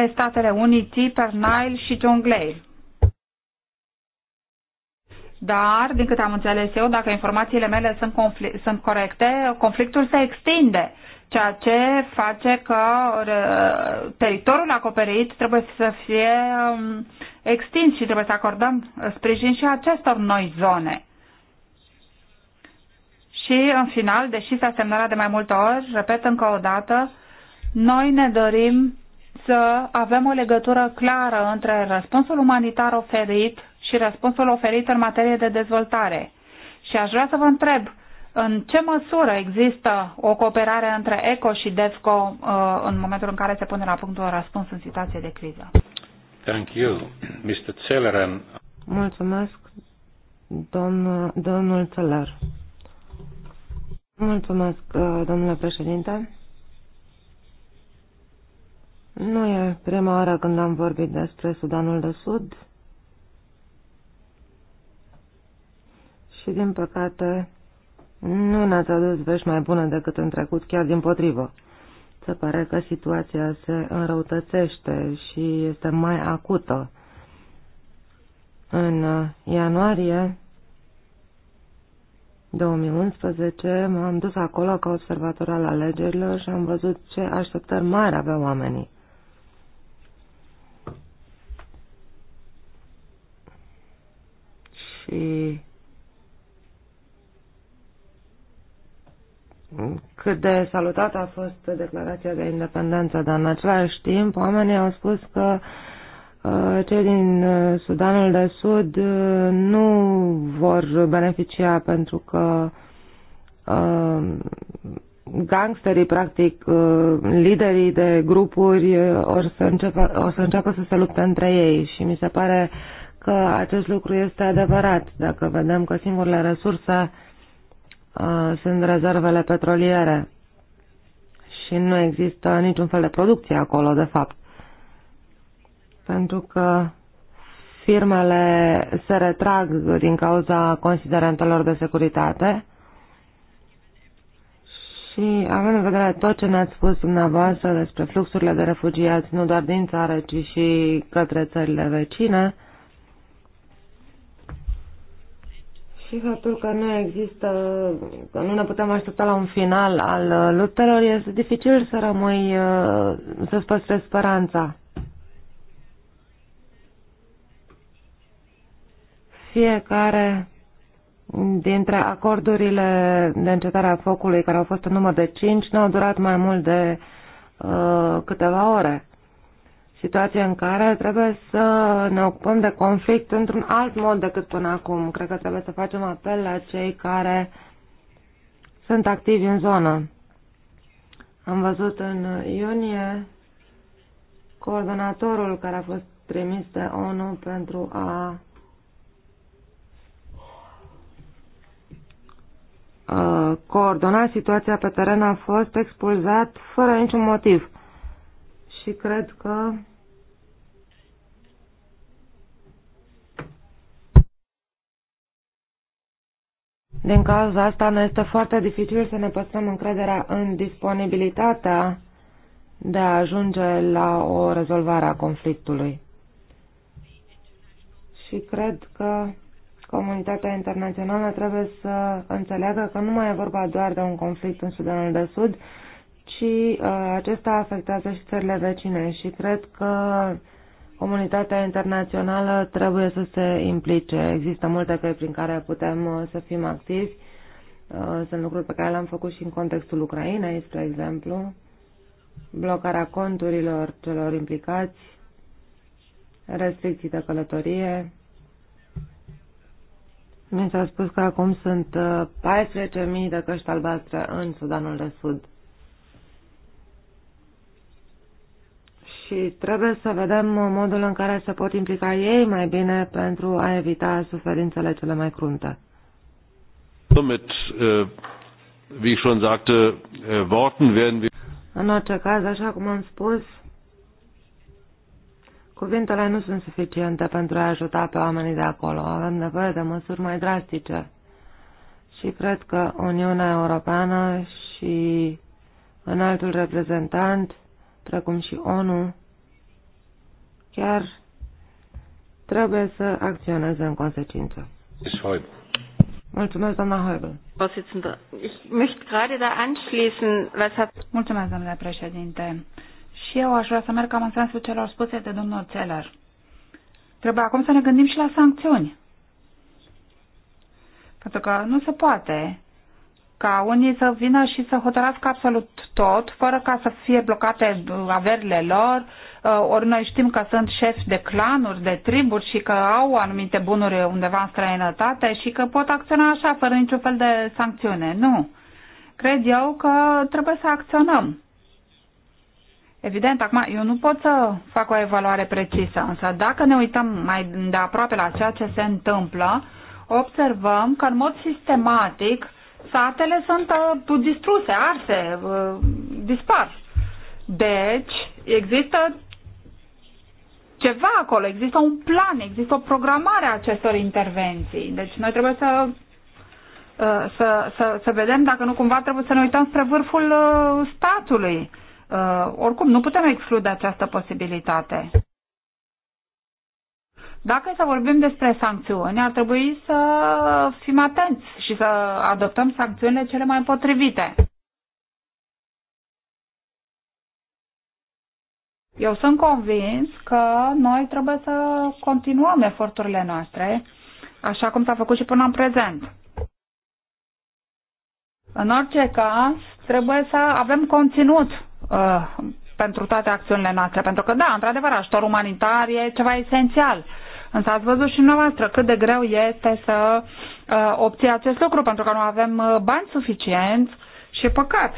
[SPEAKER 3] pe statele Per Nile și Jonglei. Dar, din câte am înțeles eu, dacă informațiile mele sunt, conflict, sunt corecte, conflictul se extinde, ceea ce face că teritoriul acoperit trebuie să fie um, extins și trebuie să acordăm sprijin și acestor noi zone. Și, în final, deși s-a semnalat de mai multe ori, repet încă o dată, noi ne dorim să avem o legătură clară între răspunsul umanitar oferit și răspunsul oferit în materie de dezvoltare. Și aș vrea să vă întreb, în ce măsură există o cooperare între ECO și DEFCO uh, în momentul în care se pune la punct un răspuns în situație de criză?
[SPEAKER 1] Thank you, Mr. Celeran.
[SPEAKER 3] Mulțumesc,
[SPEAKER 2] domn, domnul Celer. Mulțumesc, uh, domnule președinte. Nu e prima oară când am vorbit despre Sudanul de Sud. Și, din păcate, nu ne-ați adus vești mai bune decât în trecut, chiar din potrivă. Se pare că situația se înrăutățește și este mai acută. În ianuarie 2011 m-am dus acolo ca observator al alegerilor și am văzut ce așteptări mari aveau oamenii. și cât de salutată a fost declarația de independență, dar în același timp oamenii au spus că uh, cei din uh, Sudanul de Sud uh, nu vor beneficia pentru că gangsterii, practic, liderii de grupuri o să, înceapă, să înceapă să se lupte între ei și mi se pare uh, că acest lucru este adevărat. Dacă vedem că singurele resurse uh, sunt rezervele petroliere și nu există niciun fel de producție acolo, de fapt. Pentru că firmele se retrag din cauza considerentelor de securitate și avem în vedere tot ce ne-ați spus dumneavoastră despre fluxurile de refugiați, nu doar din țară, ci și către țările vecine, Și faptul că nu există, că nu ne putem aștepta la un final al uh, luptelor, este dificil să rămâi, uh, să-ți păstrezi speranța. Fiecare dintre acordurile de încetare a focului, care au fost în număr de 5, nu au durat mai mult de uh, câteva ore situație în care trebuie să ne ocupăm de conflict într-un alt mod decât până acum. Cred că trebuie să facem apel la cei care sunt activi în zonă. Am văzut în iunie coordonatorul care a fost trimis de ONU pentru a coordona situația pe teren a fost expulzat fără niciun motiv. Și cred că Din cauza asta ne este foarte dificil să ne păstrăm încrederea în disponibilitatea de a ajunge la o rezolvare a conflictului. Și cred că comunitatea internațională trebuie să înțeleagă că nu mai e vorba doar de un conflict în Sudanul de Sud, ci uh, acesta afectează și țările vecine și cred că Comunitatea internațională trebuie să se implice. Există multe căi prin care putem uh, să fim activi. Uh, sunt lucruri pe care le-am făcut și în contextul Ucrainei, spre exemplu. Blocarea conturilor celor implicați, restricții de călătorie. Mi s-a spus că acum sunt 14.000 uh, de căști albastre în Sudanul de Sud. și trebuie să vedem modul în care se pot implica ei mai bine pentru a evita suferințele cele mai crunte.
[SPEAKER 1] Mit, eh, wie ich schon sagte, eh, Worten werden
[SPEAKER 2] wir în orice caz, așa cum am spus, cuvintele nu sunt suficiente pentru a ajuta pe oamenii de acolo. Avem nevoie de măsuri mai drastice. Și cred că Uniunea Europeană și în altul reprezentant precum și ONU, chiar trebuie să acționeze în consecință. Mulțumesc, doamna Heubel.
[SPEAKER 3] Da Mulțumesc, domnule președinte. Și eu aș vrea să merg cam în sensul celor spuse de domnul Țeler. Trebuie acum să ne gândim și la sancțiuni. Pentru că nu se poate ca unii să vină și să hotărască absolut tot, fără ca să fie blocate averile lor, uh, ori noi știm că sunt șefi de clanuri, de triburi și că au anumite bunuri undeva în străinătate și că pot acționa așa, fără niciun fel de sancțiune. Nu. Cred eu că trebuie să acționăm. Evident, acum eu nu pot să fac o evaluare precisă, însă dacă ne uităm mai de aproape la ceea ce se întâmplă, observăm că în mod sistematic satele sunt uh, distruse, arse, uh, dispar. Deci, există ceva acolo, există un plan, există o programare a acestor intervenții. Deci noi trebuie să, uh, să, să, să vedem dacă nu cumva trebuie să ne uităm spre vârful uh, statului. Uh, oricum, nu putem exclude această posibilitate. Dacă să vorbim despre sancțiuni, ar trebui să fim atenți și să adoptăm sancțiunile cele mai potrivite. Eu sunt convins că noi trebuie să continuăm eforturile noastre, așa cum s-a făcut și până în prezent. În orice caz, trebuie să avem conținut uh, pentru toate acțiunile noastre, pentru că, da, într-adevăr, ajutor umanitar e ceva esențial. Uh, Însă ați văzut și noastră cât de greu este să uh, obții acest lucru, pentru că nu avem uh, bani suficienți și e păcat.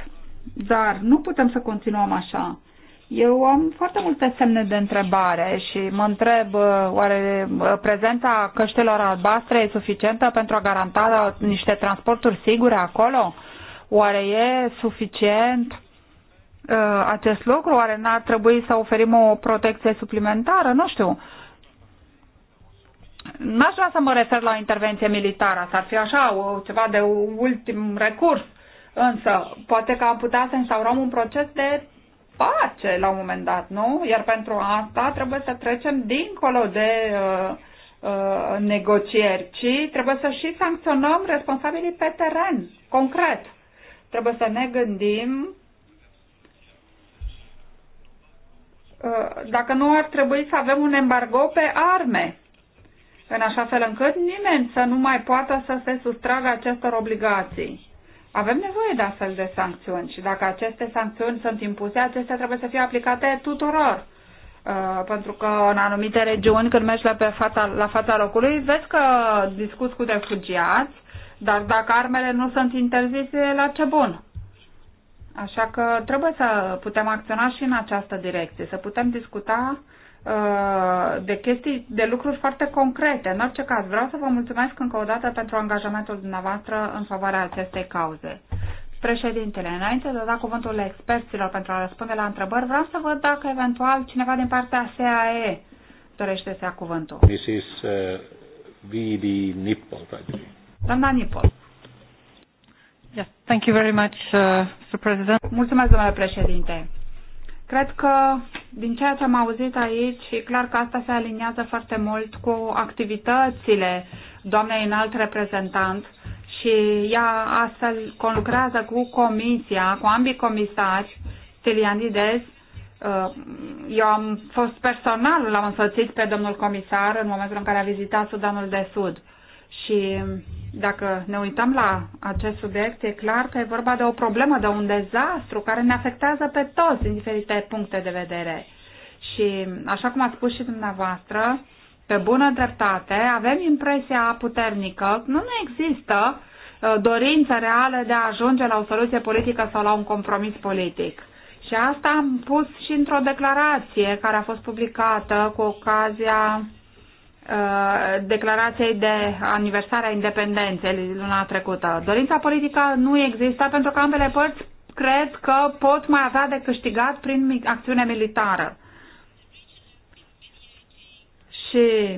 [SPEAKER 3] Dar nu putem să continuăm așa. Eu am foarte multe semne de întrebare și mă întreb uh, oare uh, prezența căștilor albastre e suficientă pentru a garanta uh, niște transporturi sigure acolo? Oare e suficient acest lucru? Oare n-ar trebui să oferim o protecție suplimentară? Nu știu. N-aș vrea să mă refer la o intervenție militară, asta ar fi așa, o, ceva de ultim recurs, însă poate că am putea să instaurăm un proces de pace la un moment dat, nu? Iar pentru asta trebuie să trecem dincolo de uh, uh, negocieri, ci trebuie să și sancționăm responsabilii pe teren, concret. Trebuie să ne gândim uh, dacă nu ar trebui să avem un embargo pe arme în așa fel încât nimeni să nu mai poată să se sustragă acestor obligații. Avem nevoie de astfel de sancțiuni și dacă aceste sancțiuni sunt impuse, acestea trebuie să fie aplicate tuturor. Uh, pentru că în anumite regiuni, când mergi la, pe fata, la fața locului, vezi că discuți cu refugiați, dar dacă armele nu sunt interzise, la ce bun? Așa că trebuie să putem acționa și în această direcție, să putem discuta uh, Uh, de chestii, de lucruri foarte concrete. În orice caz, vreau să vă mulțumesc încă o dată pentru angajamentul dumneavoastră în favoarea acestei cauze. Președintele, înainte de a da cuvântul experților pentru a răspunde la întrebări, vreau să văd dacă eventual cineva din partea SAE dorește să ia cuvântul.
[SPEAKER 1] This is uh, Vidi Nipol, practic.
[SPEAKER 3] Doamna Nipol. Yes, thank you very much, uh, Mr. President. Mulțumesc, domnule președinte. Cred că din ceea ce am auzit aici, e clar că asta se aliniază foarte mult cu activitățile doamnei înalt reprezentant și ea astfel conlucrează cu comisia, cu ambii comisari, Stilianides. Uh, eu am fost personal, l-am însoțit pe domnul comisar în momentul în care a vizitat Sudanul de Sud și dacă ne uităm la acest subiect, e clar că e vorba de o problemă, de un dezastru care ne afectează pe toți din diferite puncte de vedere. Și, așa cum a spus și dumneavoastră, pe bună dreptate, avem impresia puternică că nu există uh, dorință reală de a ajunge la o soluție politică sau la un compromis politic. Și asta am pus și într-o declarație care a fost publicată cu ocazia Uh, declarației de aniversare a independenței luna trecută. Dorința politică nu există pentru că ambele părți cred că pot mai avea de câștigat prin acțiune militară. Și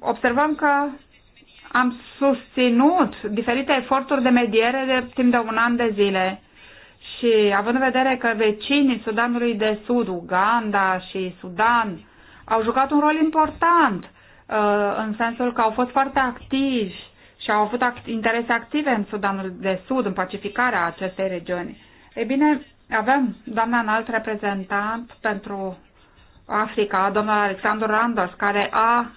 [SPEAKER 3] observăm că am susținut diferite eforturi de mediere de timp de un an de zile și având în vedere că vecinii Sudanului de Sud, Uganda și Sudan, au jucat un rol important uh, în sensul că au fost foarte activi și au avut interese active în Sudanul de Sud, în pacificarea acestei regiuni. E bine, avem doamna înalt reprezentant pentru Africa, domnul Alexandru Randos, care a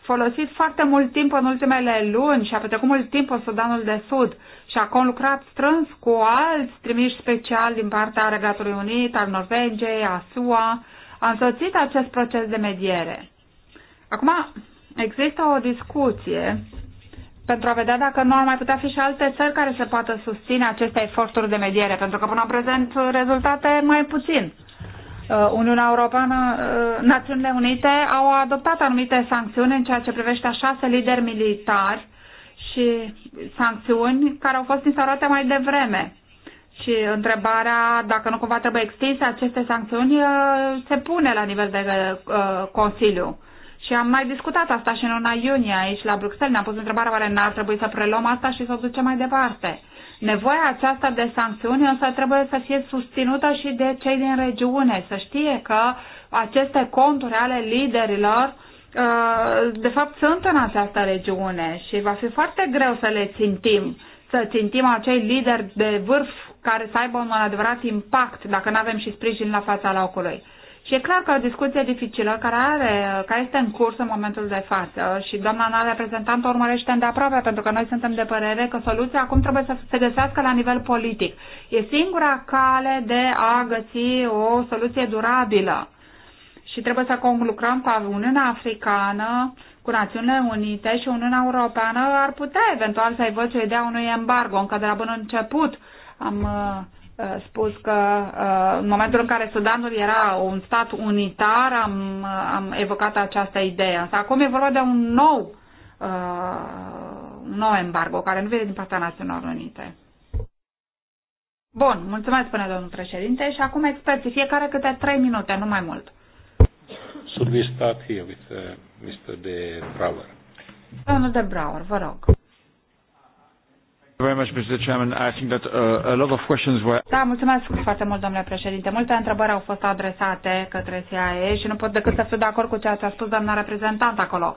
[SPEAKER 3] folosit foarte mult timp în ultimele luni și a petrecut mult timp în Sudanul de Sud și a conlucrat strâns cu alți trimiși speciali din partea Regatului Unit, al Norvegiei, a SUA, a însoțit acest proces de mediere. Acum există o discuție pentru a vedea dacă nu ar mai putea fi și alte țări care să poată susține aceste eforturi de mediere, pentru că până în prezent rezultate mai puțin. Uh, Uniunea Europeană, uh, Națiunile Unite au adoptat anumite sancțiuni în ceea ce privește a șase lideri militari și sancțiuni care au fost instaurate mai devreme și întrebarea dacă nu cumva trebuie extinse aceste sancțiuni uh, se pune la nivel de uh, Consiliu. Și am mai discutat asta și în luna iunie aici la Bruxelles. Ne-am pus întrebarea oare n-ar trebui să preluăm asta și să o ducem mai departe. Nevoia aceasta de sancțiuni însă trebuie să fie susținută și de cei din regiune, să știe că aceste conturi ale liderilor uh, de fapt sunt în această regiune și va fi foarte greu să le țintim, să țintim acei lideri de vârf care să aibă un adevărat impact dacă nu avem și sprijin la fața locului. Și e clar că o discuție dificilă care, are, care este în curs în momentul de față și doamna na reprezentant o urmărește îndeaproape pentru că noi suntem de părere că soluția acum trebuie să se găsească la nivel politic. E singura cale de a găsi o soluție durabilă și trebuie să conclucrăm cu Uniunea Africană cu Națiunile Unite și Uniunea Europeană ar putea eventual să i o ideea unui embargo încă de la bun început am uh, uh, spus că uh, în momentul în care Sudanul era un stat unitar, am, am evocat această idee. Însă acum e vorba de un nou, un nou embargo care nu vine din partea Națiunilor Unite. Bun, mulțumesc, până domnul președinte, și acum experții, fiecare câte trei minute, nu mai mult.
[SPEAKER 1] Sunt we start here with uh, Mr. De Brouwer?
[SPEAKER 3] Domnul De Brouwer, vă rog. Da, mulțumesc foarte mult, domnule președinte. Multe întrebări au fost adresate către CIA și nu pot decât să fiu de acord cu ceea ce a spus doamna reprezentant acolo.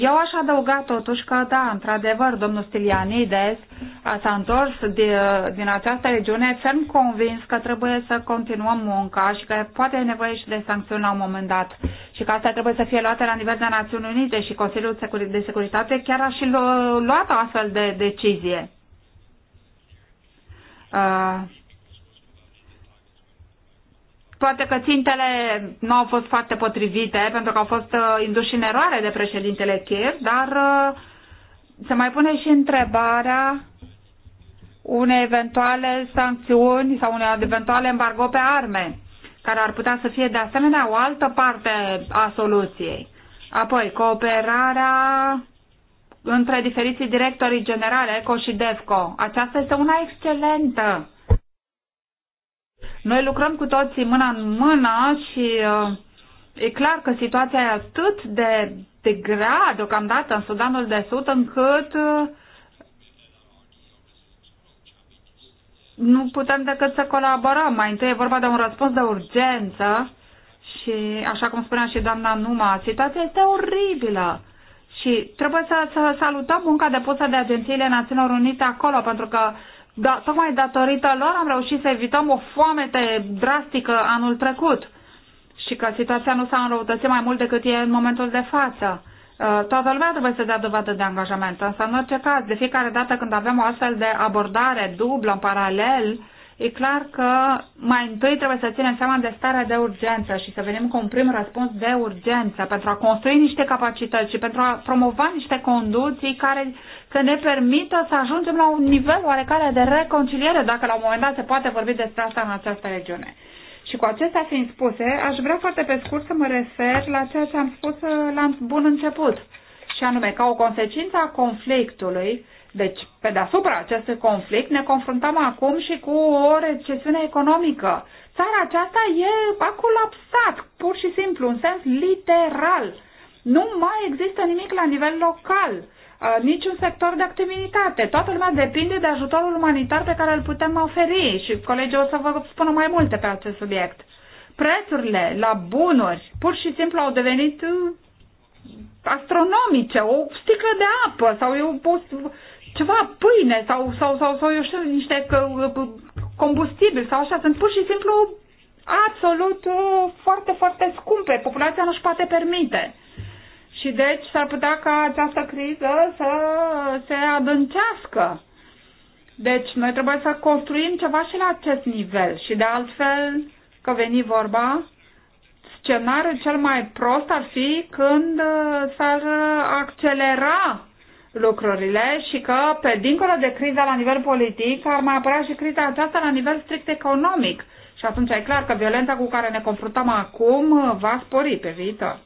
[SPEAKER 3] Eu aș adăuga totuși că, da, într-adevăr, domnul Stilianides s-a întors din, din această regiune ferm convins că trebuie să continuăm munca și că poate e nevoie și de sancțiuni la un moment dat și că asta trebuie să fie luată la nivel de Națiuni Unite și Consiliul de Securitate chiar a și luat o astfel de decizie. Uh, toate că țintele nu au fost foarte potrivite pentru că au fost uh, induși în eroare de președintele Kiev, dar uh, se mai pune și întrebarea unei eventuale sancțiuni sau unei eventuale embargo pe arme, care ar putea să fie de asemenea o altă parte a soluției. Apoi, cooperarea între diferiții directorii generale, ECO și DEFCO. Aceasta este una excelentă. Noi lucrăm cu toții mână în mână și uh, e clar că situația e atât de, de grea deocamdată în Sudanul de Sud încât uh, nu putem decât să colaborăm. Mai întâi e vorba de un răspuns de urgență și, așa cum spunea și doamna Numa, situația este oribilă. Și trebuie să, să salutăm munca depusă de agențiile Națiunilor Unite acolo, pentru că da, tocmai datorită lor am reușit să evităm o foamete drastică anul trecut și că situația nu s-a înrăutățit mai mult decât e în momentul de față. Uh, toată lumea trebuie să dea dovadă de angajament, însă în orice caz, de fiecare dată când avem o astfel de abordare dublă, în paralel, e clar că mai întâi trebuie să ținem seama de starea de urgență și să venim cu un prim răspuns de urgență pentru a construi niște capacități și pentru a promova niște conduții care să ne permită să ajungem la un nivel oarecare de reconciliere, dacă la un moment dat se poate vorbi despre asta în această regiune. Și cu acestea fiind spuse, aș vrea foarte pe scurt să mă refer la ceea ce am spus la bun început, și anume ca o consecință a conflictului, deci, pe deasupra acestui conflict, ne confruntăm acum și cu o recesiune economică. Țara aceasta e, a colapsat, pur și simplu, în sens literal. Nu mai există nimic la nivel local, uh, niciun sector de activitate. Toată lumea depinde de ajutorul umanitar pe care îl putem oferi și colegii o să vă spună mai multe pe acest subiect. Prețurile la bunuri pur și simplu au devenit uh, astronomice, o sticlă de apă sau o, o ceva pâine sau, sau, sau, sau eu știu, niște combustibil sau așa, sunt pur și simplu absolut uh, foarte, foarte scumpe. Populația nu-și poate permite. Și deci s-ar putea ca această criză să se adâncească. Deci noi trebuie să construim ceva și la acest nivel. Și de altfel, că veni vorba, scenariul cel mai prost ar fi când uh, s-ar accelera lucrurile și că, pe dincolo de criza la nivel politic, ar mai apărea și criza aceasta la nivel strict economic. Și atunci e clar că violența cu care ne confruntăm acum uh, va spori pe viitor.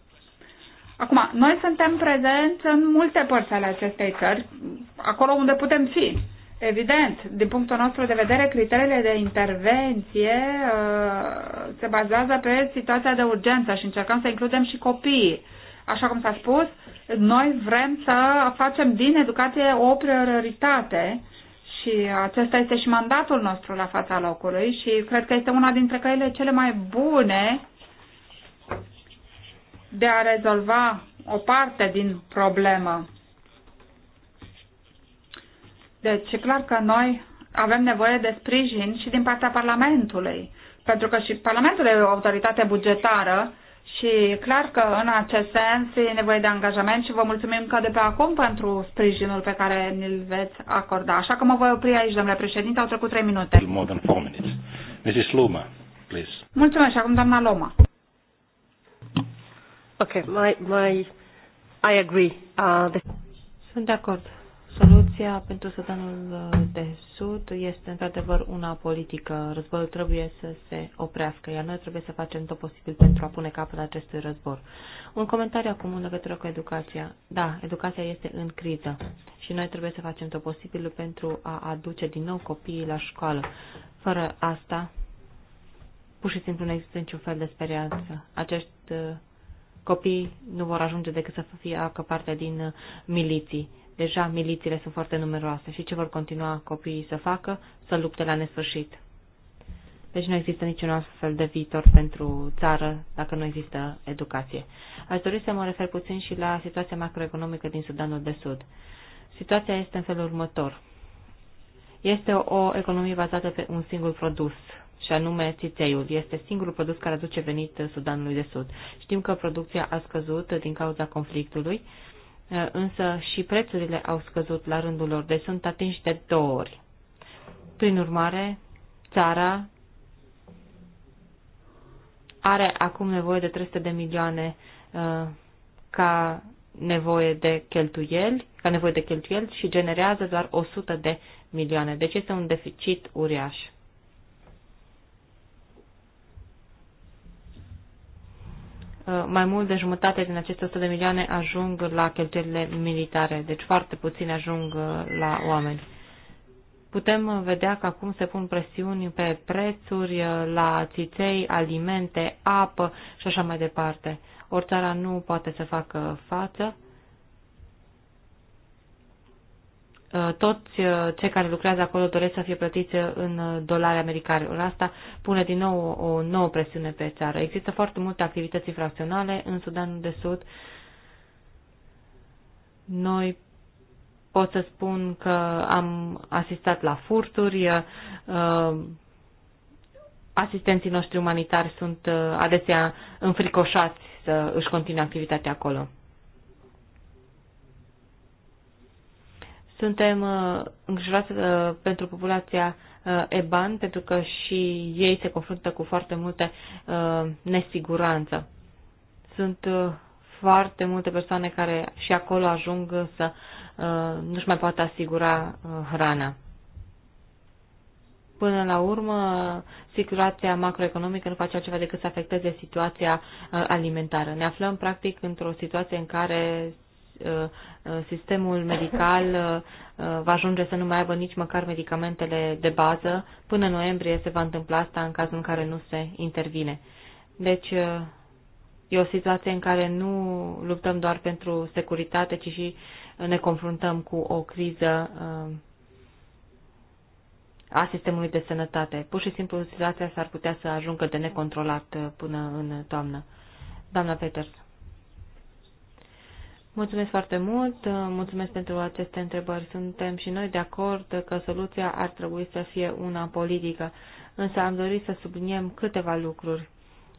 [SPEAKER 3] Acum, noi suntem prezenți în multe părți ale acestei țări, acolo unde putem fi. Evident, din punctul nostru de vedere, criteriile de intervenție uh, se bazează pe situația de urgență și încercăm să includem și copiii. Așa cum s-a spus, noi vrem să facem din educație o prioritate și acesta este și mandatul nostru la fața locului și cred că este una dintre căile cele mai bune de a rezolva o parte din problemă. Deci e clar că noi avem nevoie de sprijin și din partea Parlamentului, pentru că și Parlamentul e o autoritate bugetară și clar că în acest sens e nevoie de angajament și vă mulțumim că de pe acum pentru sprijinul pe care ni-l veți acorda. Așa că mă voi opri aici, domnule președinte, au trecut trei minute. More than four minutes.
[SPEAKER 1] Mrs. Luma, please.
[SPEAKER 3] Mulțumesc și acum doamna Loma. Ok, my, my, I agree. Uh, the... Sunt de
[SPEAKER 4] acord. Salut Situația pentru Sudanul de Sud este într-adevăr una politică. Războiul trebuie să se oprească, iar noi trebuie să facem tot posibil pentru a pune capăt acestui război. Un comentariu acum în legătură cu educația. Da, educația este în criză și noi trebuie să facem tot posibilul pentru a aduce din nou copiii la școală. Fără asta, pur și simplu nu există niciun fel de speranță. Acești uh, copii nu vor ajunge decât să fie acă parte din uh, miliții Deja milițiile sunt foarte numeroase și ce vor continua copiii să facă? Să lupte la nesfârșit. Deci nu există niciun alt fel de viitor pentru țară dacă nu există educație. Aș dori să mă refer puțin și la situația macroeconomică din Sudanul de Sud. Situația este în felul următor. Este o economie bazată pe un singur produs, și anume țițeiul. Este singurul produs care aduce venit Sudanului de Sud. Știm că producția a scăzut din cauza conflictului Eh, însă și prețurile au scăzut la rândul lor, deci sunt atinși de două ori. Prin urmare, țara are acum nevoie de 300 de milioane uh, ca nevoie de cheltuieli, ca nevoie de cheltuieli și generează doar 100 de milioane. Deci este un deficit uriaș. Uh, mai mult de jumătate din aceste 100 de milioane ajung la cheltuielile militare, deci foarte puține ajung uh, la oameni. Putem uh, vedea că acum se pun presiuni pe prețuri, la țiței, alimente, apă și așa mai departe. Ori țara nu poate să facă față Uh, toți uh, cei care lucrează acolo doresc să fie plătiți uh, în dolari americani. Asta pune din nou o nouă presiune pe țară. Există foarte multe activități infracționale în Sudanul de Sud. Noi pot să spun că am asistat la furturi, asistenții noștri umanitari sunt adesea înfricoșați să își continue activitatea acolo. Suntem uh, îngrijorați uh, pentru populația uh, eban, pentru că și ei se confruntă cu foarte multe nesiguranță. Sunt foarte multe persoane care și acolo ajung să nu-și mai poată asigura hrana. Până la urmă, situația macroeconomică nu face altceva decât să afecteze situația alimentară. Ne aflăm, practic, într-o situație în care Uh, uh, sistemul medical uh, va ajunge să nu mai aibă nici măcar medicamentele de bază. Până noiembrie se va întâmpla asta în cazul în care nu se intervine. Deci e o situație în care nu luptăm doar pentru securitate, ci și ne confruntăm cu o criză a sistemului de sănătate. Pur și simplu situația s-ar putea să ajungă de necontrolat până în toamnă. Doamna Peters. Mulțumesc foarte mult, mulțumesc pentru aceste întrebări. Suntem și noi de acord că soluția ar trebui să fie una politică, însă am dorit să subliniem câteva lucruri.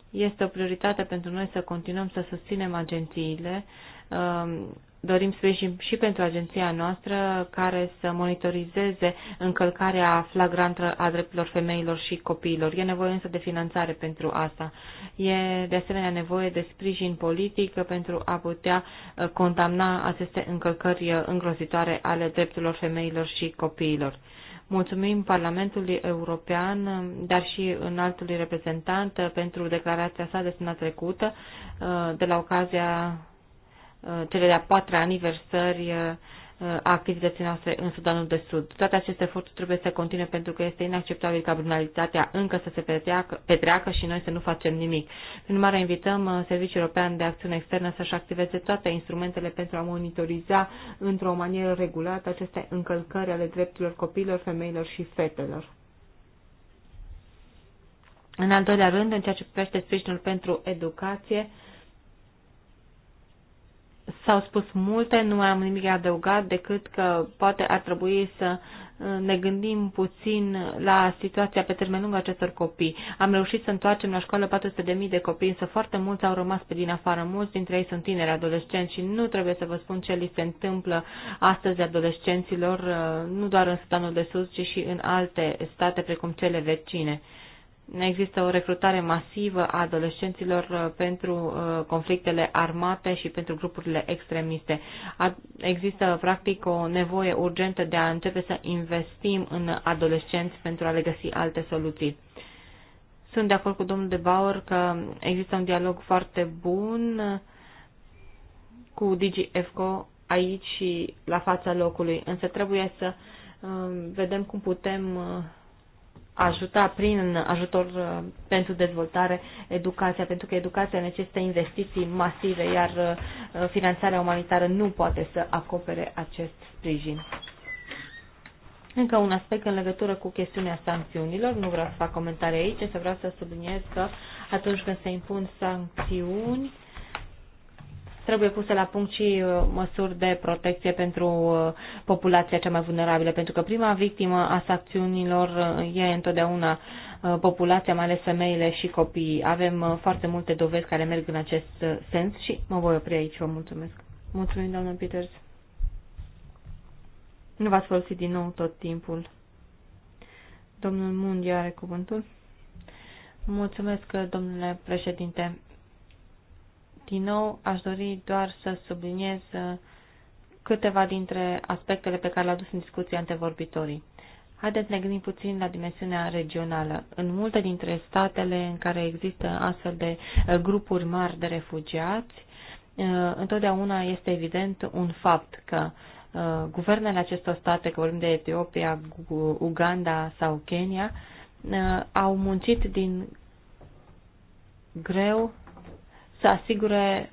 [SPEAKER 4] Este o prioritate pentru noi să continuăm să susținem agențiile um, dorim sprijin și pentru agenția noastră care să monitorizeze încălcarea flagrantă a drepturilor femeilor și copiilor. E nevoie însă de finanțare pentru asta. E de asemenea nevoie de sprijin politic pentru a putea uh, condamna aceste încălcări uh, îngrozitoare ale drepturilor femeilor și copiilor. Mulțumim Parlamentului European, uh, dar și înaltului reprezentant pentru declarația sa de săptămâna trecută de la ocazia Uh, cele de-a patra aniversări a uh, uh, activității noastre în Sudanul de Sud. Toate aceste eforturi trebuie să continue pentru că este inacceptabil ca brunalitatea încă să se petreacă, petreacă și noi să nu facem nimic. În mare invităm Serviciul European de Acțiune Externă să-și activeze toate instrumentele pentru a monitoriza într-o manieră regulată aceste încălcări ale drepturilor copiilor, femeilor și fetelor. În al doilea rând, în ceea ce privește sprijinul pentru educație, uh, S-au spus multe, nu mai am nimic adăugat decât că poate ar trebui să uh, ne gândim puțin la situația pe termen lung acestor copii. Am reușit să întoarcem la școală 400.000 de copii, însă foarte mulți au rămas pe din afară. Mulți dintre ei sunt tineri adolescenți și nu trebuie să vă spun ce li se întâmplă astăzi adolescenților, uh, nu doar în Sudanul de Sus, ci și în alte state precum cele vecine există o recrutare masivă a adolescenților uh, pentru uh, conflictele armate și pentru grupurile extremiste. Există, practic, o nevoie urgentă de a începe să investim în adolescenți pentru a le găsi alte soluții. Sunt de acord cu domnul de Bauer că există un dialog foarte bun uh, cu DGFCO aici și la fața locului, însă trebuie să vedem cum putem ajuta prin ajutor uh, pentru dezvoltare educația, pentru că educația necesită investiții masive, iar uh, finanțarea umanitară nu poate să acopere acest sprijin. Încă un aspect în legătură cu chestiunea sancțiunilor, nu vreau să fac comentarii aici, însă vreau să subliniez că atunci când se impun sancțiuni, trebuie puse la punct și uh, măsuri de protecție pentru uh, populația cea mai vulnerabilă, pentru că prima victimă a sancțiunilor uh, e întotdeauna populația, mai ales femeile și copiii. Avem foarte multe dovezi care merg în acest sens și mă voi opri aici. Vă mulțumesc. Mulțumim, doamnă Peters. Nu v-ați folosit din nou tot timpul. Domnul Mundi are cuvântul. Mulțumesc, domnule președinte. Din nou, aș dori doar să subliniez uh, câteva dintre aspectele pe care le-au dus în discuție antevorbitorii. Haideți să ne gândim puțin la dimensiunea regională. În multe dintre statele în care există astfel de uh, grupuri mari de refugiați, uh, întotdeauna este evident un fapt că guvernele acestor state, că vorbim de Etiopia, Uganda sau Kenya, au muncit din greu să asigure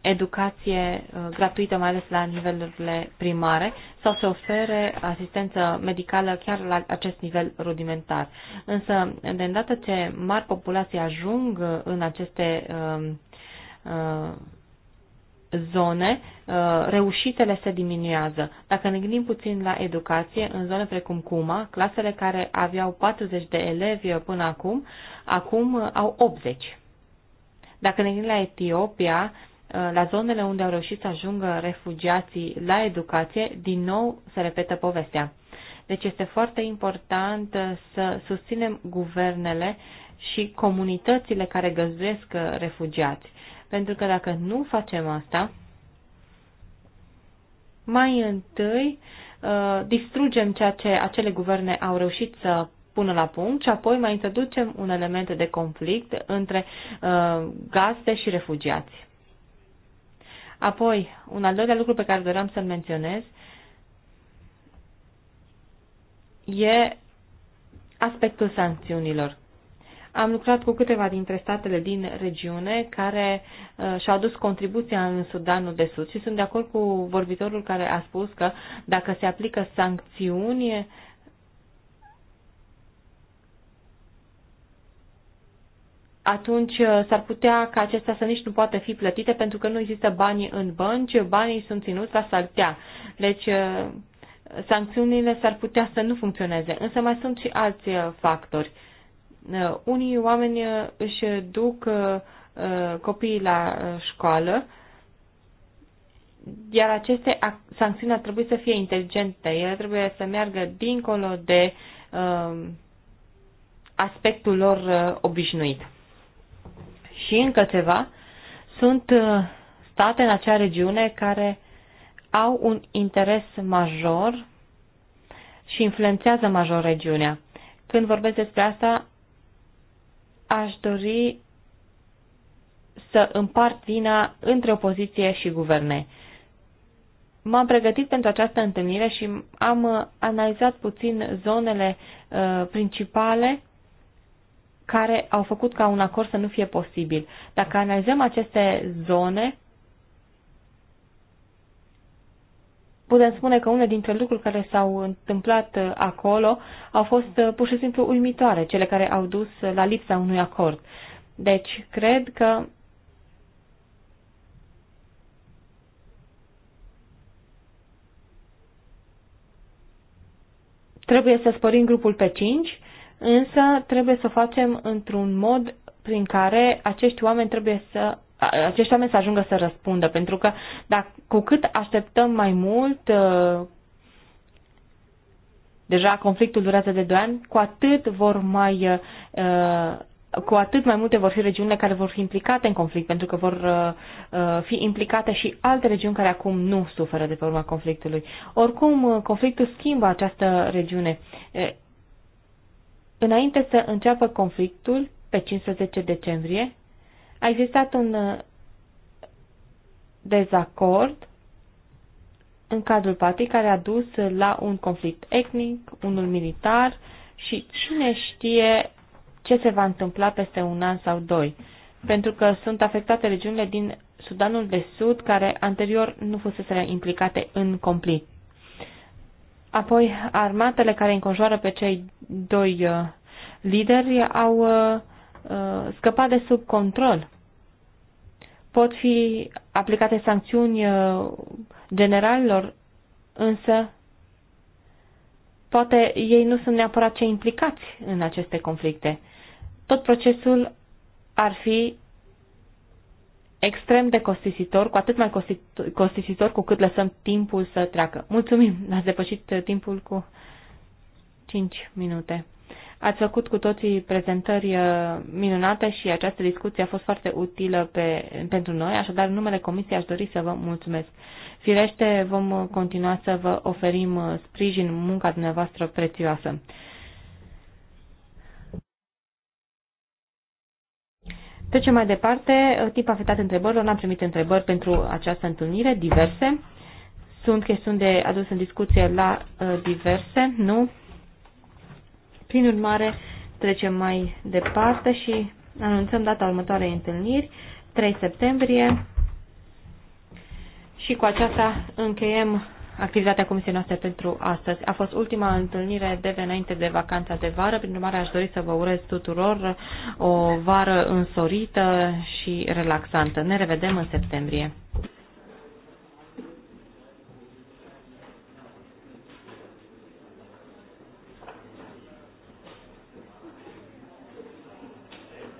[SPEAKER 4] educație uh, gratuită, mai ales la nivelurile primare, sau să ofere asistență medicală chiar la acest nivel rudimentar. Însă, de îndată ce mari populații ajung uh, în aceste um, uh, zone, reușitele se diminuează. Dacă ne gândim puțin la educație, în zone precum Cuma, clasele care aveau 40 de elevi până acum, acum au 80. Dacă ne gândim la Etiopia, uh, la zonele unde au reușit să ajungă refugiații la educație, din nou se repetă povestea. Deci este foarte important uh, să susținem guvernele și comunitățile care găzduiesc uh, refugiați. Pentru că dacă nu facem asta, mai întâi distrugem ceea ce acele guverne au reușit să până la punct și apoi mai introducem un element de conflict între uh, gaste și refugiați. Apoi, un al doilea lucru pe care doream să-l menționez e aspectul sancțiunilor. Am lucrat cu câteva dintre statele din regiune care uh, și-au adus contribuția în Sudanul de Sud și sunt de acord cu vorbitorul care a spus că dacă se aplică sancțiuni, atunci uh, s-ar putea ca acestea să nici nu poată fi plătite pentru că nu există bani în bănci, banii sunt ținuți la saltea. Deci uh, sancțiunile s-ar putea să nu funcționeze. Însă mai sunt și alți uh, factori. Unii oameni își duc copiii la școală, iar aceste sancțiuni ar trebui să fie inteligente. Ele trebuie să meargă dincolo de aspectul lor obișnuit și încă ceva, sunt uh, state în acea regiune care au un interes major și influențează major regiunea. Când vorbesc despre asta, aș dori să împart vina între opoziție și guverne. M-am pregătit pentru această întâlnire și am uh, analizat puțin zonele uh, principale care au făcut ca un acord să nu fie posibil. Dacă analizăm aceste zone, putem spune că unele dintre lucruri care s-au întâmplat uh, acolo au fost uh, pur și simplu uimitoare, cele care au dus la lipsa unui acord. Deci, cred că trebuie să sporim grupul pe 5 însă trebuie să o facem într-un mod prin care acești oameni trebuie să acești oameni să ajungă să răspundă, pentru că dacă, cu cât așteptăm mai mult, uh, deja conflictul durează de 2 ani, cu atât vor mai uh, cu atât mai multe vor fi regiunile care vor fi implicate în conflict, pentru că vor uh, fi implicate și alte regiuni care acum nu suferă de pe urma conflictului. Oricum, conflictul schimbă această regiune. Înainte să înceapă conflictul, pe 15 decembrie, a existat un uh, dezacord în cadrul patii care a dus la un conflict etnic, unul militar și cine știe ce se va întâmpla peste un an sau doi, pentru că sunt afectate regiunile din Sudanul de Sud care anterior nu fusese implicate în conflict. Apoi, armatele care înconjoară pe cei doi uh, lideri au uh, uh, scăpat de sub control. Pot fi aplicate sancțiuni generalilor, însă poate ei nu sunt neapărat cei implicați în aceste conflicte. Tot procesul ar fi extrem de costisitor, cu atât mai costisitor cu cât lăsăm timpul să treacă. Mulțumim, ați depășit uh, timpul cu 5 minute. Ați făcut cu toții prezentări uh, minunate și această discuție a fost foarte utilă pe, pentru noi, așadar în numele Comisiei aș dori să vă mulțumesc. Firește, vom continua să vă oferim uh, sprijin munca dumneavoastră prețioasă. Trecem mai departe. Timp afectat întrebărilor. N-am primit întrebări pentru această întâlnire, diverse. Sunt chestiuni de adus în discuție la uh, diverse, nu? Prin urmare, trecem mai departe și anunțăm data următoarei întâlniri, 3 septembrie. Și cu aceasta încheiem activitatea Comisiei noastre pentru astăzi. A fost ultima întâlnire de înainte de vacanța de vară, prin urmare aș dori să vă urez tuturor o vară însorită și relaxantă. Ne revedem în septembrie.